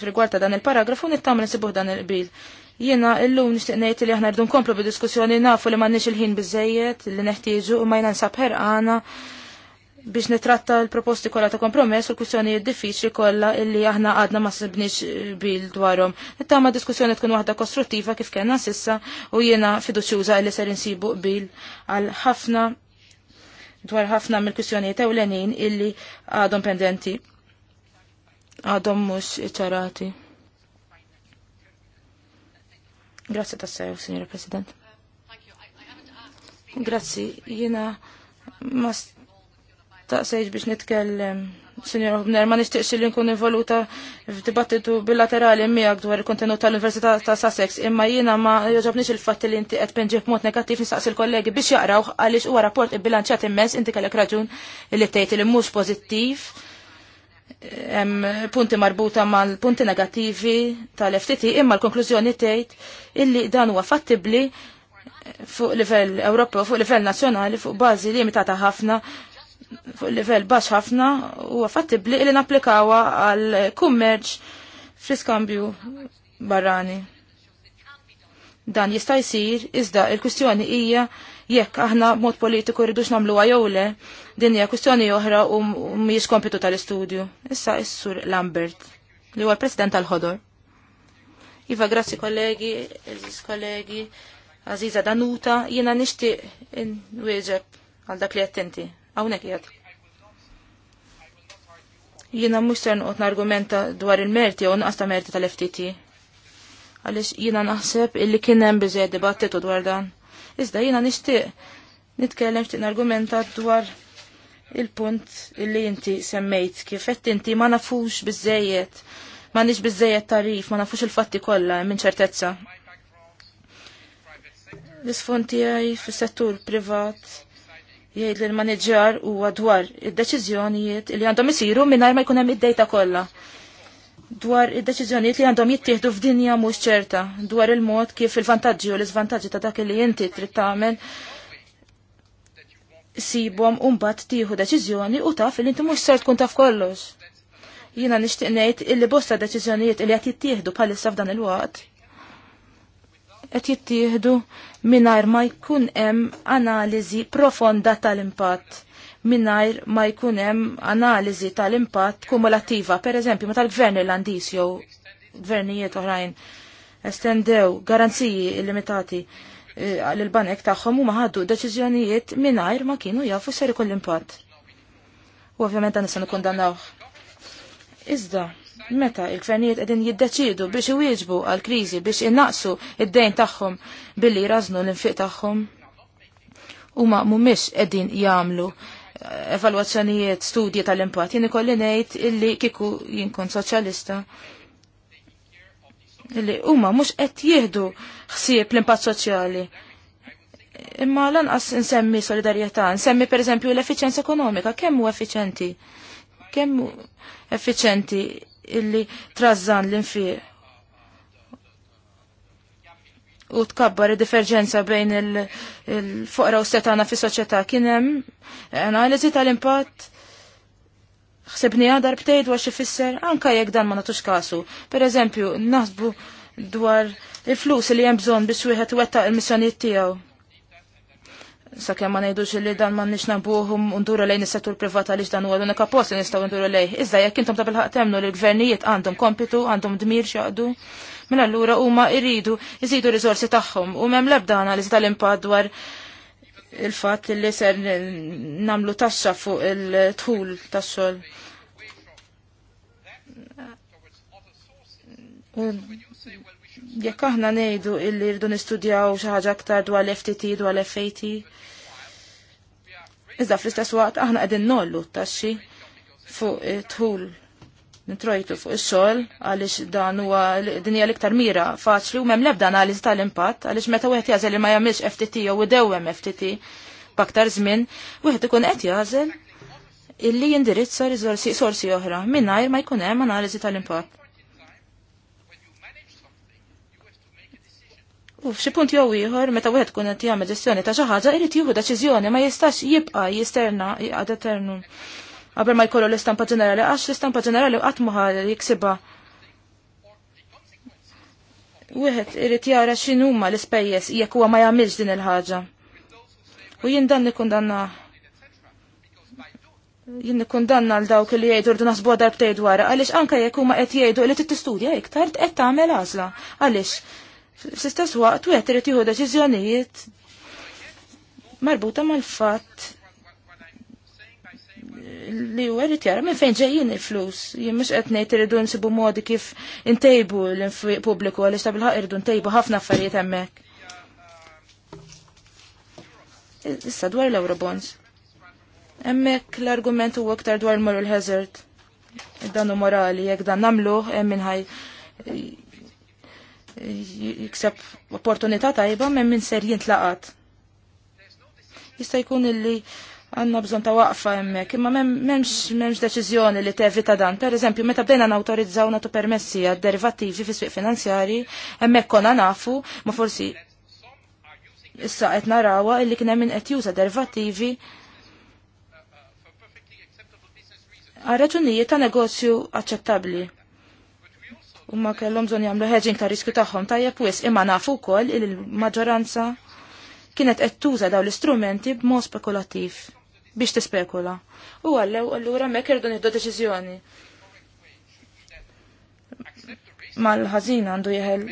f'rigward ta' dan il-paragrafu nittamel nsibuh dan il bil Jiena illum nixtieq ngħid li aħna rdu nkomplu bid-diskussjoni nafu li m'għandniex il-ħin biżejjed li neħtieġu u ma jiena nsab ħerqana biex nitratta l-proposti kollha ta' kompromess u l-kwistjonijiet diffiċli kollha illi aħna għadna ma sibniex bil dwarhom. Nittama diskussjoni tkun waħda kostruttiva kif kellna sissa u jiena fiduċjuża illi ser insibu bil għal ħafna dwar ħafna mill-kwistjonijiet ewlenin illi għadhom pendenti għadhom mhux iċċarati. Grazzi tassew, Signora President. Grazzi, jiena ma staqsejx biex nitkellem Sinjor Hubner, ma nixtieqx li nkun involuta f'dibattitu bilaterali miegħek dwar il-kontenut tal-Università ta' Sussex, imma jiena ma jogħġobniex il-fatt li inti qed tpinġi b'mod negattiv nistaqsi l-kollegi biex jaqraw għaliex huwa rapport ibbilanċjat immens inti kellek raġun li tgħid li mhux pożittiv hemm punti marbuta mal-punti negattivi tal-FTT imma l-konklużjoni tgħid illi dan huwa fattibbli fuq livell Ewropew fuq livell nazzjonali fuq bażi limitata ħafna fuq livell baxx ħafna huwa fattibbli illi napplikawha għal kummerċ fl-iskambju barrani. Dan jista' jsir iżda l-kwistjoni hija jekk aħna mod politiku rridux nagħmluha jew le, din hija kwistjoni oħra u mhijiex kompitu tal-istudju. Issa is-Sur Lambert li huwa l-President tal-ħodor. Iva, grazzi kollegi, eżis kollegi, Aziza Danuta, jiena nixtieq inwieġeb għal dak li attenti. Hawnhekk qiegħed Jiena mhux ser noqgħod argumenta dwar il-merti u naqas ta' merti tal-FTT. għaliex jiena naħseb illi kien hemm biżejjed dibattitu dwar dan. Iżda jiena nixtieq nitkellem ftit argumenta dwar il-punt illi inti semmejt kif qed inti ma nafux biżejjed ma nix tarif, ma nafux il-fatti kolla, minn ċertezza. L-isfonti għaj fil-settur privat jgħid li l-manager u għadwar id-deċizjonijiet li għandhom isiru minn ma jkun hemm id-dejta kollha dwar id-deċiżjonijiet li għandhom jittieħdu f'dinja mhux ċerta dwar il-mod kif il-vantaġġi u l-iżvantaġġi ta' dak li inti trid tagħmel sibhom u mbagħad tieħu deċiżjoni u taf li inti mhux ser tkun taf kollox. Jiena nixtieq ngħid illi bosta deċiżjonijiet li qed jittieħdu bħalissa f'dan il-waqt qed jittieħdu mingħajr ma jkun hemm analiżi profonda tal-impatt minnajr ma jkun hemm analiżi tal-impatt kumulattiva. Per eżempju, meta l-gvern irlandis jew gvernijiet oħrajn estendew garanziji illimitati eh, l banek tagħhom huma maħaddu deċiżjonijiet mingħajr ma kienu jafu seri kull impatt. U ovvjament dan se nikkundannawh. Iżda, meta il-gvernijiet qegħdin jiddeċidu biex iwieġbu għal kriżi biex innaqsu id-dejn tagħhom billi jrażnu l-infiq tagħhom huma mhumiex qegħdin jagħmlu evalwazzjonijiet, studji tal-impatt. Jien ikolli ngħid illi kieku jinkun soċjalista. Illi huma mhux qed jieħdu ħsieb l-impatt soċjali. Imma lanqas nsemmi solidarjetà, nsemmi pereżempju l-effiċenza ekonomika, kemm hu effiċenti? Kemm effiċenti illi trażżan l-infiq? u tkabbar id-diferġenza bejn il-fuqra u setana fi soċjetà kien hemm analiżi tal-impatt xsebni għadar btejdu għaxi ifisser anka jekk dan ma nagħtux kasu. Pereżempju, nasbu dwar il-flus li hemm bżonn biex wieħed wettaq il-missjonijiet tiegħu sakemm ma ngħidux li dan ma nix nabuħum nduru lejn is-settur privata għaliex dan huwa għadun eka posti nistaw nistgħu lejn. Iżda jekk intom ta' bil temnu li l-gvernijiet għandhom kompitu, għandhom dmir x'aqdu mela allura huma jridu jżidu riżorsi tagħhom u m'hemm l-ebda analiżi tal-impatt dwar il-fatt li ser namlu taxxa fuq il-tħul tax-xogħol. Jekk aħna ngħidu illi rridu nistudjaw xi ħaġa aktar dwar l-FTT dwar l-FAT. Iżda fl-istess waqt aħna qegħdin nollu taxxi fuq it tħul nitrojtu fuq is xogħol għaliex dan huwa din hija l-iktar mira faċli u m'hemm l-ebda analiżi tal-impatt għaliex meta wieħed jażel li ma jagħmilx FTT jew idewwem FTT b'aktar żmien, wieħed ikun qed jażel illi jindirizza riżorsi sorsi oħra mingħajr ma jkun hemm analiżi tal-impatt. U f'xi punt jew ieħor meta wieħed tkun qed jagħmel ġestjoni ta' xi ħaġa irid jieħu deċiżjoni ma jistax jibqa' jisterna għad eternu qabel ma jkollu l-istampa ġenerali għax l-istampa ġenerali qatt ma jiksiba. Wieħed irid jara x'inhuma l-ispejjeż jekk huwa ma jagħmilx din il-ħaġa. U jien dan nikkundanna jien nikkundanna l dawk li jgħidu rdu naħsbu darbtej dwar għaliex anke jekk huma qed jgħidu li tistudja iktar qed tagħmel għażla. Għaliex fl-istess waqt wieħed irid jieħu deċiżjonijiet marbuta mal-fatt li u għerit jara minn fejn ġejjin il-flus. Jien mux qed ngħid irridu nsibu modi kif intejbu l infuq pubbliku għal istabilħaq irridu ntejbu ħafna affarijiet hemmhekk. Issa dwar l-Eurobonds. Hemmhekk l-argument huwa aktar dwar moral hazard. Dan morali jekk dan nagħmluh hemm minħaj eh, jikseb opportunità tajba minn min ser jintlaqat. Jista' jkun illi għanna bżon ta' waqfa jemmek, imma memx, memx deċizjoni li tevita dan. Per eżempju, meta bdejna nautorizzaw natu permessi għad derivativi fi sfiq finanzjari, jemmek konna nafu, ma forsi issa qed narawa illi kien hemm qed juża derivativi għal raġunijiet ta' negozju aċċettabbli. U ma kellhom bżonn jagħmlu hedging ta' riskju tagħhom tajjeb wis imma nafu wkoll il-maġġoranza kienet qed tuża daw l-istrumenti b'mod spekulattiv biex tispekula. U għallew allura mek irdu nieħdu deċiżjoni. Mal-ħażin għandu jeħel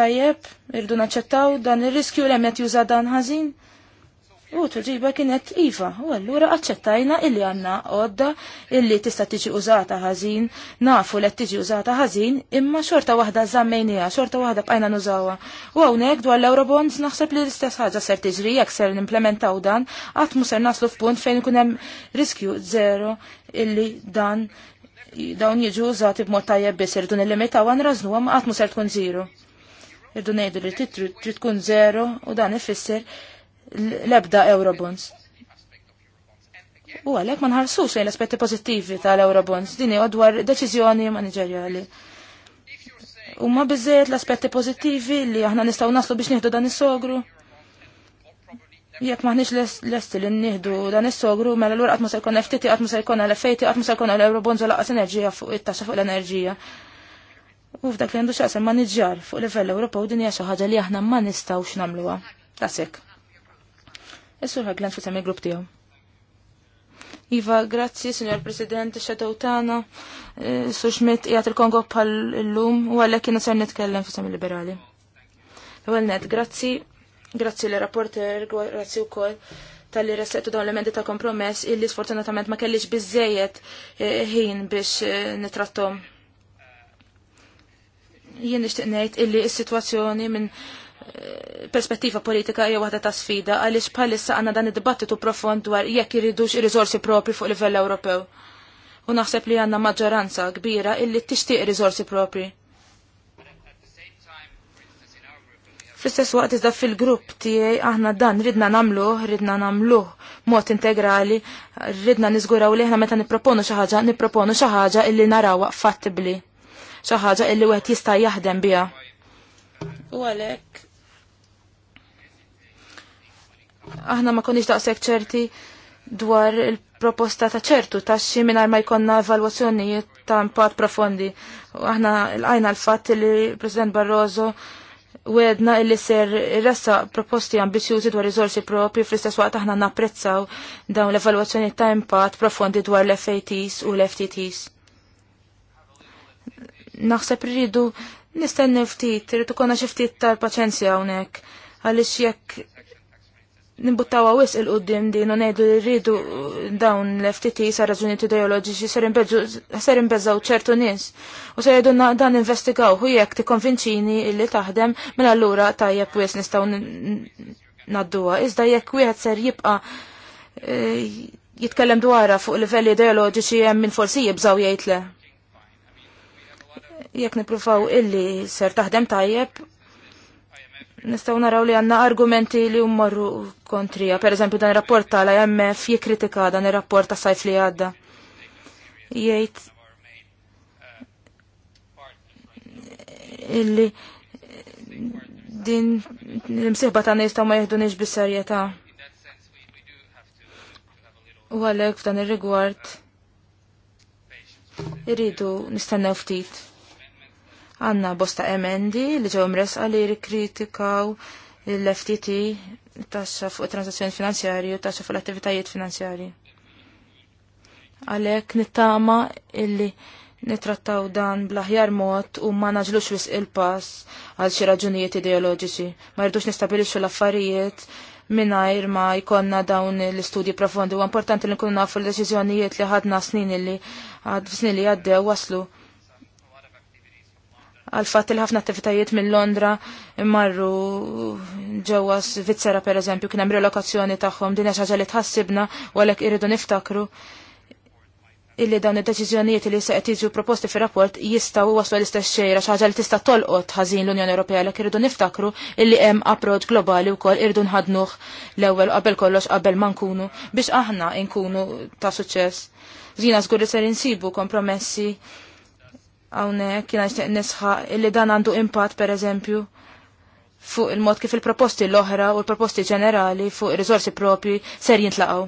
tajjeb, irdu naċċettaw dan ir-riskju li qed juża dan ħażin. U t-ġiba kienet Iva, u allura aċċettajna illi għanna għodda illi tista' tiġi użata ħażin, nafu li tiġi użata ħażin, imma xorta waħda zammejnija, xorta waħda bqajna nużawha. U hawnhekk dwar l-Eurobonds naħseb li l-istess ħaġa ser tiġri jekk ser nimplementaw dan, qatt mu ser naslu f'punt fejn kunem hemm riskju zero illi dan dawn jiġu użati b'mod tajjeb biss irdu nillimitaw għan raznu għam għatmu ser tkun zero. Irdu ngħidu li trid tkun zero u dan ifisser l-ebda Eurobonds. U għalek ma ħarsu lejn l-aspetti pozittivi tal-Eurobonds, dini dwar deċizjoni manageriali. U ma bizzejet l-aspetti pozittivi li aħna nistaw naslu biex nieħdu dan is-sogru. Jekk maħniex lesti li nieħdu dan is-sogru, mela l għur għatmu ma jkun FTT, qatt ma se jkun l-FAT, għatmu ma se jkun l-Eurobonds u laqas enerġija fuq it-taxxa fuq l-enerġija. U f'dak li għandu xaqsa ma fuq livell Ewropew din hija xi ħaġa li aħna ma nistgħux nagħmluha. Tasek. Is-sur Hagland il-grupp tiegħu. Iva, grazzi, signor President, xedow tana, eh, Su Schmidt, jgħat il-Kongo bħal l-lum, u għallek jina ser nitkellem fissam il-liberali. Għal net, grazzi, grazzi l-rapporter, grazzi u koll tal-li resettu dawn l-elementi ta' kompromess illi sfortunatament ma kellix bizzejiet eh, ħin biex eh, nitrattom. Jien nixtieq ngħid illi s-sitwazzjoni minn perspettiva politika hija waħda ta' sfida għaliex bħalissa għandna dan id-dibattitu profond dwar jekk iridux ir-riżorsi propri fuq livell Ewropew. U naħseb li għandna maġġoranza kbira illi tixtieq riżorsi propri. Fl-istess waqt iżda fil-grupp tiegħi aħna dan ridna nagħmluh, ridna nagħmluh mod integrali, ridna niżguraw li aħna meta nipproponu xi ħaġa, nipproponu xi ħaġa illi narawha fattibbli. Xi ħaġa illi wieħed jista' jaħdem biha. U għalhekk aħna ma konniex daqshekk ċerti dwar il-proposta ta' ċertu taxxi mingħajr ma jkollna evalwazzjonijiet ta' impatt profondi. Aħna lqajna l-fatt li President Barroso wedna illi ser irressa proposti ambizjużi dwar riżorsi propri fl-istess waqt aħna napprezzaw dawn l-evalwazzjoni ta' impatt profondi dwar l-FATs u l-FTTs. Naħseb rridu nistenni ftit, rridu konna xi ftit tal-paċenzja hawnhekk għaliex jekk nimbuttawa wis il-qoddim din u nejdu li rridu dawn l-FTT sa raġuni ideoloġiċi ser imbezzaw ċertu nies u ser jgħidu dan investigaw hu jekk tikkonvinċini illi taħdem minn mela allura tajjeb wis nistgħu nadduha iżda jekk wieħed ser jibqa' e, jitkellem dwarra fuq livelli ideoloġiċi hemm min forsi jibżaw jgħidle. le jekk nippruvaw illi ser taħdem tajjeb Nistaw naraw li għanna argumenti li jummarru kontrija. Per eżempju, dan il-rapport tal-IMF jikritika dan il-rapport ta' sajf li għadda. Jgħid illi din l-imsiħba ta' nistaw ma jihdu nix bis U għalek f'dan il-rigward irridu nistennew ftit. Għanna bosta emendi li ġew imresqa li rikritikaw l-FTT, tassa fuq transazzjoni finanzjarji u tassa fuq l-attivitajiet finanzjarji. Għalek nittama illi nitrattaw dan blaħjar mod u ma naġlux wis il-pass għal xi raġunijiet ideoloġiċi. Ma rridux nistabilixxu l-affarijiet mingħajr ma jkollna dawn l-istudji profondi. U importanti li nkunu nafu l-deċiżjonijiet li ħadna snin li għad snin li għaddew waslu għal fatt il ħafna attivitajiet minn Londra marru ġewwa Svizzera pereżempju kien hemm relokazzjoni tagħhom din xaġa li tħassibna u għalhekk irridu niftakru illi dawn id-deċiżjonijiet li se qed proposti fir-rapport jistgħu waslu l-istess xejra xi ħaġa li tista' tolqot ħażin l-Unjoni Ewropea għalhekk irridu niftakru illi hemm approċ globali wkoll irridu nħadnuh l-ewwel qabel kollox qabel ma nkunu biex aħna nkunu ta' suċċess. Żina żgur li ser insibu kompromessi Hawnhekk jiena nixtieq nisħaq li dan għandu impatt pereżempju fuq il-mod kif il-proposti l-oħra u l-proposti ġenerali fuq ir rizorsi propri ser jintlaqgħu.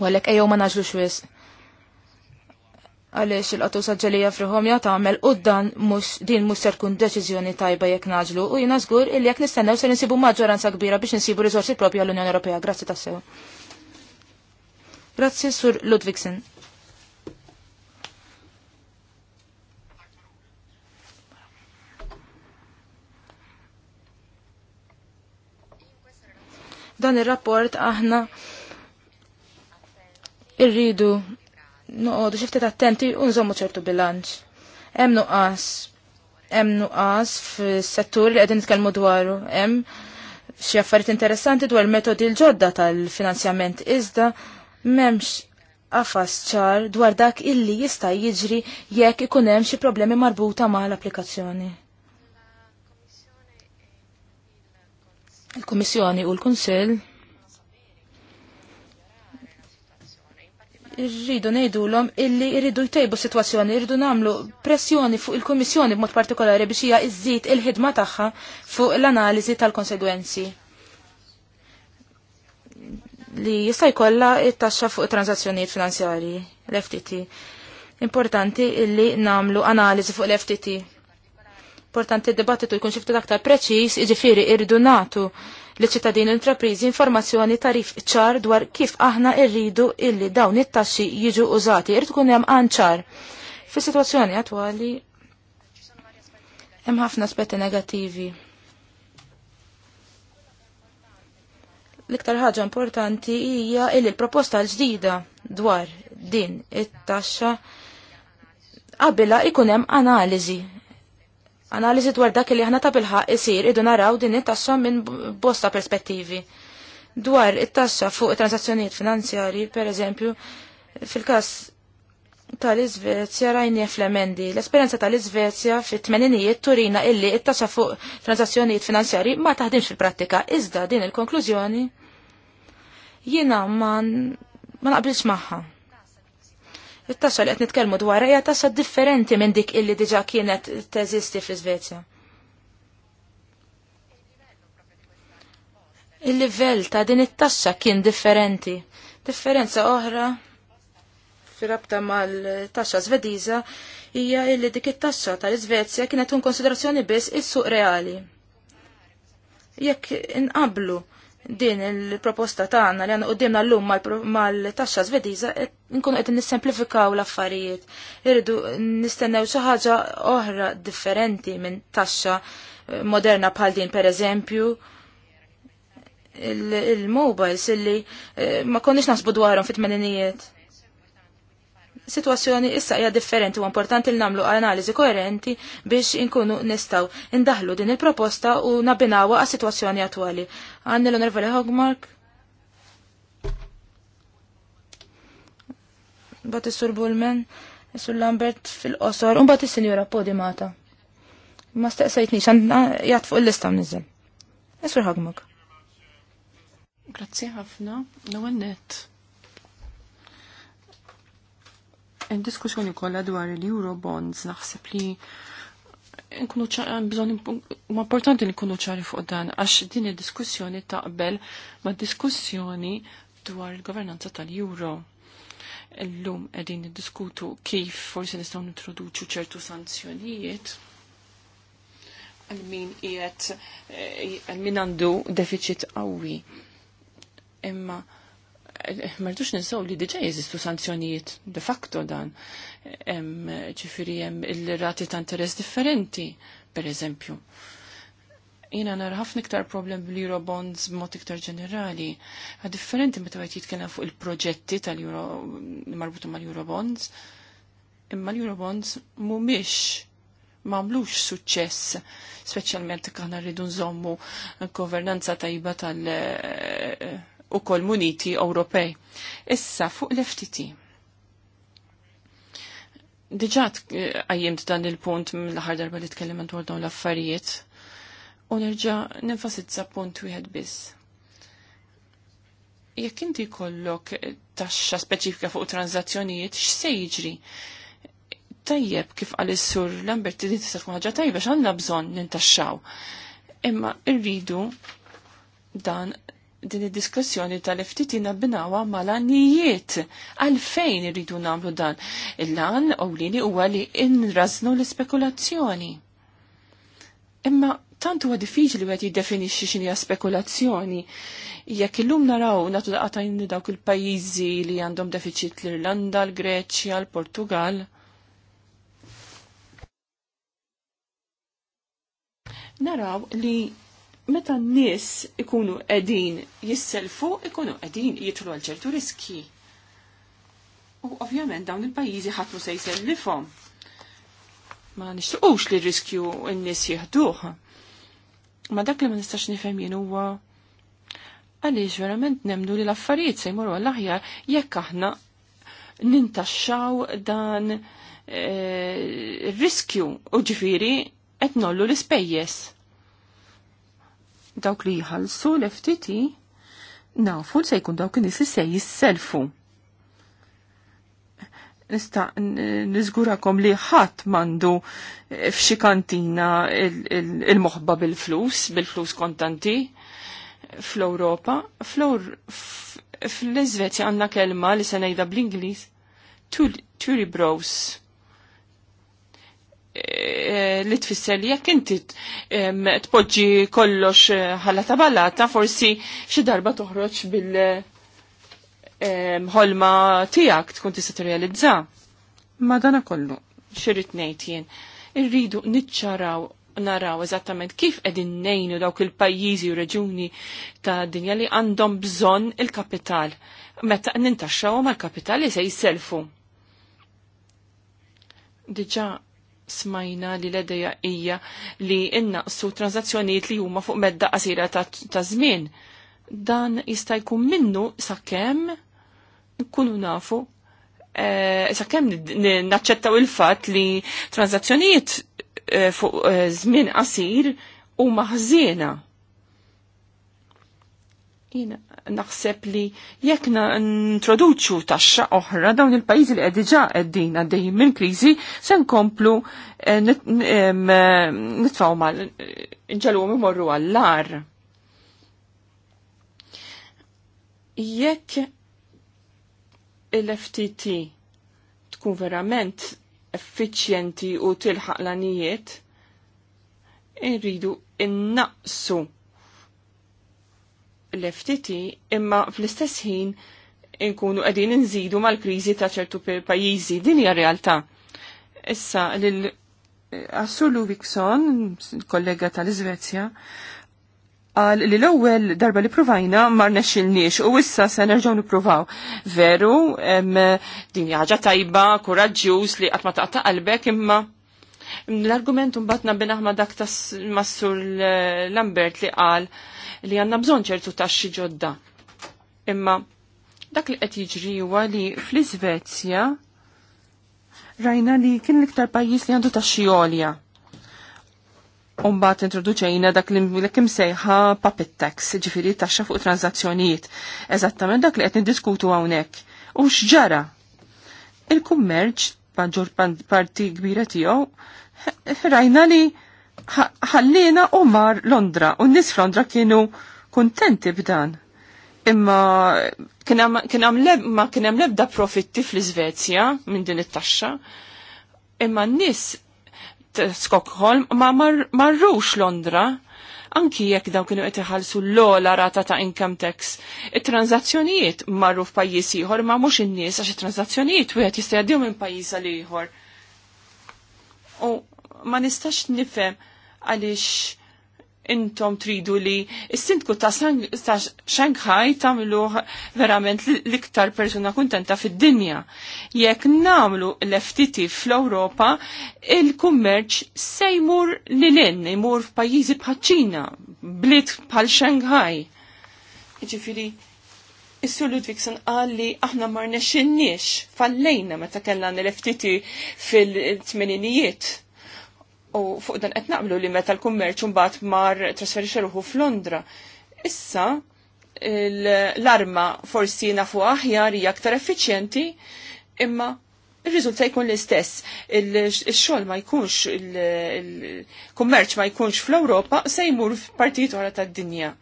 U għalhekk ejjew ma naġlux wisq għalix il-qatu saġġalija friħom għamel u dan mux, din mux ser kun deċizjoni tajba jek naġlu u jina zgur il jek nistennew ser nsibu maġġoranza kbira biex nsibu rizorsi propri għall-Unjoni Ewropea. Grazzi tassew. Grazzi sur Ludwigsen. Dan ir-rapport aħna irridu noqogħdu xi ftit attenti u nżommu ċertu bilanċ. Hemm nuqqas hemm nuqqas fis-settur li qegħdin nitkellmu dwaru, hemm xi affarijiet interessanti dwar metodi l-ġodda tal-finanzjament iżda m'hemmx qafas ċar dwar dak illi jista' jiġri jekk ikun hemm xi problemi marbuta mal-applikazzjoni. il-Komissjoni u l-Kunsill irridu ngħidulhom illi irridu jtejbu sitwazzjoni, irridu nagħmlu pressjoni fuq il-Kummissjoni b'mod partikolari biex hija iżżid il-ħidma tagħha fuq l-analiżi tal-konsegwenzi li jista' jkollha it-taxxa fuq transazzjonijiet finanzjarji l-FTT. Importanti illi nagħmlu analiżi fuq l-FTT Importanti d jkun jkun xiftit aktar preċis, iġifiri irridu natu li ċittadini intraprizi informazzjoni tarif ċar dwar kif aħna irridu illi dawn it-taxxi jiġu użati. Irrid tkun hemm anċar. Fis-sitwazzjoni attwali hemm ħafna aspetti negattivi. L-iktar ħaġa importanti hija illi l-proposta l-ġdida dwar din it-taxxa qabilha ikun hemm analiżi Analiżi dwar dak li aħna tabilħa isir idu naraw din it tassa minn bosta perspettivi. Dwar it tassa fuq it-transazzjonijiet finanzjarji, per eżempju, fil-każ tal izvezja rajni flemendi. L-esperjenza tal-Iżvezja fit-tmeninijiet turina illi it tassa fuq transazzjonijiet finanzjarji ma taħdimx fil-prattika. Iżda din il-konklużjoni jiena ma naqbilx magħha it-taxxa li qed nitkellmu dwar hija taxxa differenti minn dik illi diġà kienet teżisti fl Svezja. Il-livell ta' din it-taxxa kien differenti. Differenza oħra fir-rabta mal-taxxa Svediża hija illi dik it-taxxa tal-Iżvezja kienet un konsiderazzjoni biss is-suq reali. Jekk inqablu din il-proposta tagħna li għandna qudiemna llum mal-taxxa Svediża nkunu qed nissemplifikaw l-affarijiet. Irridu nistennew xi ħaġa oħra differenti minn taxxa eh, moderna bħal din pereżempju il-mobiles illi eh, ma konniex naħsbu dwarhom fit-tmeninijiet situazzjoni issa hija differenti u importanti li nagħmlu analiżi koerenti biex inkunu nistgħu indaħlu din il-proposta u nabinawa għas situazzjoni attwali. Għanni l-Onorevoli Hogmark. Bati is-Sur Bullman, sur Lambert fil-qosor, u bati is-Sinjura Podimata. Ma xan jgħat fuq il-lista mnizzel. sur Hogmark. Grazzi ħafna, l No Diskussjoni kollha dwar il-Eurobonds naħseb li nkunu bżon ma importanti nkunu ċari fuq dan għax din id-diskussjoni taqbel ma diskussjoni dwar il-governanza tal-Euro. Illum qegħdin diskutu kif forsi nistgħu nintroduċu ċertu sanzjonijiet għal min qiegħed eh, għal min għandu deficit qawwi. Imma mardux ninsaw li diġa jeżistu sanzjonijiet, de facto dan, ċifiri jem il-rati ta' interess differenti, per eżempju. Jina narħaf niktar problem bl-Eurobonds mod iktar ġenerali. Ha' differenti meta għajt jitkena fuq il-proġetti tal-Euro marbutu mal-Eurobonds, imma l-Eurobonds mumiex mamlux suċċess, speċjalment kħana rridu nżommu governanza tajba tal- u kol muniti Ewropej. Issa fuq l-FTT. Diġat għajjimt dan il-punt mill-ħar darba li tkellem dwar dawn l-affarijiet u nerġa' nenfasizza punt wieħed biss. Jekk inti kollok taxxa speċifika fuq tranzazzjonijiet, x'se jiġri? Tajjeb kif għal sur Lambert din tista' tkun ħaġa tajba x'għandna bżonn nintaxxaw. Imma rridu dan din id-diskussjoni tal-FTT nabbinawa mal-annijiet. Għalfejn irridu namlu dan? Il-lan u lini u għali inraznu l-spekulazzjoni. Imma tant huwa diffiċli għet jiddefinixxi xinja spekulazzjoni. Jekk illum naraw natu daqatajn dawk il-pajjiżi li għandhom deficit l-Irlanda, l-Greċja, l-Portugal. Naraw li meta n-nies ikunu qegħdin jisselfu, ikunu qegħdin jitlu għal ċertu riski. U ovvjament dawn il-pajjiżi ħatmu se jsellifhom. Ma nishtuqux li riskju n-nies jieħduh. Ma dak li ma nistax nifhem jien huwa għaliex verament nemdu li l-affarijiet se jmorru għall-aħjar jekk aħna nintaxxaw dan ir-riskju eh, u ġifiri qed nollu l-ispejjeż dawk li jħallsu l-FTT nafu se jkun dawk nies se jisselfu. Nista' niżgurakom li ħadd mandu eh, f'xi kantina il-moħba il il bil-flus, bil-flus kontanti fl-Ewropa. Fl-Iżvezja għandna kelma li se ngħidha bl-Ingliż Turi Bros Eh, li tfisser li jekk inti tpoġġi kollox eh, ħalla tabalata forsi xi darba toħroġ bil ħolma tiegħek tkun tista' tirrealizza. Ma dana kollu xirrit ngħid jien. Irridu niċċaraw naraw eżattament kif qegħdin nejnu dawk il-pajjiżi u reġuni ta' dinja li għandhom bżonn il-kapital. Meta nintaxxawhom mal kapital li se jisselfu. Diġà smajna li l-edeja hija li innaqsu transazzjoniet li huma fuq medda qasira ta' żmien. Dan jista' jkun minnu sakemm nkunu nafu eh, sakemm naċċettaw il-fatt li tranzazzjonijiet eh, fuq eh, żmien qasir huma ħżiena. Jina naħseb li jekk introduċu taxxa oħra dawn il-pajjiżi li qed diġà qegħdin għaddejjin minn kriżi se nkomplu eh, eh, nitfgħu mal inġalhom imorru għall-lar. Jekk il-FTT tkun verament effiċjenti u tilħaq l-anijiet, irridu innaqsu l-FTT imma fl-istess ħin inkunu qegħdin inżidu mal-kriżi ta' ċertu pajjiżi din hija realtà. Issa lil eh, Assulu Wikson, kollega tal-Iżvezja, għal li l-ewwel darba li provajna mar nexxilniex u issa se nerġgħu nippruvaw. Veru, din ħaġa tajba, kuraġġjuż li qatt ma taqta' qalbek imma l-argument mbagħad nabbi naħma dak tas Massur Lambert li qal li għanna bżon ċertu taxxi ġodda. Imma dak li qed jiġri huwa li fl-Iżvezja rajna li kien l-iktar pajjiż li għandu taxxi olja. Umbat introduċejna dak li kim sejħa puppet tax, ġifiri taxxa fuq tranzazzjonijiet. Eżattament dak li qed niddiskutu hawnhekk. U x'ġara? Il-kummerċ maġġor parti kbira tiegħu rajna li ħallina u mar Londra u n-nis Londra kienu kontenti b'dan. Imma kien hemm lebda profitti fl-Iżvezja minn din it-taxxa. Imma n-nis Stockholm ma marrux Londra anki jekk daw kienu qed iħallsu l-ola rata ta' income tax. It-tranzazzjonijiet marru f'pajjiż ieħor ma mhux in-nies għax it-tranzazzjonijiet wieħed jista' jgħaddew minn pajjiż għal ieħor. U ma nistax nifhem għaliex intom tridu li s-sindku ta' Shanghai tamlu verament l-iktar persuna kontenta fid-dinja. Jekk namlu l-FTT fl-Europa, il-kummerċ se jmur lilin, jmur f'pajjiżi bħaċ-Ċina, blit bħal Shanghai. Ġifiri, Issu Ludwigson qal li aħna mar nix fallejna meta kellan l-FTT fil-tmeninijiet U fuq dan qed naqblu li meta l-kummerċ mbagħad mar trasferixxa ruħu f'Londra. Issa l-arma forsi nafu aħjar hija aktar effiċjenti, imma il-riżulta jkun l-istess. Il-xogħol ma jkunx, il-kummerċ ma jkunx fl-Ewropa se jmur f'partit oħra tad-dinja.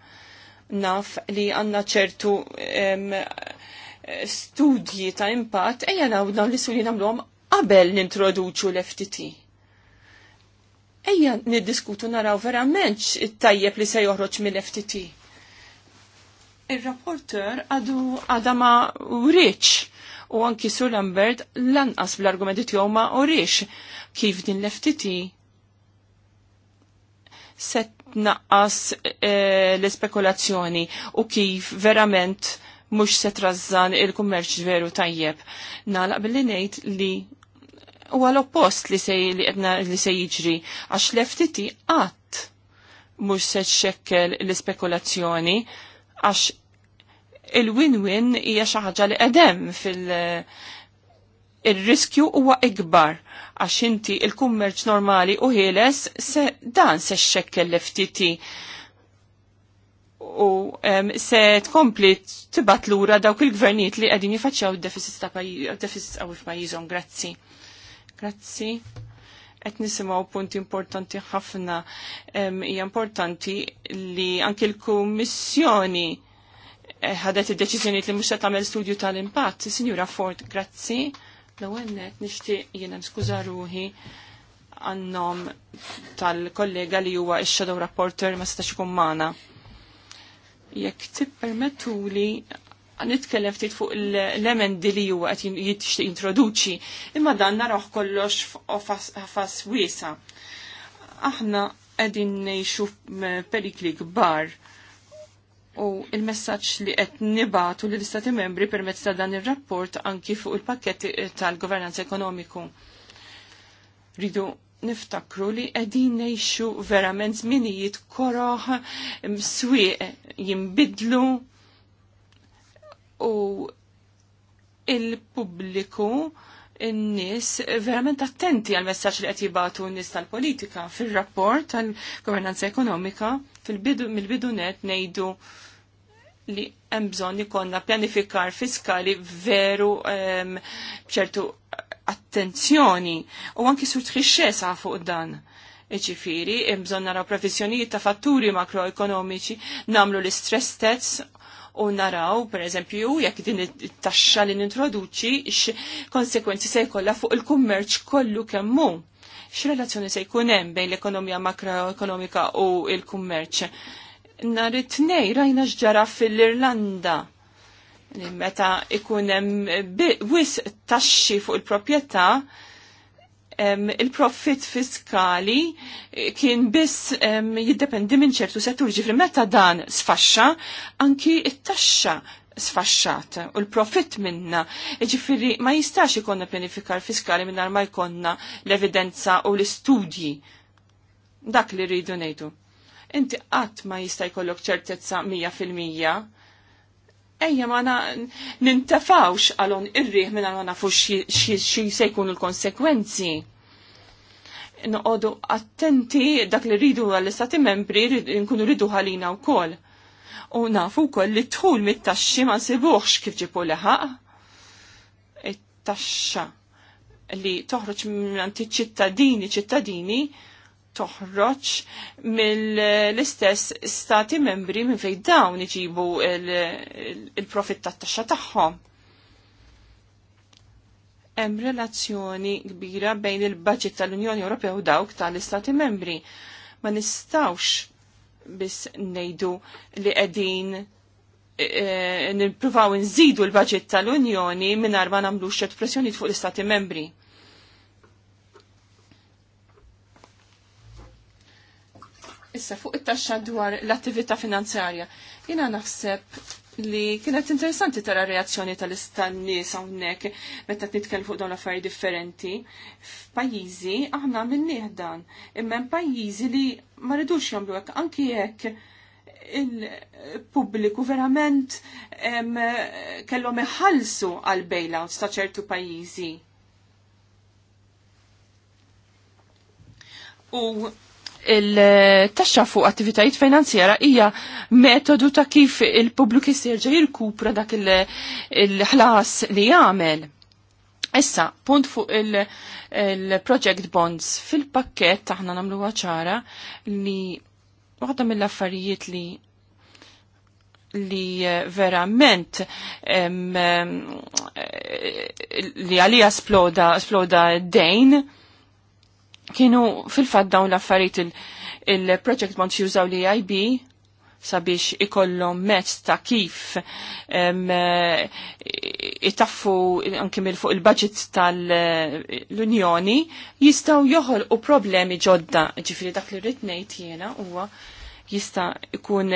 Naf li għandna ċertu studji ta' impatt ejja nawdaw li suli nagħmluhom qabel nintroduċu l-FTT Ejja niddiskutu naraw verament it-tajjeb li se joħroġ mill-FTT. Il-rapporter għadu għadama ma wriċ u anki Sur Lambert lanqas bl-argumenti tiegħu ma urix kif din l-FTT se tnaqqas e, eh, l-espekulazzjoni u kif verament mux se razzan il-kummerċ veru tajjeb. Nalaq billi ngħid li u għal-oppost li se li se jiġri għax l-FTT għat mux se xekkel l-spekulazzjoni għax il-win-win hija xi ħaġa li edem fil- il-riskju huwa ikbar għax inti il-kummerċ normali u ħieles se dan se xekkel l-FTT u um, se tkompli tibat lura dawk il-gvernijiet li qegħdin jifaċċjaw deficit ta' deficit qawwi f'pajjiżhom. Grazzi. Grazzi. Qed nisimgħu punti importanti ħafna. Hija importanti li anke l-Kummissjoni eh, ħadet id-deċiżjonijiet li mhux se tagħmel studju tal-impatt. Sinjura Ford, grazzi. L-ewwel nett nixtieq jiena skuża ruħi għannom tal-kollega li huwa ix-shadow rapporter ma setax ikun magħna. Jekk tippermettuli nitkellem ftit fuq l-emendi li huwa qed jitixtieq introduċi, imma dan naroh kollox fas wiesa. Aħna qegħdin ngħixu perikli kbar u il-messaġġ li qed nibatu lill istati membri permezz ta' dan ir-rapport anki fuq il-pakket eh, tal-governanza ekonomiku. Ridu niftakru li qegħdin ngħixu verament minijiet koroħ, swieq jinbidlu, u il-pubbliku n-nis verament attenti għal messaċ li qed n-nis tal-politika fil-rapport tal-governanza ekonomika fil-bidu mill-bidu net ngħidu li hemm bżonn ikollna pjanifikar fiskali veru bċertu attenzjoni u anki sur tħixxesa fuq dan. iċifiri bżonn naraw professjonijiet ta' fatturi makroekonomiċi, namlu l-istress tests u naraw, per eżempju, jekk din it-taxxa li nintroduċi, x-konsekwenzi se jkollha fuq il-kummerċ kollu kemmu. X-relazzjoni se jkun hemm bejn l-ekonomija makroekonomika u il-kummerċ. Nar it-tnej rajna x'ġara fil-Irlanda meta ikun hemm wis taxxi fuq il-proprjetà il-profit fiskali kien biss jiddependi minn ċertu settur ġifri meta dan sfaxxa anki it-taxxa sfaxxat u l-profit minna. Ġifiri ma jistax ikonna pianifikar fiskali minna ma jkonna l-evidenza u l-istudji. Dak li rridu nejdu. Inti qatt ma jista' jkollok ċertezza 100 fil-mija. Ejja ma nintafawx għalon irriħ minn għalon nafu xie se jkunu l-konsekwenzi noqogħdu attenti dak li rridu għall-istati membri nkunu rridu ħalina wkoll. U nafu wkoll li tħul mit-taxxi ma nsibuħx kif ġipu leħaq. It-taxxa li toħroġ minn ċittadini ċittadini toħroġ mill-istess stati membri minn fejn dawn iġibu il-profitt tat-taxxa tagħhom hemm relazzjoni kbira bejn il-budget tal-Unjoni Ewropea u dawk tal-Istati Membri. Ma nistawx biss ngħidu li qegħdin e, e, nippruvaw nżidu l-budget tal-Unjoni mingħajr ma nagħmlu xed pressjoni fuq l-Istati membri. Issa fuq it-taxxa dwar l-attività finanzjarja. Jiena naħseb li kienet interessanti tara reazzjoni tal-istannis hawnhekk meta nitkellmu fuq dawn affarijiet differenti. F'pajjiżi aħna minnieh dan, imma pajjiżi li ma ridux jagħmlu hekk anki jekk il-pubbliku verament kellhom iħallsu għal bailouts ta' ċertu pajjiżi. U il-taxxa fuq attivitajiet finanzjera hija metodu ta' kif il-pubbliku jisserġa jirkupra dak il-ħlas li jagħmel. Issa, punt fuq il-project bonds fil-pakket taħna namlu ċara li waħda mill-affarijiet li li eh, verament em, eh, li għalija sploda, sploda dejn kienu fil-fat dawn l-affarijiet il-project il jużaw li IB sabiex ikollhom mezz ta' kif itaffu anke mill fuq il-budget tal-Unjoni jistgħu joħolqu problemi ġodda. Ġifieri dak li rrid ngħid jiena huwa jista' ikun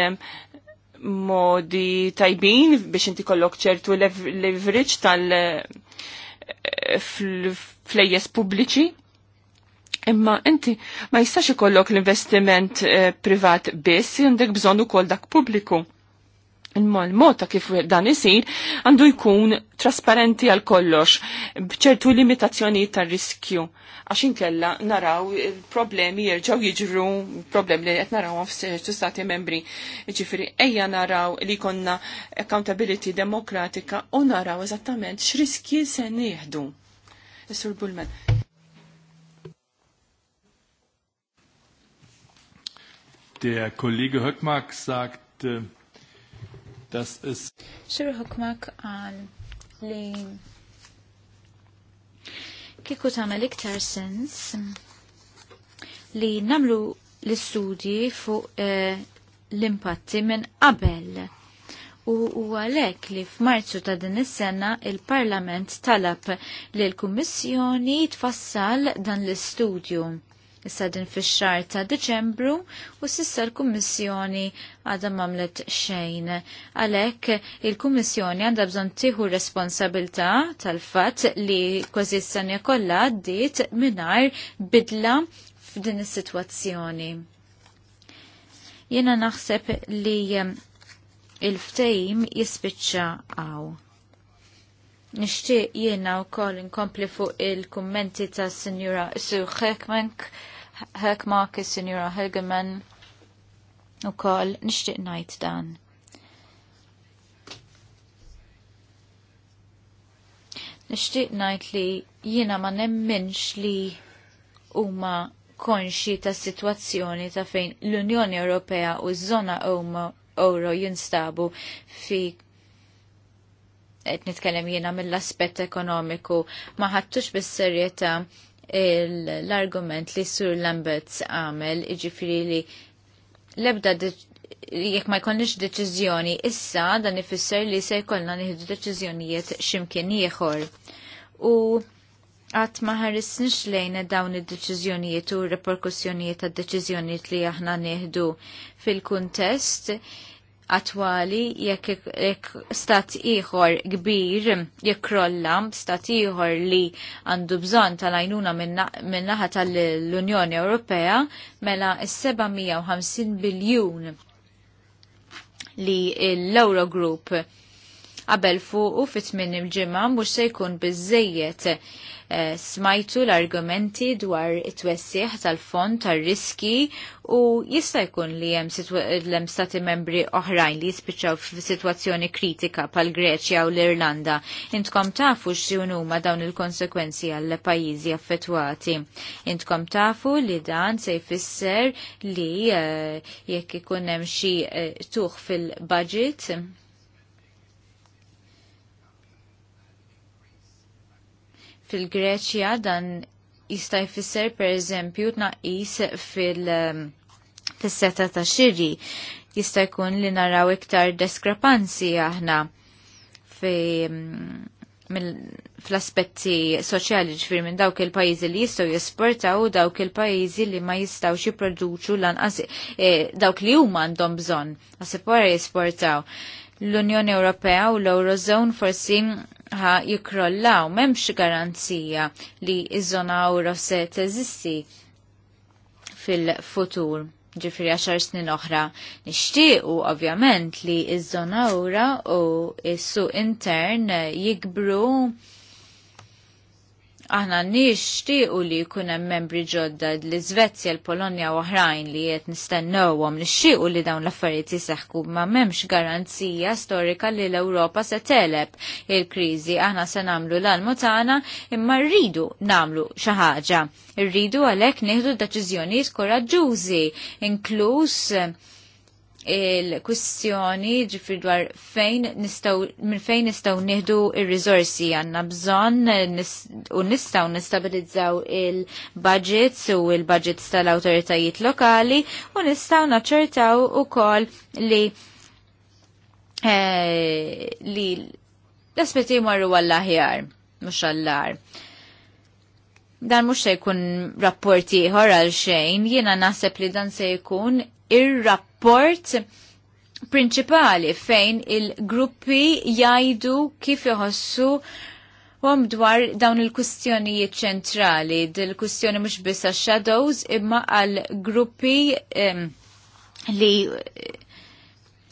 modi tajbin biex inti kollok ċertu leverage tal- flejjes pubbliċi Imma inti ma jistax ikollok l-investiment eh, privat biss, jindek bżonn ukoll dak pubbliku. Il-mod ta' kif dan isir għandu jkun trasparenti għal kollox, bċertu limitazzjoni tar riskju. Għax inkella naraw il-problemi jirġaw jiġru, problemi li qed naraw f'ċertu stati membri. Ġifri, ejja naraw li konna accountability demokratika u naraw eżattament x'riski se nieħdu. jihdu. Der Kollege Höckmark sagt, äh, dass es... Sir Höckmark an li kiku tamel iktar sens li namlu l-studji fuq eh, l-impatti minn qabel. U, u għalek li f'Marzu ta' din is-sena il-Parlament talab li l-Kummissjoni tfassal dan l-istudju issa din fix-xahar ta' Deċembru u s'issa l-Kummissjoni għadha mamlet xejn. Għalhekk il-Kummissjoni għandha bżonn tieħu responsabilità tal-fatt li kważi s-sena kollha għaddiet mingħajr bidla f'din is-sitwazzjoni. Jiena naħseb li il-ftejim jispiċċa għaw. Nixtieq jiena wkoll inkompli fuq il-kummenti ta' Sinjura Isu Hekmank, Hekmak, Sinjura u ukoll nixtieq ngħid dan. Nixtieq ngħid li jiena ma nemminx li huma konxi ta' situazzjoni ta' fejn l-Unjoni Ewropea u ż-żona euro jinstabu fi qed nitkellem jiena mill-aspett ekonomiku ma ħadtux bis-serjetà l-argument li Sur Lambert għamel iġifiri li lebda jekk ma jkollniex deċiżjoni issa dan ifisser li se jkollna nieħdu deċiżjonijiet x'imkien ieħor. U għat ma ħarisniex lejn dawn id-deċiżjonijiet u r-reperkussjonijiet tad-deċiżjonijiet li aħna nieħdu fil-kuntest attwali jekk jek stat ieħor kbir jekk krolla stat ieħor li għandu bżonn tal-għajnuna minn naħa tal-Unjoni Ewropea mela s-750 biljun li l-Eurogroup qabel fuq u fit minn il-ġimgħa mhux se jkun biżejjed eh, smajtu l-argumenti dwar it twessiħ tal-fond tar-riski u jista' jkun li hemm l-hemm stati membri oħrajn li jispiċċaw f'sitwazzjoni kritika pal greċja u l-Irlanda. Intkom tafu x'jun huma dawn il-konsekwenzi għall pajjiżi affettwati. Intkom tafu li dan se jfisser li eh, jekk ikun hemm xi eh, tuħ fil-budget fil-Greċja dan jista' jfisser pereżempju tnaqqis fil- um, fis-seta ta' xiri jista' jkun li naraw iktar diskrepanzi aħna um, fl-aspetti soċjali ġifir minn dawk il-pajizi li jistgħu jesportaw dawk il-pajizi li ma jistaw jipproduċu lanqas eh, dawk li huma għandhom bżonn għasib wara jesportaw. L-Unjoni Ewropea u l-Eurozone forsi ħa jikrollaw, memx garanzija li iż-żona euro se teżisti fil-futur ġifri 10 snin oħra. Nixtiequ ovvjament li iż-żona euro u s-suq intern jikbru Aħna nixtiequ li jkun hemm membri ġodda l-Iżvezja, l-Polonja u oħrajn li qed nistennewhom nixtiequ li dawn l-affarijiet jiseħħu ma m'hemmx garanzija storika li l-Ewropa se teleb il-kriżi. Aħna se nagħmlu l-almu tagħna imma rridu nagħmlu xi ħaġa. Irridu għalhekk nieħdu deċiżjonijiet koraġġużi inkluż il-kwistjoni ġifri dwar fejn nistaw, minn fejn nistaw nieħdu il-rizorsi għanna bżon u nistaw nistabilizzaw il-budgets u il-budgets tal-autoritajiet lokali u nistaw naċċertaw u kol li eh, li l aspeti marru għall-aħjar, mux għall-ar dan mux se jkun rapporti ieħor għal xejn, jiena naħseb li dan se jkun ir rapporti rapport prinċipali fejn il-gruppi jajdu kif joħossu għom um, dwar dawn il-kustjonijiet ċentrali, dil-kustjoni mux bisa shadows imma għal-gruppi um, li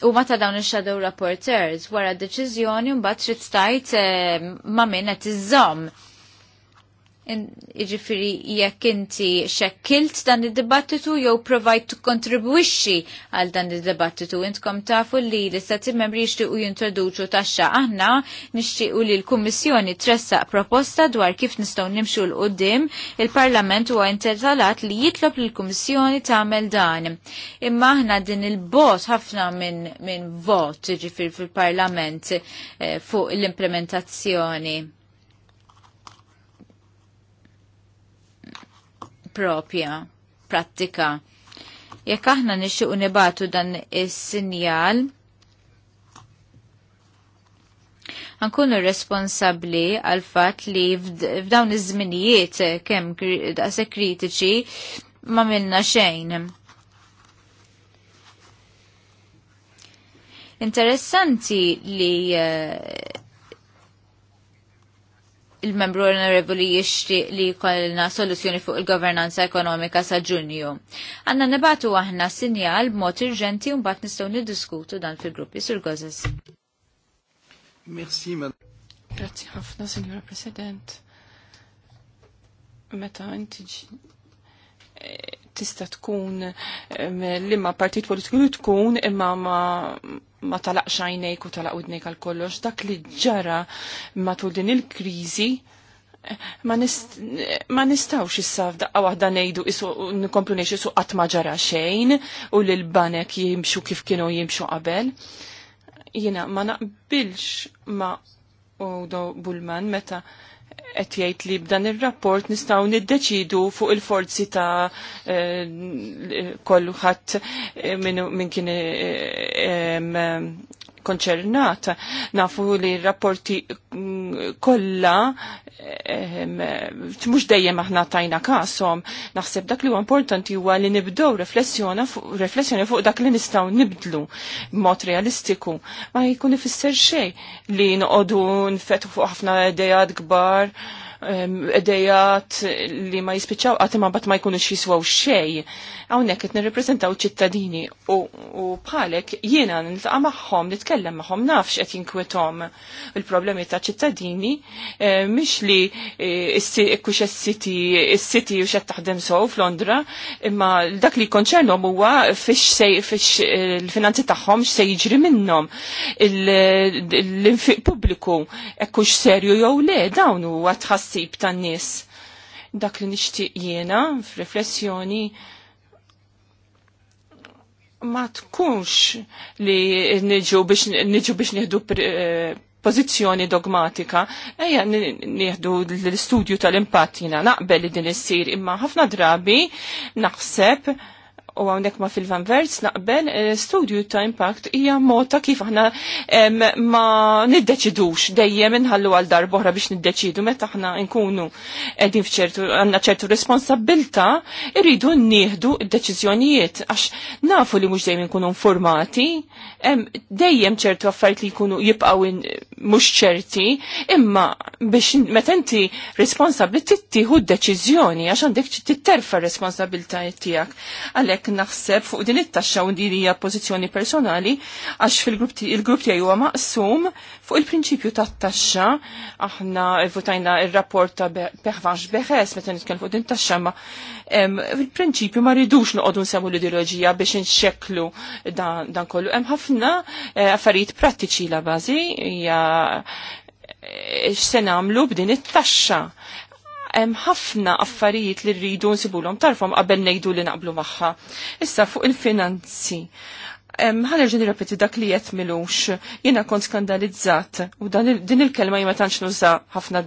U ma ta' dawn il-shadow rapporteurs wara d deċiżjoni mbagħad trid stajt ma' min qed zom Iġifiri jekk inti xekkilt dan id-dibattitu jew provajt tikkontribwixxi għal dan id-dibattitu. Intkom tafu li l-istati membri jixtiequ jintroduċu taxxa aħna nixtiequ li l-Kummissjoni tressaq proposta dwar kif nistgħu nimxu l qudiem il-Parlament huwa intertalat li jitlob l kummissjoni tagħmel dan. Imma aħna din il-bot ħafna minn min vot iġifiri fil-Parlament eh, fuq l-implementazzjoni. propja, pratika. Jekk aħna nixtiequ nibatu dan is-sinjal, ankunu responsabli għal fatt li f'dawn iż-żminijiet kemm daqse kritiċi ma minna xejn. Interessanti li eh, il-membru onorevoli jishti li jkollna soluzzjoni fuq il-governanza ekonomika sa' ġunju. Għanna nebatu aħna sinjal b'mod urġenti u mbagħad nistgħu niddiskutu dan fil-gruppi sur Gozes. Merci, madam. Grazzi ħafna, Signora President. Meta inti eh, tista tkun l-imma partit politiku li tkun imma ma ma talaq xajnejk u talaq udnejk għal kollox, dak li ġara matul din il-krizi ma, nist, ma nistawx issa daqqa waħda nejdu isu nkomplu nejx isu qatt ma ġara xejn u li l-banek jimxu kif kienu jimxu qabel. Jiena ma naqbilx ma Udo Bullman meta qed jgħid li b'dan ir-rapport nistgħu niddeċidu fuq il-forzi ta' eh, kollu eh, minn min kien eh, konċernat. Nafu li rapporti mm, kolla, mux ehm, dejjem aħna tajna kasom. Naħseb dak li huwa importanti huwa li nibdew reflessjoni fuq dak li nistgħu nibdlu b'mod realistiku. Ma jkun ifisser xejn li noqogħdu nfetu fuq ħafna idejat kbar edejat li ma jispiċaw għatima bat ma jkunux xiswaw xej. Għawnek qed nirrepreżentaw ċittadini u bħalek jiena taqa magħhom, nitkellem maħħom, nafx qed jinkwetom il-problemi ta' ċittadini mhix li kux is-siti is-siti u xed taħdem sow f'Londra, imma dak li konċernhom huwa fix il-finanzi tagħhom x'se jiġri minnhom l-infiq pubbliku ekkux serju jew le dawn huwa tħass tħassib tan-nies. Dak li nixtieq jiena f'riflessjoni ma tkunx li niġu biex niġu biex nieħdu eh, pożizzjoni dogmatika, ejja nieħdu l-istudju tal-impatt jiena naqbel li din issir imma ħafna drabi naħseb u għawnek ma fil-Van Verts naqbel eh, studju ta' impact hija mota kif aħna ma niddeċidux dejjem inħallu għal darbohra biex niddeċidu meta aħna nkunu qegħdin f'ċertu għandna ċertu responsabilta irridu nieħdu d-deċiżjonijiet għax nafu li mhux dejjem nkunu informati dejjem ċertu affarijiet li jkunu jibqgħu mhux ċerti imma biex meta inti responsabbli tittieħu d-deċiżjoni għax għandek titterfa responsabilta tiegħek. Għalhekk naħseb fuq din it-taxxa u din hija pożizzjoni personali għax fil-grupp tiegħi huwa maqsum fuq il-prinċipju tat-taxxa aħna votajna ir-rapport ta' Pervanx Beħes meta nitkellmu fuq din it taxxa ma il-prinċipju ma rridux noqogħdu nsemmu l-ideoloġija biex inxekklu dan, dan kollu. Hemm ħafna eh, affarijiet prattiċi la bażi hija eh, x'se nagħmlu b'din it-taxxa hemm ħafna affarijiet li rridu nsibulhom tarfhom qabel ngħidu li naqblu magħha. Issa fuq il-finanzi. Ħanerġu nirrepeti dak li qed milux, jiena kont skandalizzat u dan din il-kelma ma tantx nuża ħafna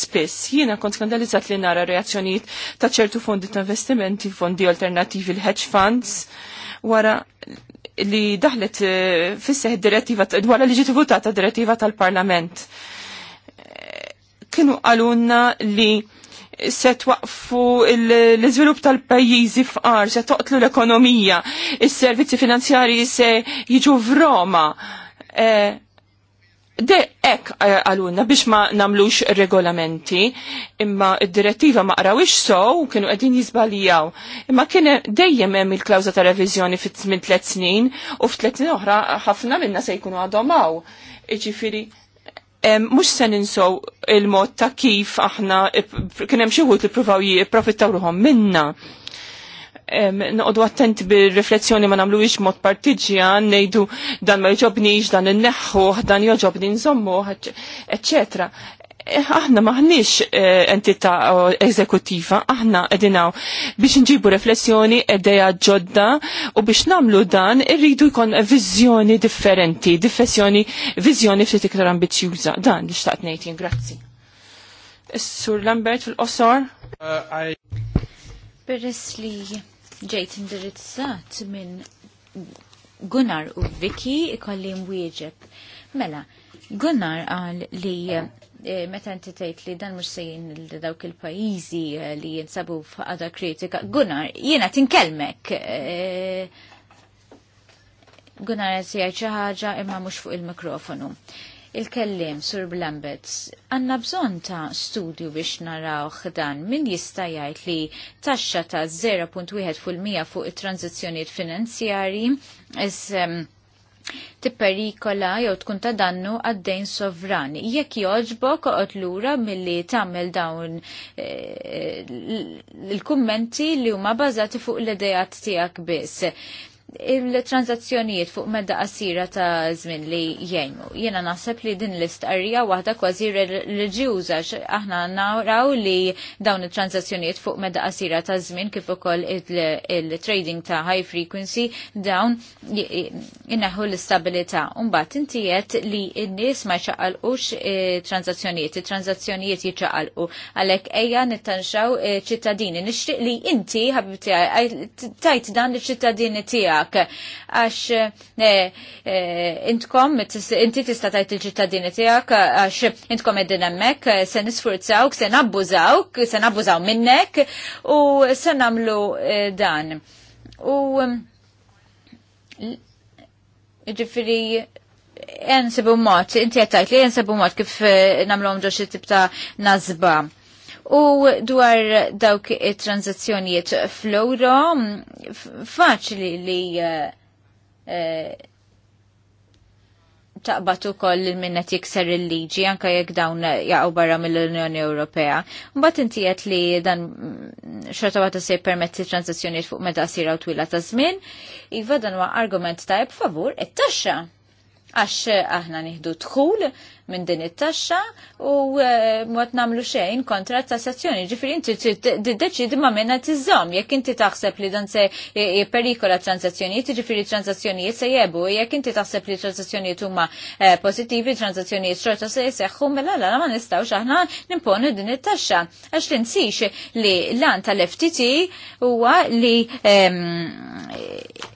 spiss. Jiena kont skandalizzat li nara reazzjonijiet ta' ċertu fondi ta' investimenti, fondi alternativi, il-hedge funds, wara li daħlet eh, fisseħ direttiva, dwar li ġiet votata direttiva tal-Parlament. Eh, kienu għalunna li se twaqfu l-iżvilupp tal-pajjiżi f'qar, se toqtlu l-ekonomija, is-servizzi finanzjarji se jiġu f'Roma. Eh, de ek eh, għalunna biex ma namlux regolamenti, imma id-direttiva ma qrawix sow, kienu għedin jizbalijaw. Imma kien dejjem hemm il-klawza ta' revizjoni fit tmin tlet snin u f'tlet snin oħra ħafna minna se jkunu għadhom hawn. Iġifieri mux se ninsow il-mod ta' kif aħna kien hemm xi wħud li ppruvaw jipprofittaw ruhom minna. Noqogħdu attenti bir-riflezzjoni ma nagħmluhiex mod partiġjan, ngħidu dan ma jġobnix, dan inneħħuh, dan joġobni nżommuh, eccetera. Eh, aħna maħniex eh, entità eh, eżekutiva, aħna edinaw biex nġibu reflessjoni edeja ġodda u biex namlu dan irridu jkun vizjoni differenti, diffessjoni, vizjoni ftit iktar ambizjuża. Dan li xtaqt ngħid grazzi. Sur Lambert fil-qosor. Uh, Peress li ġejt indirizzat minn Gunnar u Vicky ikolli mwieġeb. Mela, Gunnar għal li Eh, meta inti tgħid li dan mhux sejjin dawk il-pajjiżi eh, li jinsabu f'qada kritika. Gunnar, jiena tinkelmek. Eh, Gunnar qed jgħid xi ħaġa imma mhux fuq il-mikrofonu. Il-kellim Sur Blambets, għanna bżon ta' studju biex narawh dan min jista' jgħid li taxxa ta' 0.1 fuq it-tranzizzjonijiet finanzjarji is tipperikola jew tkun ta' dannu għaddejn sovran. Jekk joġbok oqgħod lura milli tagħmel dawn il-kummenti eh, li huma bażati fuq l-idejat tiegħek biss il transazzjonijiet fuq medda qasira ta' żmien li jgħinu. Jiena naħseb li din l-istqarrija waħda kważi reliġjuża aħna naraw li dawn it transazzjonijiet fuq medda qasira ta' żmien kif ukoll il-trading ta' high frequency dawn inneħu l-istabilità. Mbagħad inti qed li n-nies ma jċaqalqux e, transazzjonijiet, it transazzjonijiet jiċċaqalqu. Għalhekk ejja nittanxaw e, ċittadini. Nixtieq li inti ħabibti tajt dan liċ-ċittadini tiegħek tijak. Għax e, intkom, inti tista tajt il-ċittadini tijak, għax intkom eddin emmek, se nisfurzawk, se nabbużawk, se nabbużaw minnek u se namlu e, dan. U ġifiri, jensebu mot, inti għattajt li jensebu mot kif e, namlu ġo xie tibta nazba. U dwar dawk it-tranzazzjonijiet fl-euro, faċli li eh, eh, u koll il-minnet jikser il-liġi, anka jek dawn jaqaw barra mill-Unjoni Ewropea. inti intijet li dan mm, xorta għata se permetti transazzjoniet fuq meta sira u twila ta' zmin, iva dan huwa argument tajb favur it-taxxa għax aħna nieħdu dħul minn din it-taxxa u eh, mod nagħmlu xejn kontra tassazzjoni. Ġifieri inti tiddeċidi ma minna iżżomm. jekk inti taħseb li dan se perikola transazzjonijiet, ġifieri transazzjonijiet se jebu, jekk inti taħseb li transazzjonijiet huma eh, pożittivi, transazzjonijiet xorta se jseħħu mela la ma nistgħux aħna nimponu din it-taxxa. Għax tinsix li lan tal-FTT huwa li ehm,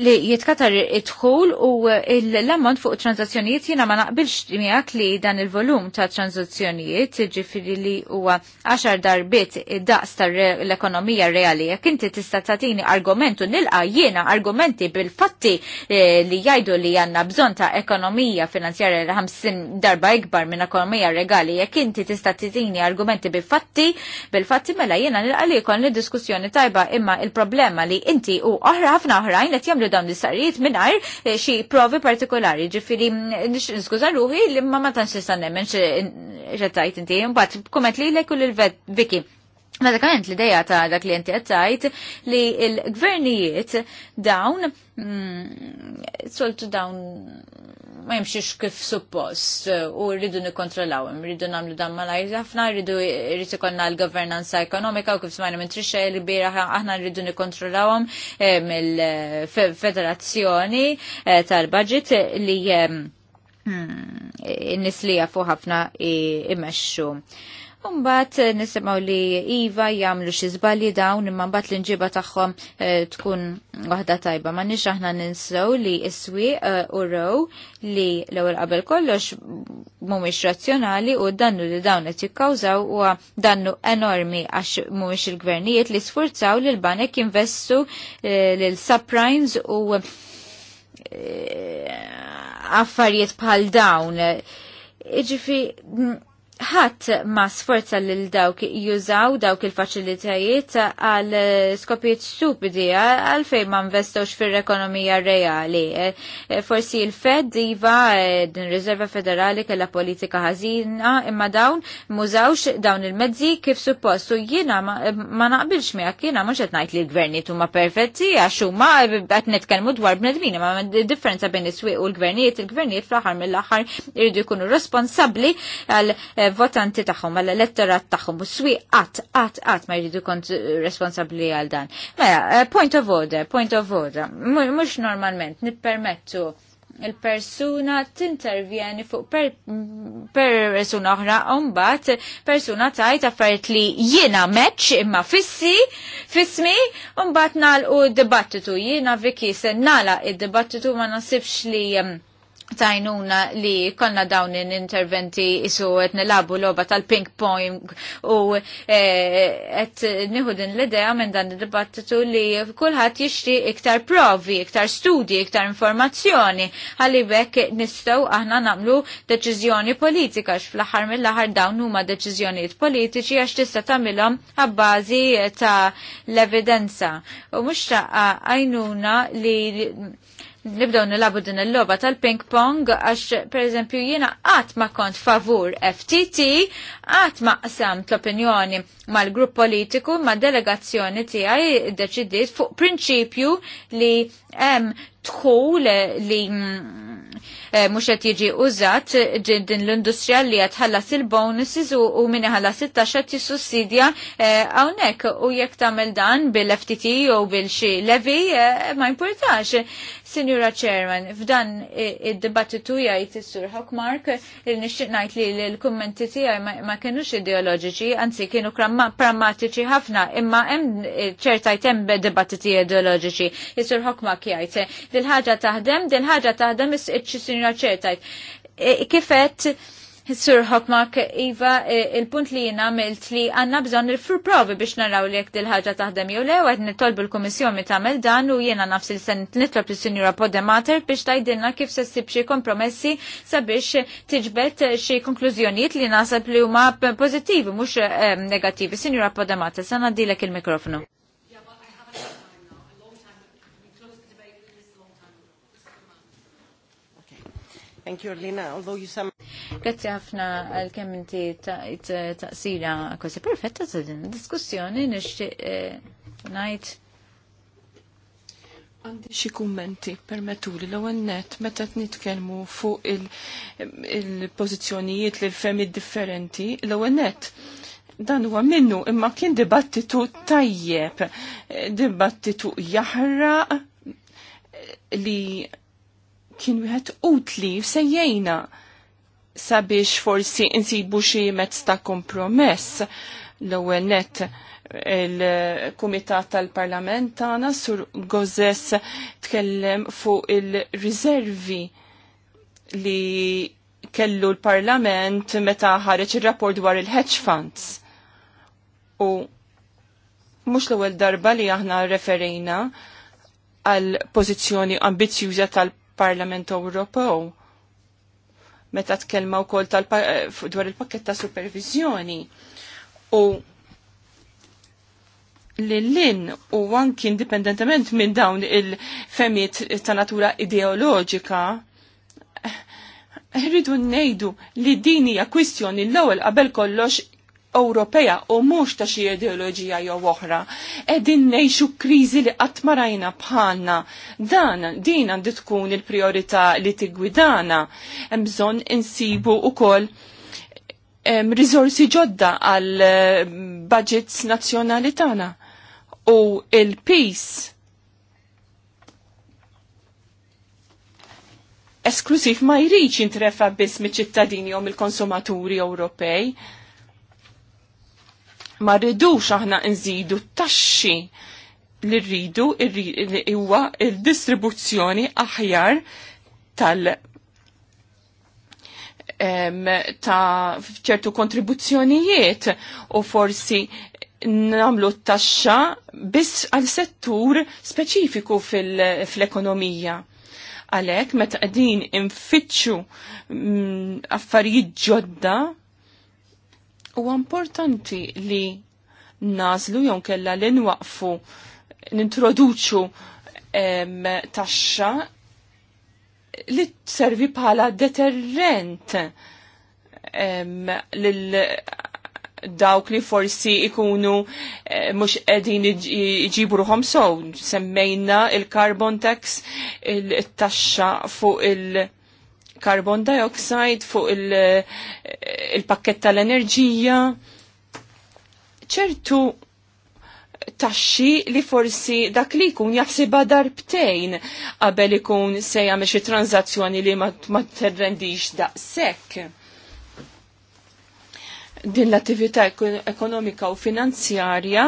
li jitkatar id-dħul u l-ammont fuq tranzazzjonijiet jiena ma naqbilx miegħek li dan il-volum ta' transazzjonijiet ġifiri li huwa 10 darbit id-daqs l ekonomija reali. Jekk inti tista' tagħtini argumentu nilqa jiena argumenti bil-fatti eh, li jgħidu li għandna bżonn ta' ekonomija finanzjarja li 50 darba ikbar minn ekonomija regali, jekk inti tista' tagħtini argumenti bil-fatti, bil-fatti mela jiena nilqa li jkollni diskussjoni tajba imma il-problema li inti u oħra ħafna oħrajn qed jagħmlu dawn l-istarijiet mingħajr eh, xi provi partikolari. Ġifieri niskuża ruħi li ma ma tantx nista' nemmen x'qed tajt inti. Imbagħad l lilek il lil Viki. Bazzikament l-ideja ta' dak li għattajt li l-gvernijiet dawn, mm, soltu dawn ma jimxiex kif suppost u rridu nikontrollawhom, rridu nagħmlu dan malajr ħafna, rridu rridu ikollna l-governanza ekonomika u kif smajna minn trixxe li bira aħna rridu nikkontrollawhom eh, mill-federazzjoni eh, tal-budget li eh, mm, n-nis li jafu ħafna imexxu. Umbat eh, nisimaw li Iva jamlu xi żbalji dawn imma mbagħad l-inġiba tagħhom eh, tkun waħda tajba. Ma nix aħna ninsew li iswi eh, u row li l-ewwel qabel kollox mhumiex razzjonali u dannu li dawn qed jikkawżaw huwa dannu enormi għax mhumiex il-gvernijiet li sfurzaw li l-banek jinvestu lil subprimes u affarijiet bħal dawn. Iġifi mm, ħadd ma sforza lil dawk jużaw dawk il-faċilitajiet għal skopijiet stupidi għal fejn ma investawx fir-ekonomija reali. Eh, forsi il-Fed iva eh, din riserva federali kella politika ħażina imma dawn mużawx dawn il-mezzi kif suppost u jiena ma eh, naqbilx miegħek jiena mhux qed ngħid li l-gvernijiet huma perfetti għax huma qed nitkellmu dwar bnedmin ma differenza bejn is-swieq u l-gvernijiet, il-gvernijiet fl-aħħar mill-aħħar irridu jkunu responsabbli għal votanti tagħhom għall elettorat tagħhom u swi qatt qatt qatt ma jridu kont responsabbli għal dan. Mela, eh, point of order, point of order. Mhux normalment nippermettu il-persuna t-intervjeni fuq per, persuna oħra bat persuna tajt affarijiet li jiena meċ imma fissi fismi umbat nalqu d-dibattitu jiena viki se nala id-dibattitu ma nasibx li um, tajnuna li konna dawn in-interventi isu qed nilabu logħba tal-ping pong u qed eh, nihudin din l-idea minn dan id-dibattitu li kulħadd jixtri iktar provi, iktar studji, iktar informazzjoni għalli bekk nistgħu aħna nagħmlu deċiżjoni politika x'fl-aħħar mill-aħħar dawn huma deċiżjonijiet politiċi għax tista' tagħmilhom għabbazi ta' l-evidenza. U mhux għajnuna li nibdew nilabu din il-loba tal-ping pong għax per eżempju jiena qatt ma kont favur FTT, qatt ma samt l-opinjoni mal-grupp politiku ma delegazzjoni tiegħi ddeċidiet fuq prinċipju li hemm tħul li mux mm, eh, qed jiġi użat din l-industrija li qed ħallas il-bonuses u min ħallas it-taxxa tissussidja eh, hawnhekk u jekk tagħmel dan bil-FTT u bil xi levi eh, ma importax. Sinjura Chairman, f'dan id-dibattitu jgħid is-Sur Hawkmark li nixtieq ngħid li l-kummenti tiegħi ma kinux ideoloġiċi, anzi kienu prammatiċi ħafna, imma hemm ċertajt hemm dibattiti ideoloġiċi. Is-Sur Hawkmark jgħid din ħaġa taħdem, din ħaġa taħdem iċ-ċisinra ċertajt. E, kifet, Sur Hokmak, Iva, e, il-punt li jina għamilt li għanna bżon il-fur provi biex naraw li jek dil-ħagġa taħdem jew le, għed nitolbu l-Komissjoni tamel dan u jena nafs il-sen nitlob il-Sinjura Podemater biex tajdilna kif se ssib xie kompromessi sabiex tiġbet xie konklużjonijiet li nasab li huma pozittivi mux eh, negativi. Sinjura Podemater, sana dilek il-mikrofonu. Thank you, Lina. Although you some... Grazie ħafna għal kemm inti taqsira kważi perfetta ta' din diskussjoni nixtieq eh, ngħid. Għandi xi kummenti permetturi l-ewwel net meta qed nitkellmu fuq il-pożizzjonijiet l femi differenti, l-ewwel net dan huwa minnu imma kien dibattitu tajjeb, eh, dibattitu jaħraq eh, li kien wieħed utli sejjejna sabiex forsi insibu xi mezz ta' kompromess l-ewwel net il-Kumitat tal-Parlament tagħna sur Gozes tkellem fuq il-riservi li kellu l-Parlament meta ħareġ ir-rapport dwar il-hedge funds. U mhux l-ewwel darba li aħna referejna għal pożizzjoni ambizjuża tal parlament Ewropew meta tkellma wkoll eh, dwar il-pakket ta' supervizjoni u lillin u anki indipendentement minn dawn il-femiet ta' natura ideoloġika, eh, rridu ngħidu li din hija kwistjoni l-ewwel qabel kollox Ewropea u mhux ta' xi ideoloġija jew oħra. Qegħdin ngħixu kriżi li qatt ma rajna bħalna. Dan din għandi tkun il-priorità li tiggwidana. Hemm bżonn insibu wkoll riżorsi ġodda għal budgets nazzjonali tagħna. U il-peace esklusiv ma jriċ jintrefa biss miċ-ċittadini jew mill-konsumaturi Ewropej ma rridux aħna nżidu taxxi li rridu huwa il-distribuzzjoni aħjar tal- ta' ċertu kontribuzzjonijiet u forsi namlu t-taxxa biss għal settur speċifiku fil-ekonomija. Għalek, meta qegħdin infittxu mm, affarijiet ġodda U importanti li nazlu jew kella li nwaqfu nintroduċu taxxa li tservi bħala deterrent lil dawk li forsi ikunu eh, mhux qegħdin iġibu ruhom sow. Semmejna il-carbon tax, il-taxxa fuq il-, -tax, il carbon dioxide, fuq il-pakket il tal-enerġija, ċertu taxxi li forsi dak li jkun jaħsibha darbtejn qabel ikun se jagħmel xi tranzazzjoni li ma, ma terrendix daqshekk. Din l-attività ekonomika u finanzjarja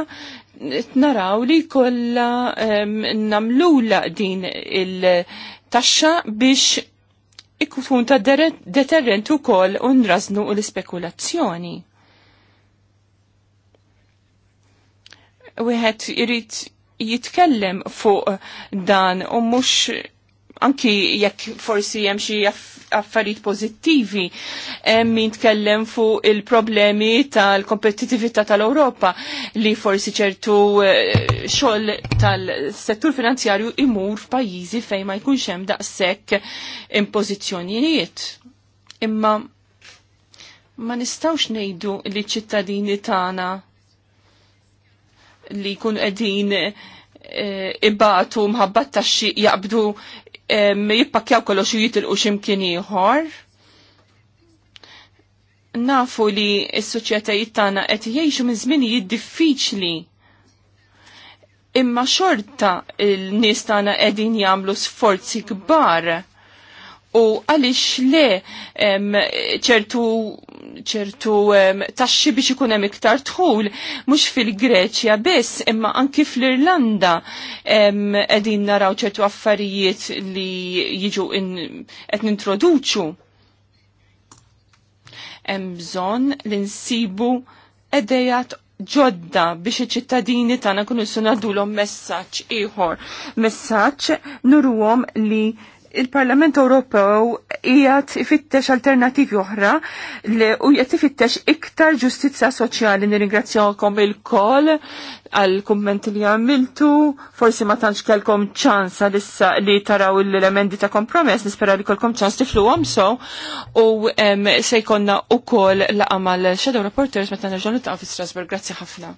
naraw li kolla um, namlula din il-taxxa biex Ikkun ta' deterrent ukoll u l-ispekulazzjoni. Wieħed irid jitkellem fuq dan u mhux anki jekk forsi hemm xi affarijiet pożittivi. Hemm min tkellem fuq il-problemi tal-kompetitività tal-Ewropa li forsi ċertu eh, xogħol tal-settur finanzjarju imur f'pajjiżi fejn ma jkunx hemm daqshekk impożizzjonijiet. Imma ma nistawx ngħidu li ċittadini tagħna li jkun qegħdin Eh, ibatu mħabbat ta' xi jaqbdu jippakjaw kollox u jitilqu ximkien ieħor. Nafu li s-soċjetajiet tagħna qed jgħixu minn żminijiet diffiċli. Imma xorta l-nies tagħna qegħdin jagħmlu sforzi kbar u għalix le ċertu ċertu taxxi biex ikun hemm iktar dħul mhux fil-Greċja biss imma anki fl-Irlanda qegħdin naraw ċertu affarijiet li jiġu qed nintroduċu. Hemm bżonn li nsibu edejat ġodda biex iċ-ċittadini tagħna kunu jistgħu messaġġ ieħor, messaġġ nurhom li il-Parlament Ewropew qiegħed ifittex alternativi oħra li u qiegħed ifittex iktar ġustizza soċjali nirringrazzjawkom il għal kummenti li għamiltu, forsi ma tantx kelkom ċans għalissa li taraw l-elementi ta' kompromess, nispera li kolkom ċans tiflu so, u se u kol għamal Shadow Reporters meta nerġgħu nitqgħu fi Strasburg. Grazzi ħafna.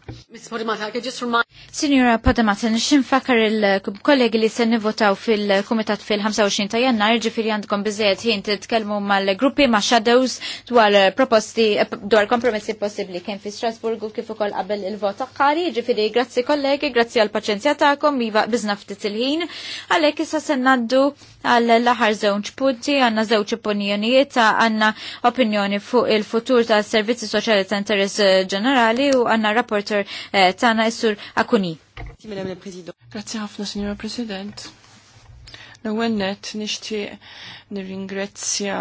Signora Padamata, nixin fakar il-kollegi li se votaw fil-Kumitat fil-25 ta' jannar, ġifieri għandkom biżejjed ħin titkellmu mal-gruppi ma' Shadows dwar proposti dwar kompromessi possibbli kien fi Strasburg u kif ukoll qabel il-vot qari, ġifieri grazzi kollegi, grazzi għal paċenzja ta'kom, iva bizna ftit il-ħin. Għalek issa se għal laħar zewċ żewġ punti, għanna żewġ opinjonijiet, għanna opinjoni fuq il-futur ta' servizzi soċjali ta' interess eh, ġenerali u għanna rapporter eh, tana issur Akuni. Grazie ħafna, Signora President. L-ewwel nishti nixtieq nirringrazzja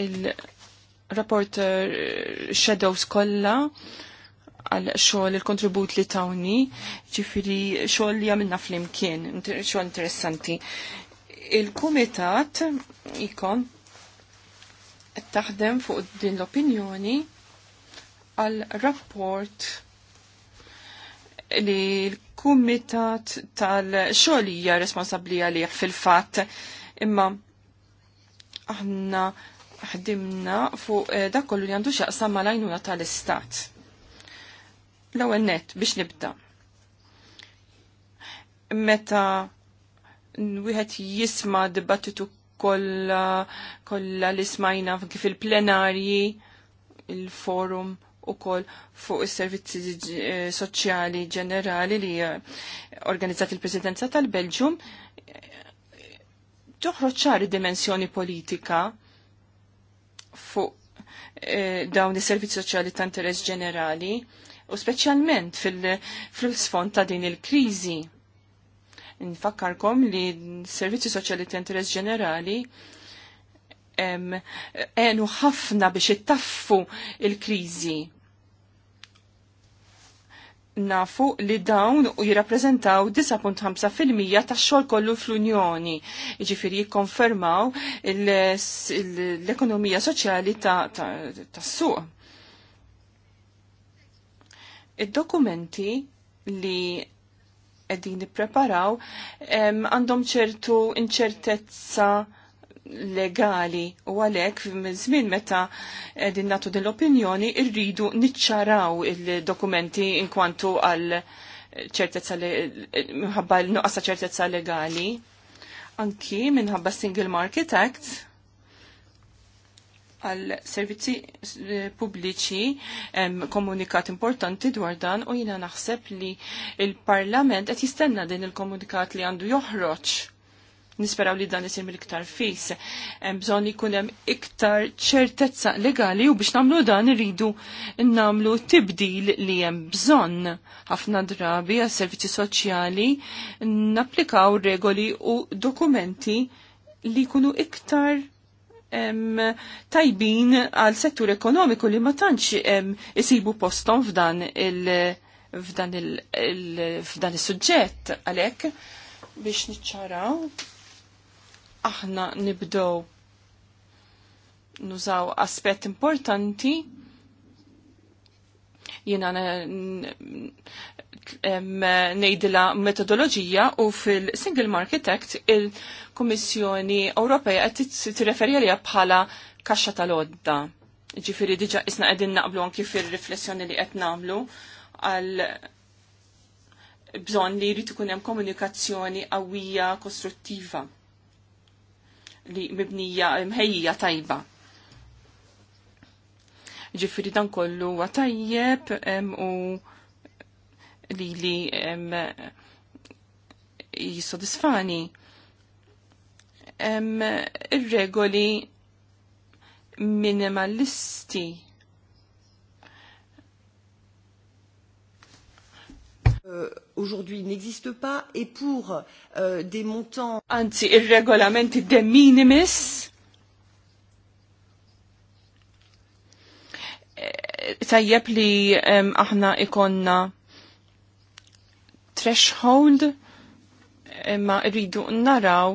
il-rapporter eh, Shadows kollha għal xogħol il-kontribut li tawni, ġifiri xogħol li għamilna fl-imkien, xogħol interessanti. Il-kumitat ikon taħdem fuq din l-opinjoni għal rapport li l-kumitat tal-xogħol hija responsabbli għalih fil-fatt imma aħna ħdimna fuq eh, dak kollu li għandu xaqsam mal-għajnuna tal-istat L-ewwel net biex nibda. Meta wieħed jisma' dibattitu kollha kollha li smajna kif il-plenarji il-forum u fuq is servizzi eh, soċjali ġenerali li eh, organizzat il-Presidenza tal-Belġum eh, toħroġ ċari dimensjoni politika fuq dawn is-servizzi soċjali ta' interess ġenerali u speċjalment fil-sfond ta' din il-kriżi. Nfakkarkom li s-Servizzi Soċjali ta' Interess Ġenerali għenu ħafna biex ittaffu il-kriżi. Nafu li dawn u jirrapprezentaw 9.5% ta' xogħol kollu fl-Unjoni. Jiġifieri jikkonfermaw l-ekonomija soċjali tas-suq. Id-dokumenti li qegħdin nippreparaw għandhom ċertu inċertezza legali u għalek żmien meta din natu din l-opinjoni irridu niċċaraw il-dokumenti inkwantu għal ċertezza minħabba l-nuqqasa ċertezza legali. Anki minħabba Single Market Act għal servizzi eh, pubbliċi komunikat importanti dwar dan u jina naħseb li il-Parlament qed jistenna din il-komunikat li għandu joħroġ nisperaw li dan isir mill-iktar fis. Bżon li hemm iktar ċertezza legali u biex namlu dan irridu namlu tibdil li hemm bżonn ħafna drabi għas servizzi soċjali napplikaw regoli u dokumenti li jkunu iktar tajbin għal settur ekonomiku li ma tantx isibu postom f'dan il- f'dan il is-suġġett għalhekk biex niċċaraw aħna nibdew nużaw aspett importanti jiena nejdila metodoloġija u fil-Single Market Act il-Kommissjoni Ewropea qed tirreferjelija bħala kaxxa tal-odda. Ġifiri diġa' isna qegħdin naqblu anki fir-riflessjoni li qed nagħmlu għal bżonn li jrid ikun hemm komunikazzjoni qawwija kostruttiva li mibnija mħejja tajba. Ġifieri dan kollu huwa tajjeb u li li jisodisfani. Ir-regoli minimalisti euh, aujourd'hui n'existe pas et pour euh, des montants anzi il regolamenti de minimis eh, tajjeb li um, aħna ikonna threshold ma rridu naraw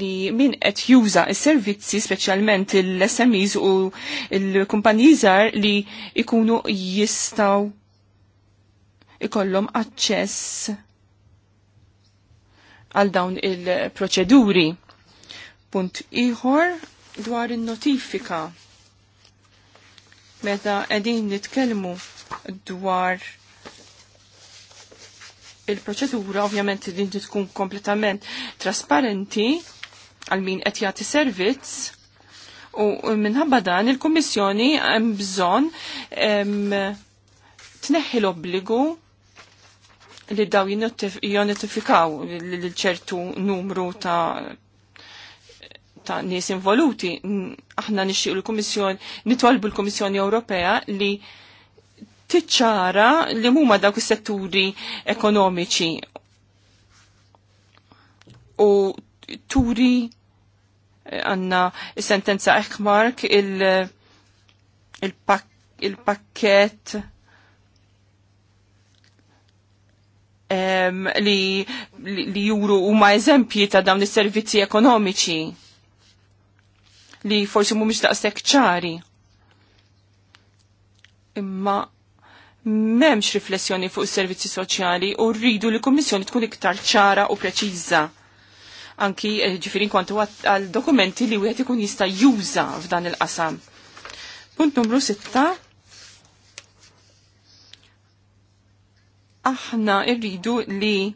li min qed juża s-servizzi speċjalment l-SMEs u l-kumpaniji żgħar li ikunu jistgħu ikollhom aċċess għal dawn il-proċeduri. Punt ieħor dwar in-notifika. Meta qegħdin nitkellmu dwar il-proċedura ovvjament din tkun kompletament trasparenti għal min qed jagħti servizz u minħabba dan il-Kummissjoni hemm bżonn tneħħi l-obbligu li daw jonotifikaw l-ċertu numru ta' ta' nies involuti. Aħna nixtiequ l-Kummissjoni, nitolbu l-Kummissjoni Ewropea li tiċċara li huma dawk is-setturi ekonomiċi u turi eh, għanna sentenza ekmark il-pakket il pakket um, li, li, li juru huma eżempji ta' dawn is-servizzi ekonomiċi li forsi mhumiex daqshekk ċari. Imma M'hemmx riflessjoni fuq is-servizzi soċjali u rridu li kummissjoni tkun iktar ċara u preċiża. Anki eh, ġifirin kwantu għal dokumenti li wieħed ikun jista' juża f'dan il-qasam. Punt numru 6. Aħna rridu li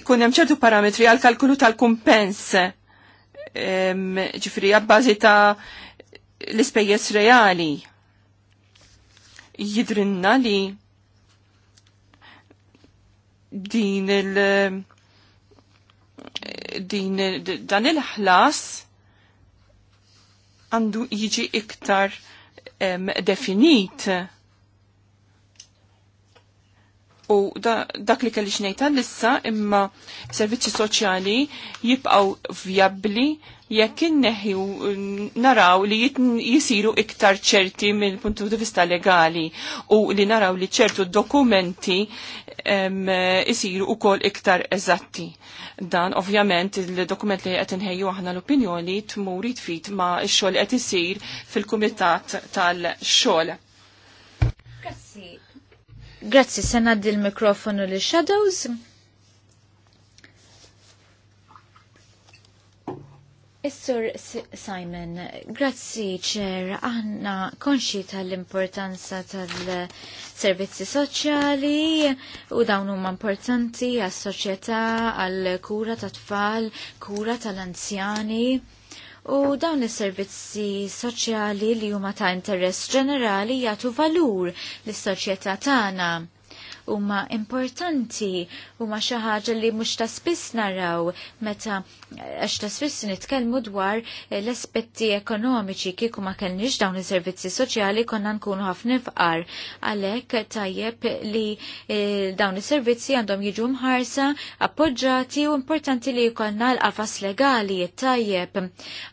ikun hemm ċertu parametri għal kalkulu tal-kumpens ġifri għabbażi ta' l-ispejjeż reali jidrinna li din il- din dan il-ħlas għandu jiġi iktar um, definit U da, dak li kelli xnejta lissa imma servizzi soċjali jibqaw vjabli jekk inneħju naraw li jisiru iktar ċerti minn puntu di vista legali u li naraw li ċertu dokumenti em, jisiru u kol iktar eżatti. Dan ovvjament il-dokument li qed inħejju aħna l-opinjoni tmur fit ma' x-xogħol qed isir fil-kumitat tal-xogħol Grazzi, se naddi l-mikrofonu li Shadows. Issur Simon, grazzi ċer, għanna konxi tal-importanza tal-servizzi soċjali u dawn huma importanti għas-soċjetà, għal-kura tat-tfal, kura tal-anzjani. tal anzjani u dawn is-servizzi soċjali li huma ta' interess ġenerali jagħtu valur lis-soċjetà tagħna huma importanti huma xi ħaġa li mhux ta' spiss naraw meta għax ta' spiss nitkellmu dwar eh, l-aspetti ekonomiċi kieku ma kellniex dawn is-servizzi soċjali konna nkunu ħafna fqar. Għalhekk tajjeb li eh, dawn is-servizzi għandhom jiġu mħarsa, appoġġati u importanti li jkollna l-qafas legali tajjeb.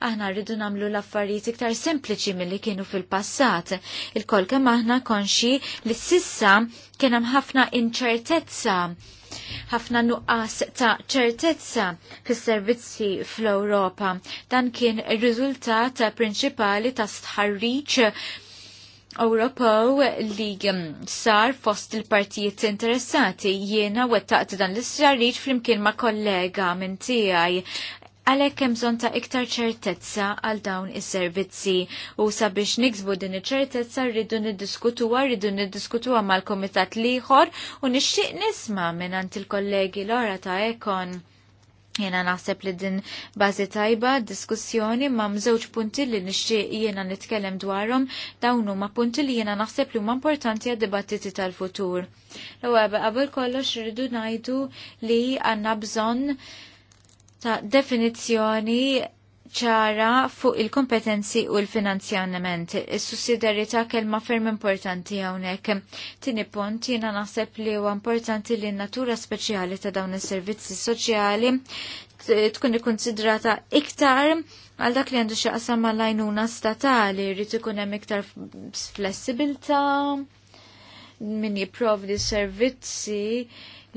Aħna rridu nagħmlu l-affarijiet iktar sempliċi milli kienu fil-passat. Il-kol kemm aħna konxi li sissa kien hemm ħafna inċertezza ħafna nuqqas ta' ċertezza fis servizzi fl-Europa. Dan kien ir-riżultat prinċipali ta' stħarriċ Ewropew li sar fost il-partijiet interessati jiena wettaqt dan l-istarriċ flimkien ma' kollega minn tiegħi Għalhekk hemm bżonn ta' iktar ċertezza għal dawn is-servizzi u sabiex niksbu din iċ-ċertezza rridu niddiskutuha, rridu niddiskutuha mal-kumitat liħor u nixtieq nisma' minn il-kollegi Lora ta' Ekon. Jena naħseb li din bazi tajba, diskussjoni ma' mżewġ punti li nixtieq jena nitkellem dwarhom dawn huma punti li jena naħseb li huma importanti għad dibattiti tal-futur. l għabba qabel kollox irridu ngħidu li għandna bżonn ta' definizzjoni ċara fuq il-kompetenzi u l-finanzjament. Is-sussidjarjetà kelma ferm importanti hawnhekk. Tieni punt jiena naħseb li huwa importanti li n-natura speċjali ta' dawn is-servizzi soċjali tkun ikkonsidrata iktar għal dak li għandu xaqsam mal lajnuna statali, jrid ikun hemm iktar flessibilità min jipprovdi servizzi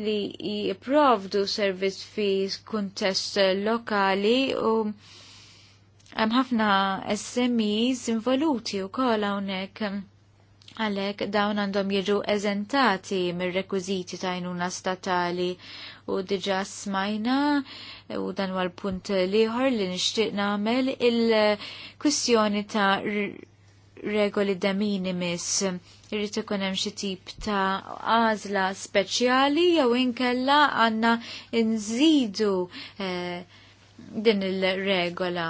li jiprovdu servizz fi kuntest lokali u hemm ħafna SMEs involuti wkoll hawnhekk għalek dawn għandhom jiġu eżentati mir-rekwiziti ta' jnuna statali u diġa smajna u dan għal punt liħor li nishtiq namel il-kwistjoni ta' regoli de minimis Irrit ikun hemm xi tip ta' għażla speċjali jew inkella għandna nżidu eh, din il-regola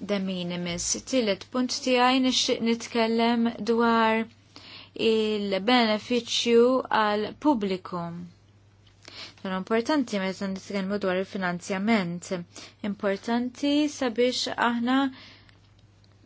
de minimis. Tielet punt tiegħi nixtieq nitkellem dwar il-benefiċċju għal pubbliku. Dan importanti meta nitkellmu dwar il-finanzjament. Importanti sabiex aħna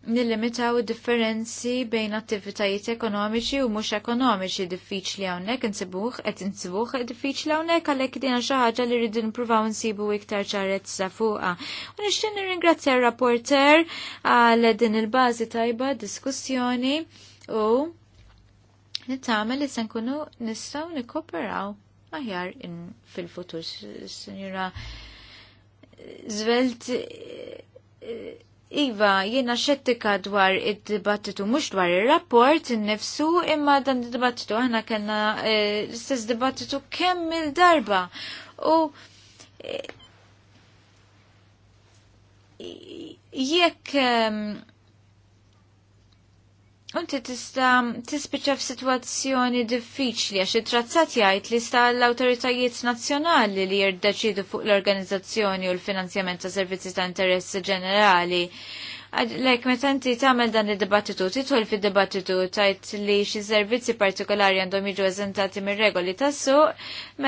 nillimitaw differenzi bejn attivitajiet ekonomiċi u mhux ekonomiċi diffiċli hawnhekk insibuh qed insibuh diffiċli hawnhekk għalhekk din xi ħaġa li rridu nippruvaw nsibu iktar ċarezza fuqha. U nixtieq nirringrazzja r-rapporter għal din il-bażi tajba diskussjoni u nittama li se nkunu nistgħu nikkoperaw aħjar fil-futur, Sinjura Zvelt eh, Iva, jiena xettika dwar id-dibattitu, mux dwar il-rapport, nifsu imma dan id-dibattitu, aħna kena eh, l-istess dibattitu kemm il-darba. U eh, jekk ehm, Unti tista tispiċa f'sitwazzjoni diffiċli għax it-trazzat jgħid li sta l-awtoritajiet nazzjonali li jirdeċidu fuq l-organizzazzjoni u l-finanzjament ta' servizzi ta' interess ġenerali. Lek, meta inti tagħmel dan id-dibattitu, titħol fil dibattitu tajt li xi servizzi partikolari għandhom jiġu eżentati mir-regoli tas-suq,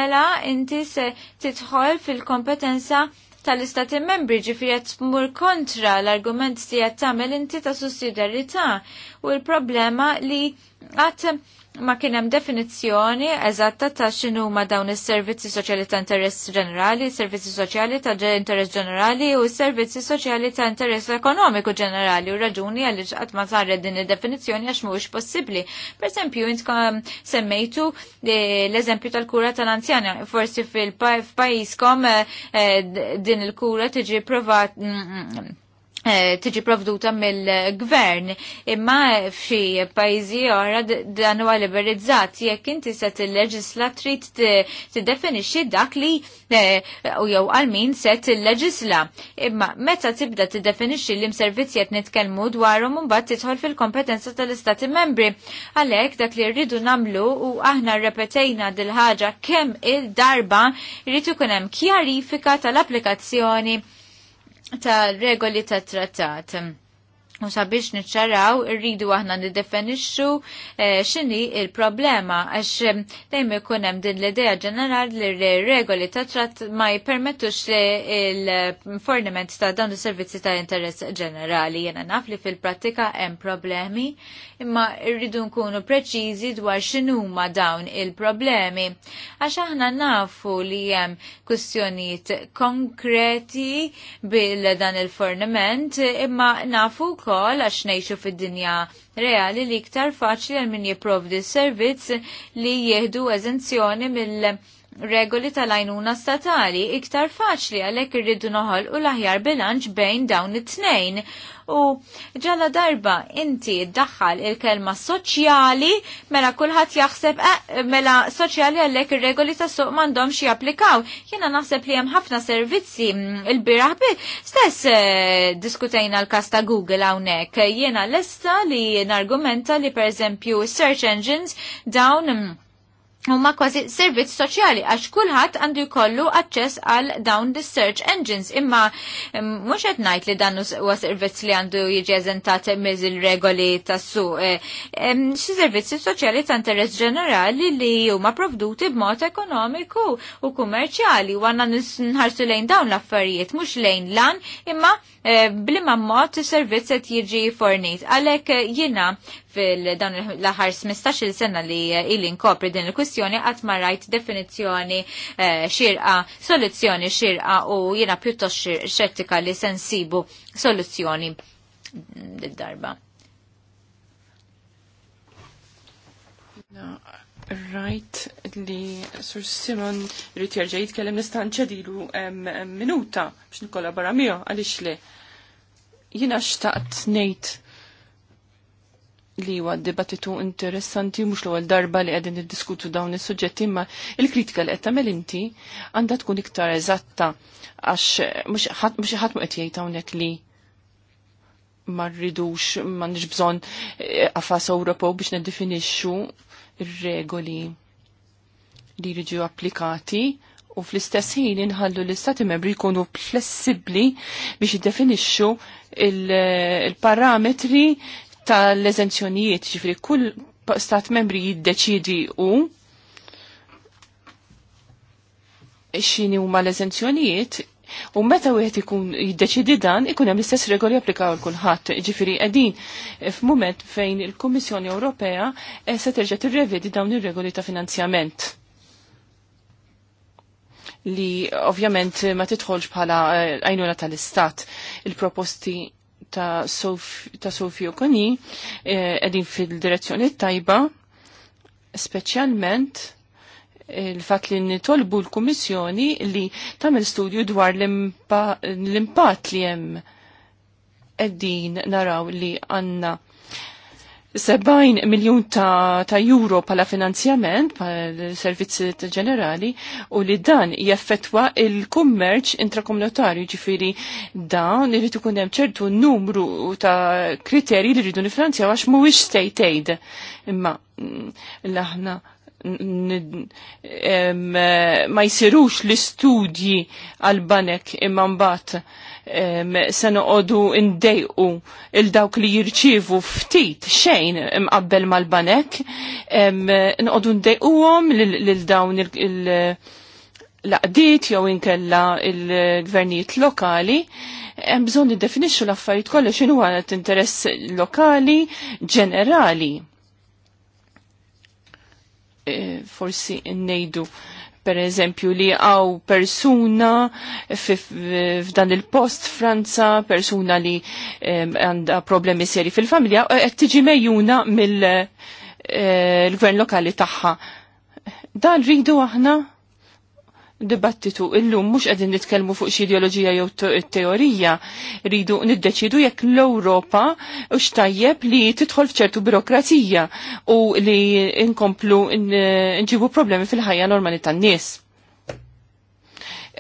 mela inti se titħol fil-kompetenza tal-istati membri ġifiri mur kontra l-argument ti għat tamel inti ta' sussidarita u l-problema li għat ma kien hemm definizzjoni eżatta ta' x'inhu ma dawn is-servizzi soċjali ta' interess ġenerali, servizzi soċjali ta' interess ġenerali u servizzi soċjali ta' interess ekonomiku ġenerali u raġuni għaliex qatt ma sarre din id-definizzjoni għax mhuwiex possibbli. Pereżempju intkom semmejtu eh, l-eżempju tal-kura tal-anzjana, forsi fil-pajjiżkom eh, eh, din il-kura tiġi provat mm, mm, mm, Eh, tiġi provduta mill-gvern imma f'xi pajjiżi oħra dan huwa liberizzat jekk inti se tilleġisla trid tiddefinixxi dak li eh, u jew għal min se tilleġisla. Imma meta tibda tiddefinixxi li mservizzi qed nitkellmu dwarhom imbagħad tidħol fil-kompetenza tal-Istati Membri. Għalhekk dak li rridu nagħmlu u aħna rrepetejna dil ħaġa kemm il-darba rrid ikun hemm kjarifika tal-applikazzjoni ta' regoli ta' trattat. U sabiex niċċaraw irridu aħna niddefinixxu eh, x'inhi il-problema għax eh, dejjem ikun hemm din l-idea ġenerali li regoli ta' tratt ma jippermettux il-forniment ta' dawn is-servizzi ta' interess ġenerali. Jena naf li fil-prattika hemm problemi imma rridu nkunu preċiżi dwar x'inhuma dawn il-problemi. Għax aħna nafu li hemm kwistjonijiet konkreti bil dan il-forniment imma nafu wkoll ukoll għax ngħixu fid-dinja reali li iktar faċli għal min jipprovdi s-servizz li jieħdu eżenzjoni mill- regoli tal-għajnuna statali iktar faċli għalhekk irridu noħol u l-aħjar bilanċ bejn dawn it-tnejn. U ġala darba inti ddaħħal il-kelma soċjali mela kulħadd jaħseb eh, mela soċjali għalhekk ir-regoli tas suq m'għandhomx japplikaw. Jiena naħseb li hemm ħafna servizzi mm, il-biraħ stess eh, diskutejna l kasta ta' Google hawnhekk. Jiena lesta li nargumenta li eżempju search engines dawn mm, huma kważi servizz soċjali għax kulħadd għandu jkollu aċċess għal dawn the search engines imma mhux qed ngħid li dan huwa servizz li għandu jiġi eżentat miż il-regoli tas-suq. E, xi servizzi soċjali ta' interess ġenerali li huma provduti b'mod ekonomiku u kummerċjali u għandna nħarsu lejn dawn l-affarijiet mhux lejn lan imma e, bliema mod servizz qed jiġi fornit. Għalhekk jiena fil-dan l-ħar 15 sena li il inkopri din il-kwistjoni għat marrajt definizjoni eh, xirqa, soluzzjoni xirqa u jena pjuttost xettika li sensibu soluzzjoni d-darba. Rajt li Sur Simon rrit jerġa' jitkellem nista' ċedilu minuta biex barra miegħu għaliex li jiena xtaqt ngħid li huwa dibattitu interessanti mhux l-ewwel darba li qegħdin niddiskutu dawn is-suġġetti imma l kritika li qed tagħmel inti għandha tkun iktar eżatta għax mhux ħadd mhux ħadd qed jgħid hawnhekk li ma rridux m'għandix bżonn eh, qafas Ewropa biex niddefinixxu ir-regoli li jiġu applikati u fl-istess ħin inħallu l-istati membri jkunu flessibli biex jiddefinixxu il-parametri tal-eżenzjonijiet, ġifri kull stat membri jiddeċidi u xini huma l-eżenzjonijiet u meta wieħed ikun jiddeċidi dan ikun hemm l-istess regoli applikaw għal kulħadd. Ġifieri qegħdin f'mument fejn il-Kummissjoni Ewropea eh, se terġa' tirrevedi dawn ir-regoli ta' finanzjament li ovvjament ma titħolx bħala eh, għajnuna tal-istat il-proposti ta' Sofio Koni eh, edin fil-direzzjoni tajba, specialment il-fat eh, li nitolbu l-Kummissjoni li tamil studju dwar l-impat li jem eddin naraw li għanna 70 miljon ta', ta euro pala finanzjament pal servizzi ġenerali u li dan jaffetwa il-kummerċ intrakomunitarju ġifiri dan li rritu kunem ċertu numru ta' kriteri li rridu nifinanzjaw għax mhuwiex state aid. Imma laħna mm, mm, mm, ma jisirux l-istudji għal-banek imman bat se noqogħdu ndejqu il dawk li jirċievu ftit xejn imqabbel mal-banek, noqogħdu ndejquhom lil dawn il-laqdiet jew inkella il-gvernijiet lokali hemm bżonn niddefinixxu l-affarijiet kollha x'inhu għalet interess lokali ġenerali. E, forsi nnejdu per eżempju li għaw persuna f'dan il-post Franza, persuna li għanda problemi seri fil-familja, qed tiġi mejjuna mill-gvern eh, lokali tagħha. Dan rridu aħna dibattitu illum mhux qegħdin nitkellmu fuq xi ideoloġija jew teorija, Ridu niddeċidu jekk l-Ewropa hux tajjeb li tidħol f'ċertu birokrazija u li nkomplu nġibu problemi fil-ħajja normali tan-nies.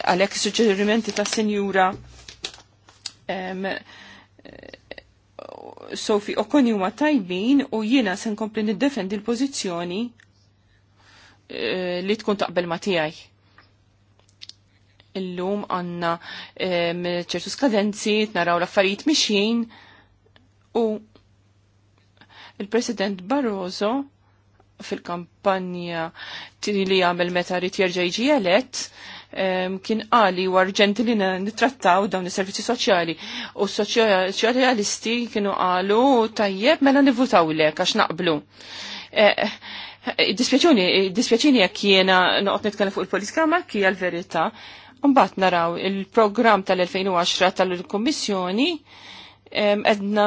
Għalhekk suġġerimenti ta' Sinjura Sofi Okoni huma tajbin u jiena se nkompli niddefendi l-pożizzjoni eh, li tkun taqbel ma tiegħi illum għanna ċertu skadenzi, naraw l-affarijiet u il-President Barroso fil-kampanja li għamil meta rrit jerġa' jiġi elett kien għali u arġenti li nitrattaw dawn is-servizzi soċjali u soċjalisti kienu għalu tajjeb mela nivutaw lek għax naqblu. E, e, dispjaċini, dispjaċini jekk jiena noqgħod nitkellem fuq il-politika ma kija l-verità Mbagħad naraw il-programm tal-2010 tal-Kummissjoni edna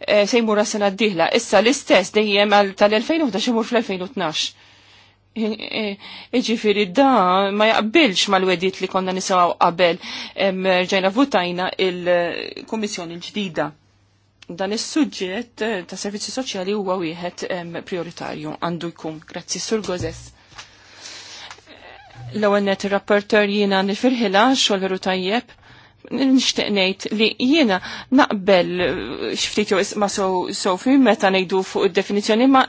e, sejmura sena d-dihla. Issa l-istess dejjem tal-2011 imur fl-2012. Iġifiri da ma jaqbilx mal-wedit li konna nisaw qabel ġajna votajna il kummissjoni l-ġdida. Dan is-suġġett eh, ta' servizzi soċjali huwa wieħed prioritarju għandu jkun. Grazzi, Sur Gozess l-ewwel il ir-rapporter jiena nifirħilha xogħol veru tajjeb nishtiqnejt ngħid li jiena naqbel xiftit jo isma' Sofi meta ngħidu fuq id-definizzjoni ma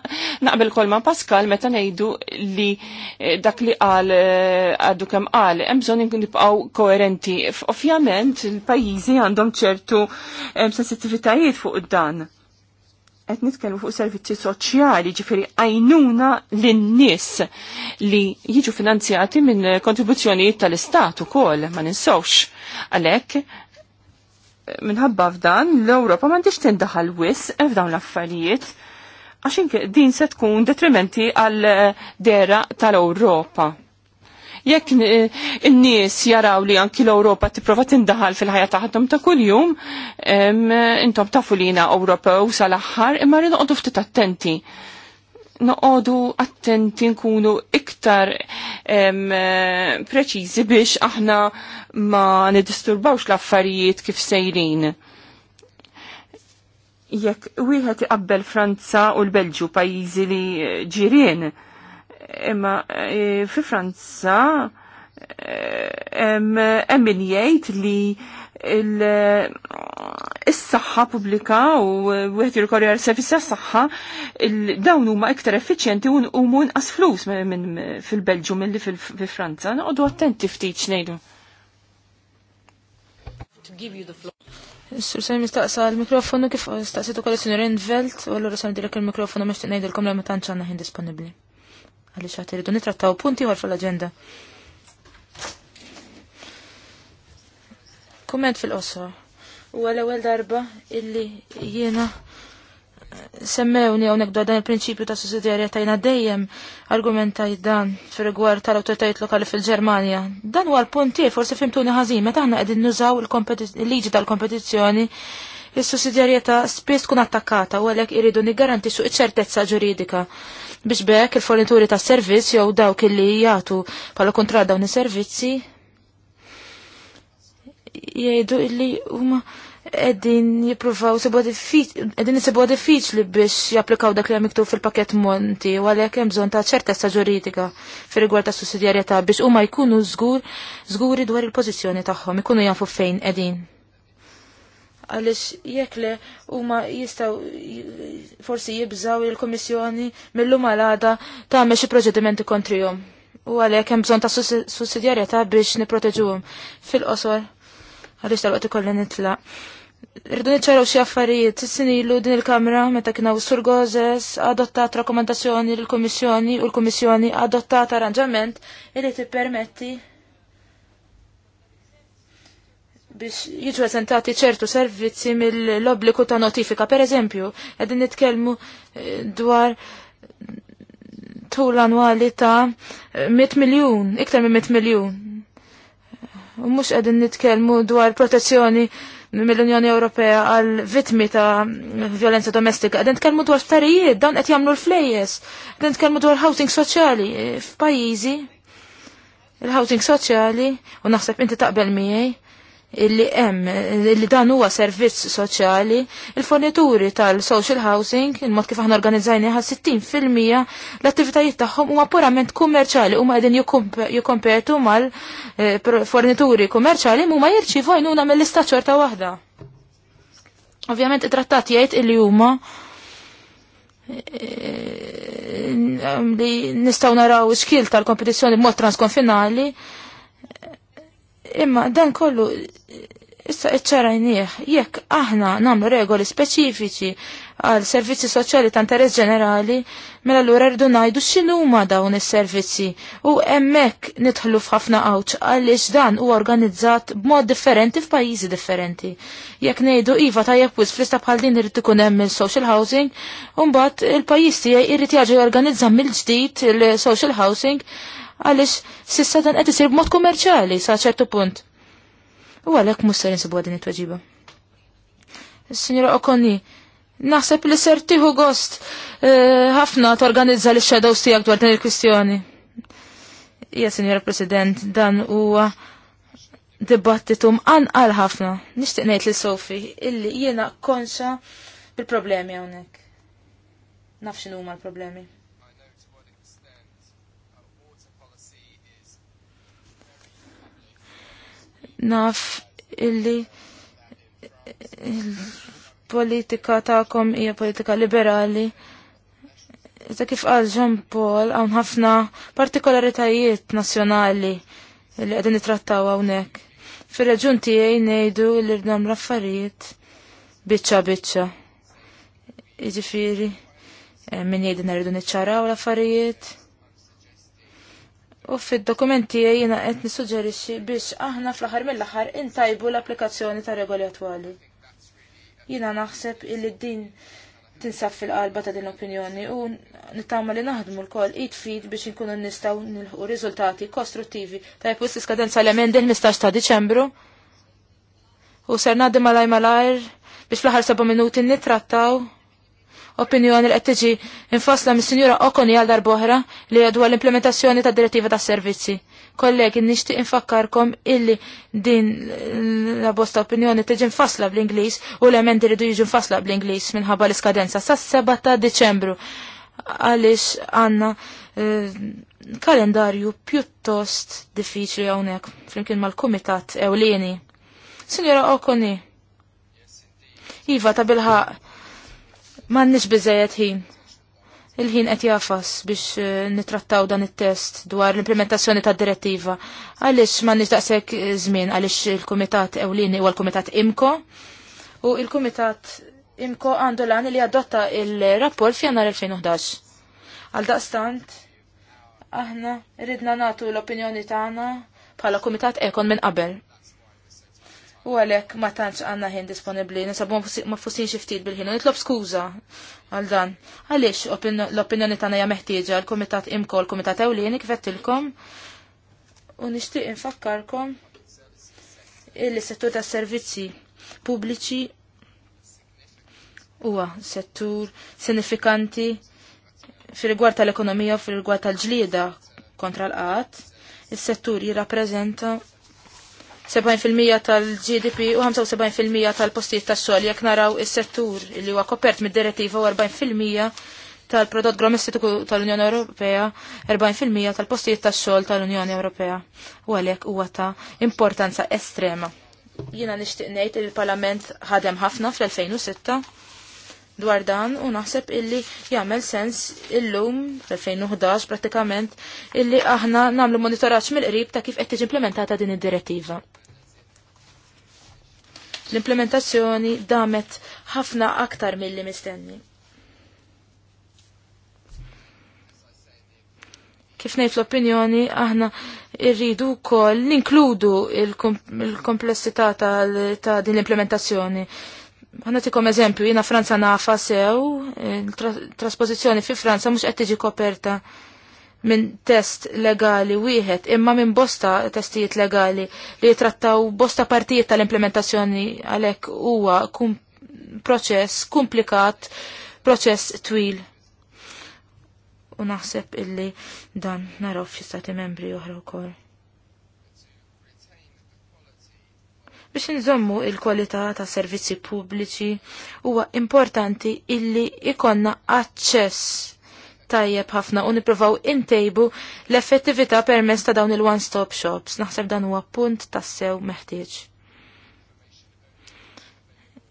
naqbel kol ma' Pascal meta ngħidu li eh, dak li qal eh, għadu kemm qal hemm bżonn nibqgħu koerenti. Ovvjament il-pajjiżi għandhom ċertu eh, sensitivitajiet fuq dan qed nitkellmu fuq servizzi soċjali, ġifiri għajnuna lin-nies li jiġu finanzjati minn kontribuzzjonijiet tal-Istat ukoll ma ninsawx. Għalhekk minħabba f'dan l-Ewropa m'għandix tindaħal wis f'dawn l-affarijiet għax din se tkun detrimenti għal dera tal-Ewropa. Jekk in-nies eh, jaraw li anki l europa tipprova tindaħal fil-ħajja taħdom ta' kuljum, intom tafu li Europa u sal-aħħar, imma rridu noqogħdu ftit attenti. Noqogħdu attenti nkunu iktar preċiżi biex aħna ma nidisturbawx l-affarijiet kif sejrin jekk wieħed iqabbel Franza u l-Belġu pajjiżi li eh, ġirien Imma e, fi Franza hemm e, min jgħid li is-saħħa pubblika u wieħed jirkorri għal tas-saħħa dawn huma iktar effiċjenti u nqumu nqas flus minn fil-Belġju milli fi Franza. Noqogħdu attenti ftit ngħidu. Sur se nistaqsa l-mikrofonu kif staqsitu kolli sinjorin Velt, u allura sa nidilek il-mikrofonu mextieq ngħidilkom li ma tanċana għandna ħin disponibbli għaliex għat iridu nitrattaw punti għal l aġenda Kumment fil-qosor. U għal ewwel darba illi jiena eh, semmewni għonek nekdu dan il-prinċipju ta' sussidjarjetà jina dejjem argumentaj dan fil rigward tal autoritajt lokali fil-Ġermanja. Dan huwa l-punti, forsi fimtuni ħażin, meta aħna qegħdin nużaw il-liġi tal-kompetizzjoni, il sussidjarjetà spiss tkun attakkata u għalhekk iridu niggarantixxu iċ-ċertezza ġuridika biex bekk il-fornituri ta' servizz jew dawk illi jagħtu bħala kontra dawn is-servizzi jgħidu illi huma qegħdin jippruvaw qegħdin isibuha diffiċli biex japplikaw dak li hemm miktub fil-pakett Monti u għalhekk hemm bżonn ta' ċertezza ġuridika fir-rigward tas sussidjarjetà biex huma jkunu żgur żguri dwar il-pożizzjoni tagħhom, ikunu jafu fejn qegħdin għalix jekk le huma jistaw forsi jibżaw il-Komissjoni mill-lum għalada ta' xi proġedimenti kontrihom. U għalhekk hemm bżonn ta' sussidjarjetà biex nipproteġuhom fil-qosor għaliex tal-waqt ikolli nitlaq. Rridu niċċaraw xi affarijiet, ilu din il-Kamra meta kien hawn Sur Gozes adottat rakkomandazzjoni lill-Kummissjoni u l-Kummissjoni adottat arranġament li tippermetti biex jiġu esentati ċertu servizzi mill-obbligu ta' notifika. Per eżempju, għedin nitkelmu eh, dwar tul annwali ta' 100 miljon, iktar minn 100 miljon. U mux għedin nitkelmu dwar protezzjoni mill-Unjoni Ewropea għal vitmi ta' violenza domestika. Għedin nitkelmu dwar ftarijiet, dan qed jagħmlu l flejes Għedin nitkelmu dwar housing soċjali eh, f'pajjiżi il-housing soċjali u naħseb inti taqbel miegħi illi hemm illi dan huwa servizz soċjali, il-fornituri tal-social housing, il-mod kif aħna organizzajni ħa 60% l-attivitajiet tagħhom huma purament kummerċjali huma qegħdin jikkompetu mal-fornituri eh, kummerċjali huma jirċivu għajnuna mill lista ċorta waħda. Ovvjament it-trattat jgħid illi huma eh, li nistgħu naraw xkil tal-kompetizzjoni b'mod transkonfinali, Imma dan kollu issa iċċarajnieh, jekk aħna nagħmlu regoli speċifiċi għal servizzi soċjali ta' interess ġenerali, mela allura rridu ngħidu x'inhuma dawn is-servizzi u hemmhekk nidħlu f'ħafna qawċ għaliex dan huwa organizzat b'mod differenti f'pajjiżi differenti. Jekk ngħidu iva tajjeb wis flista bħal din irid ikun hemm il-social housing, u mbagħad il-pajjiż tiegħi jrid jaġi jorganizza mill-ġdid il-social housing għaliex sissa dan qed isir b'mod kummerċjali sa ċertu punt. U għalhekk musser ser għadin din it-tweġiba. Is-Sinjora Okonni, Naħseb li ser tiħu gost eh, ħafna t torganizza li xedaw stijak dwar din il-kwistjoni. Ja, signora President, dan huwa dibattitu mqanqal ħafna. Nixtieq ngħid li Sofi illi jiena konxa bil-problemi hawnhekk. Naf x'inhu huma l-problemi. naf illi il-politika ta'kom hija politika liberali. Iżda kif għal John Paul hawn ħafna partikolaritajiet nazjonali li qegħdin nittrattaw għawnek. fil reġun tiegħi nejdu li nagħmlu raffariet biċċa biċċa. Iġifiri, eh, minn jedin rridu niċċaraw l-affarijiet U fid-dokumenti jiena qed nissuġġerixxi biex aħna fl-aħħar mill-aħħar intajbu l-applikazzjoni ta' regoli attwali. Jiena naħseb illi din tinsab fil-qalba ta' din opinjoni u nittama li naħdmu l kol id fid biex inkunu nistgħu nilħu riżultati kostruttivi ta' jepus iskadenza l-emend il-15 ta' Diċembru. U ser naħdim malaj malajr biex fl-aħħar seba' minuti nittrattaw opinjoni li qed tiġi infasla mis-Sinjura Okoni għal darb'oħra li dwar l-implementazzjoni ta' direttiva ta' servizzi. Kollegi, nixtieq infakkarkom illi din la bosta opinjoni tiġi infasla bl-Ingliż u l-emendi ridu jiġu infasla bl-Ingliż minħabba l-iskadenza sa' 7 ta' Diċembru għaliex għandna eh, kalendarju pjuttost diffiċli hawnhekk flimkien mal-kumitat ewlieni. Sinjora Okoni. Iva ta' bilħaq M'għandniex biżejjed ħin. Il-ħin qed jafas biex eh, nitrattaw dan it-test dwar l-implementazzjoni tad direttiva. Għaliex m'għandniex daqshekk eh, żmien għaliex il-kumitat ewlieni huwa l-kumitat IMCO u il-kumitat IMCO għandu l li adotta il-rapport f'jannar 2011. Għal daqstant, aħna ridna natu l-opinjoni tagħna bħala kumitat ekon minn qabel u għalek ma tantx għanna ħin disponibli, nisabu ma fussin xiftit bil-ħin, nitlob skuza għal dan. Għalix l-opinjoni tana hija meħtieġa l-Kumitat Imko, l-Kumitat Ewlieni kif u nixtieq infakkarkom il-settur tas servizzi pubbliċi huwa settur sinifikanti fil-rigward tal-ekonomija u fil-rigward tal-ġlieda kontra l-qat. Is-settur jirrappreżenta 70% tal-GDP u 75% tal-postijiet tax-xogħol jekk naraw is-settur li huwa kopert mid-direttiva u 40% tal-prodott domestiku tal-Unjoni Ewropea, 40% tal-postijiet tax-xogħol tal-Unjoni Ewropea. U għalhekk huwa ta' importanza estrema. Jiena nixtieq ngħid il-Parlament ħadem ħafna fl-2006 dwar dan u naħseb illi jagħmel sens illum fl-2011 pratikament illi aħna nagħmlu monitoraġġ mill-qrib ta' kif qed tiġi implementata din id-direttiva. L-implementazzjoni damet ħafna aktar milli mistenni. Kif ngħid fl-opinjoni aħna irridu wkoll ninkludu il-komplessità ta' din l-implementazzjoni Għanatikom eżempju, jina Franza nafa sew, eh, trasposizjoni fi Franza mux tiġi koperta minn test legali wieħed imma minn bosta testijiet legali li jitrattaw bosta partijiet tal-implementazzjoni għalek huwa kum proċess komplikat, proċess twil. U naħseb illi dan naraw f'xi stati membri oħra wkoll. Biex nżommu il-kwalità ta' servizzi pubbliċi huwa importanti illi ikonna aċċess tajjeb ħafna u nippruvaw intejbu l-effettività permezz ta' dawn il-one-stop shops. Naħseb dan huwa punt tassew meħtieġ.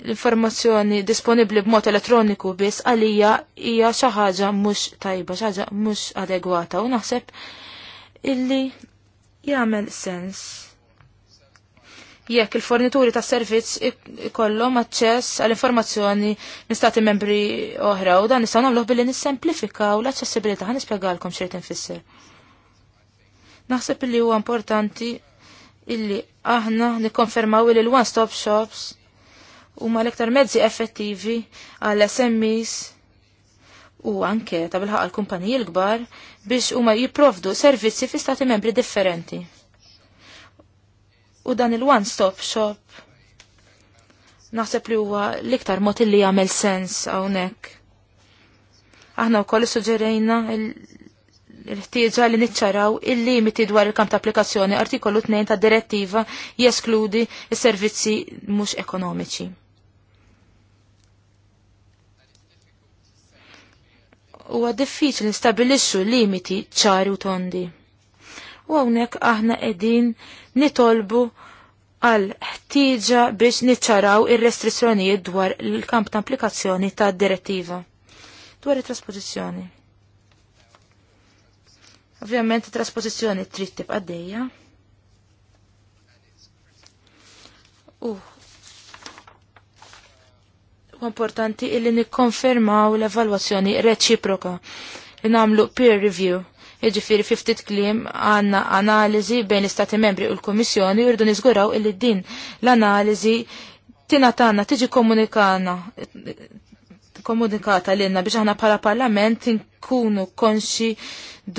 L-informazzjoni disponibbli b'mod elettroniku biss għalija hija xi ħaġa mhux tajba, xi ħaġa mhux adegwata u naħseb illi jagħmel sens jekk il-fornituri ta' servizz ikollhom aċċess għall informazzjoni minn stati membri oħra u dan nistgħu nagħmluh billi nissemplifikaw l-aċċessibilità ħa nispjegalkom xejn tinfisser. Naħseb li huwa importanti illi aħna nikkonfermaw li l-one stop shops huma l-iktar mezzi effettivi għall SMEs u anke ta' bil-ħaq l-kumpaniji l-kbar biex huma jipprovdu servizzi fi stati membri differenti u dan il-one-stop shop naħseb li huwa l-iktar mod li jagħmel sens hawnhekk. Aħna wkoll suġġerejna l-ħtieġa li niċċaraw il-limiti dwar il-kamp ta' applikazzjoni artikolu 2 ta' direttiva jeskludi s-servizzi mhux ekonomiċi. Huwa diffiċli nistabilixxu limiti ċari u tondi u hawnhekk aħna qegħdin nitolbu għal ħtieġa biex niċċaraw ir-restrizzjonijiet dwar il-kamp ta' applikazzjoni ta' direttiva dwar it trasposizjoni Ovvjament it-trasposizzjoni trid tibqa' dejja. U importanti illi nikkonfermaw l-evalwazzjoni reċiproka li nagħmlu peer review Jiġifieri fi ftit kliem għandna analiżi bejn l-Istati Membri u l-Kummissjoni jurdu nizguraw niżguraw illi din l-analiżi tanna tiġi komunikana komunikata l biex aħna bħala parlament nkunu konxi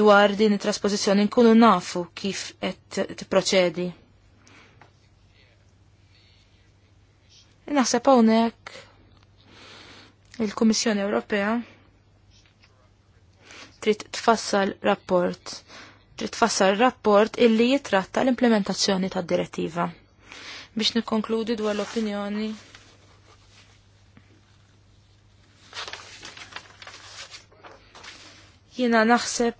dwar din it-trasposizjoni nkunu nafu kif qed tipproċedi. Naħseb hawnhekk il-Kummissjoni Ewropea trid tfassal rapport. Trid tfassal rapport illi jitratta l-implementazzjoni tad-direttiva. Biex nikkonkludi dwar l-opinjoni jiena naħseb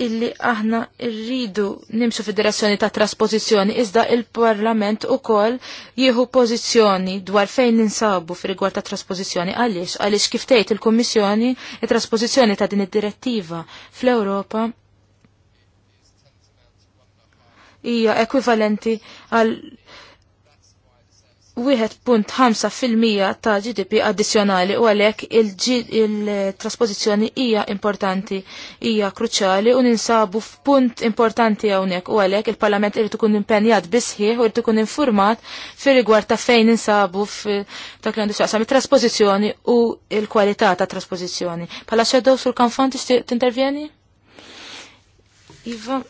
illi aħna rridu nimxu fid-direzzjoni ta' trasposizjoni iżda il-Parlament ukoll jieħu pożizzjoni dwar fejn ninsabu fi rigward ta' trasposizjoni għaliex għaliex kif tgħid il-Kummissjoni it-trasposizjoni ta' din id-direttiva fl-Ewropa hija ekwivalenti għal 1.5% ta' GDP addizjonali u għalek il-trasposizjoni hija importanti, hija kruċali u ninsabu f'punt importanti hawnhekk u għalek il-Parlament irid ikun impenjat bisħieħ u irid ikun informat fir rigward ta' fejn ninsabu dak li għandu trasposizjoni u l-kwalità ta' trasposizjoni. Pala xedow sul kanfan tixtieq intervjeni Iva,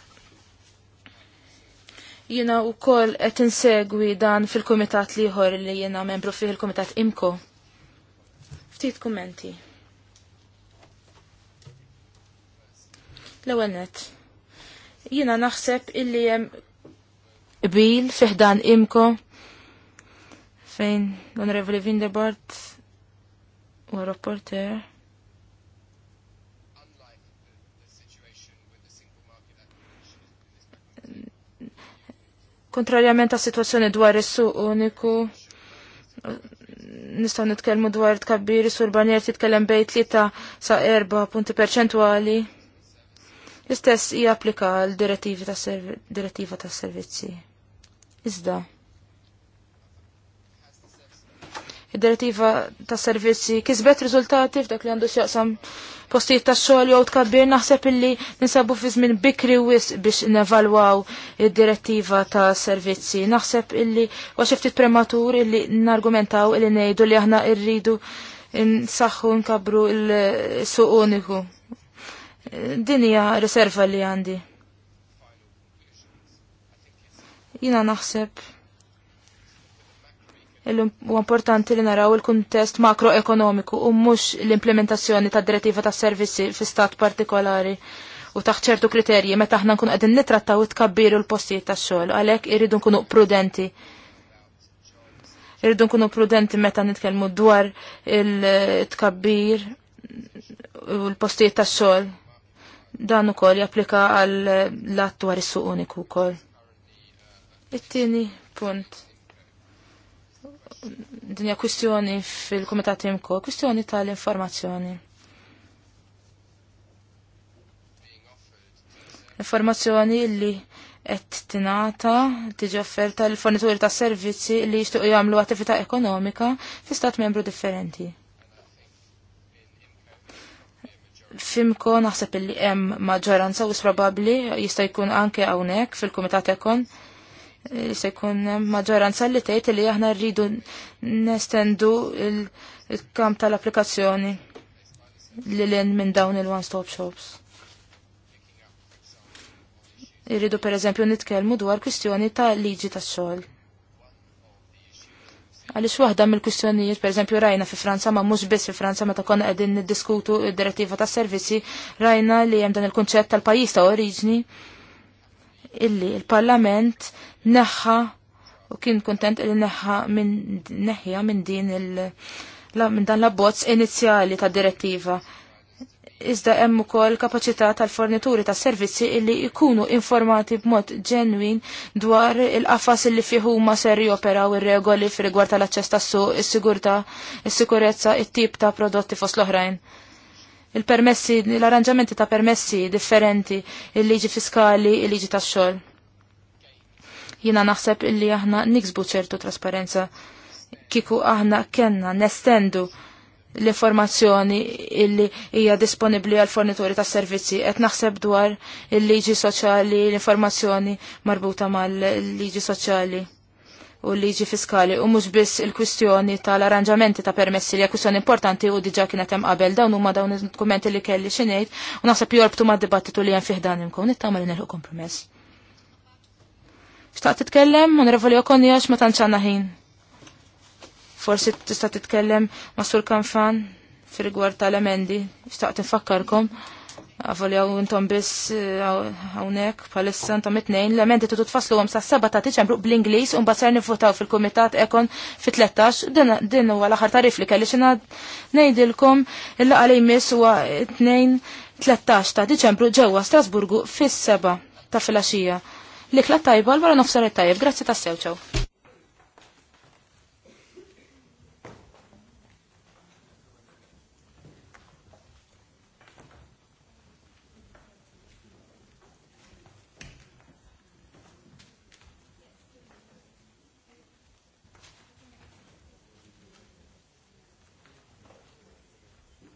Jina u kol et insegwi dan fil-komitat liħor li jina membru fih il-komitat imko. Ftit kommenti. L-ewenet. Jina naħseb illi jem bil fiħdan imko fejn l-Onorevoli Vindebart u rapporter Kontrarjament ta' situazzjoni dwar is-suq uniku, nistaw nitkellmu dwar tkabbir sur banjer titkellem bejn tlieta sa erba punti perċentwali. L-istess hija applika l direttiva ta' direttiva ta' servizzi. Iżda. Id-direttiva ta' servizzi kisbet riżultati f'dak li għandu x'jaqsam postijiet ta' xogħol jew tkabbir naħseb illi ninsabu fi żmien bikri wis biex nevalwaw id-direttiva ta' servizzi. Naħseb illi wa xi ftit prematur illi nargumentaw illi ngħidu li aħna rridu nsaħħu nkabru l-suq uniku. Din hija riserva li għandi. Jina naħseb U importanti li naraw il-kuntest makroekonomiku u mhux l-implementazzjoni ta' direttiva ta' servizzi fi stat partikolari u taħt ċertu kriterji meta aħna nkun għedin nitrattaw u tkabbiru l-postijiet tax-xogħol għalhekk irridu nkunu prudenti. Irridu nkunu prudenti meta nitkellmu dwar il-tkabbir u l-postijiet tax-xogħol dan ukoll japplika għal lat dwar is-suq uniku wkoll. It-tieni punt dinja kwistjoni fil-Kumitat Imko, kwistjoni tal-informazzjoni. Informazzjoni li qed tingħata tiġi offerta l fornituri ta' servizzi li jixtiequ jagħmlu attività ekonomika fi stat membru differenti. Fimko naħseb illi hemm maġġoranza u probabbli jista' jkun anke hawnhekk fil-Kumitat Ekon Eh, se jkun maġġoranza li tgħid li aħna rridu nestendu il-kamp tal-applikazzjoni li l minn dawn il-one-stop shops. Irridu per eżempju nitkellmu dwar kwistjoni ta' liġi ta' xogħol. Għaliex waħda mill-kwistjonijiet per eżempju rajna fi Franza ma mhux biss fi Franza meta konna qegħdin niddiskutu d-direttiva tas servizzi rajna li hemm dan il-kunċett tal-pajjiż ta' oriġni illi il-Parlament neħħa u kien kontent illi neħħa minn neħja minn din il- minn dan l-abbozz inizjali ta' direttiva. Iżda hemm ukoll kapaċità tal-fornituri ta' servizzi illi jkunu informati b'mod ġenwin dwar il-qafas illi fih ser joperaw ir-regoli fir tal-aċċess tas-suq, is-sigurtà, is-sikurezza, it-tip ta' prodotti fost l-oħrajn il-permessi, l-arranġamenti ta' permessi differenti, il-liġi fiskali, il-liġi ta' xol. Jina naħseb illi aħna niksbu ċertu trasparenza kiku aħna kenna nestendu l-informazzjoni illi hija disponibli għal fornituri ta' servizzi qed naħseb dwar il-liġi soċjali, l-informazzjoni marbuta mal-liġi soċjali u liġi fiskali u mhux biss il-kwistjoni tal-arranġamenti ta' permessi li kwistjoni importanti u diġa kienet hemm qabel dawn huma dawn il-dokumenti li kelli xinejt u naħseb jorbtu mad-dibattitu li hemm fih dan imkom nittama li nelħu kompromess. Xtaqt titkellem, onorevoli Okoni għax ma tantx ħin. Forsi tista' titkellem ma' Sur Kanfan fir-rigward tal-emendi, xtaqt infakkarkom. Għafu li għaw intom biss għawnek eh, palissa intom it-nejn, l-emendi tutu faslu għom sa' sabata ta' tiċembru bl-Inglis un basar nifutaw fil-komitat ekon fit-13, din u għal-ħar tarif li kelli xina nejdilkom illa għalaj mis u 2-13 ta' diċembru ġewa Strasburgu fis-seba ta' filaxija. Likla tajba għal wara nofsar tajb, grazzi ta' sewċaw.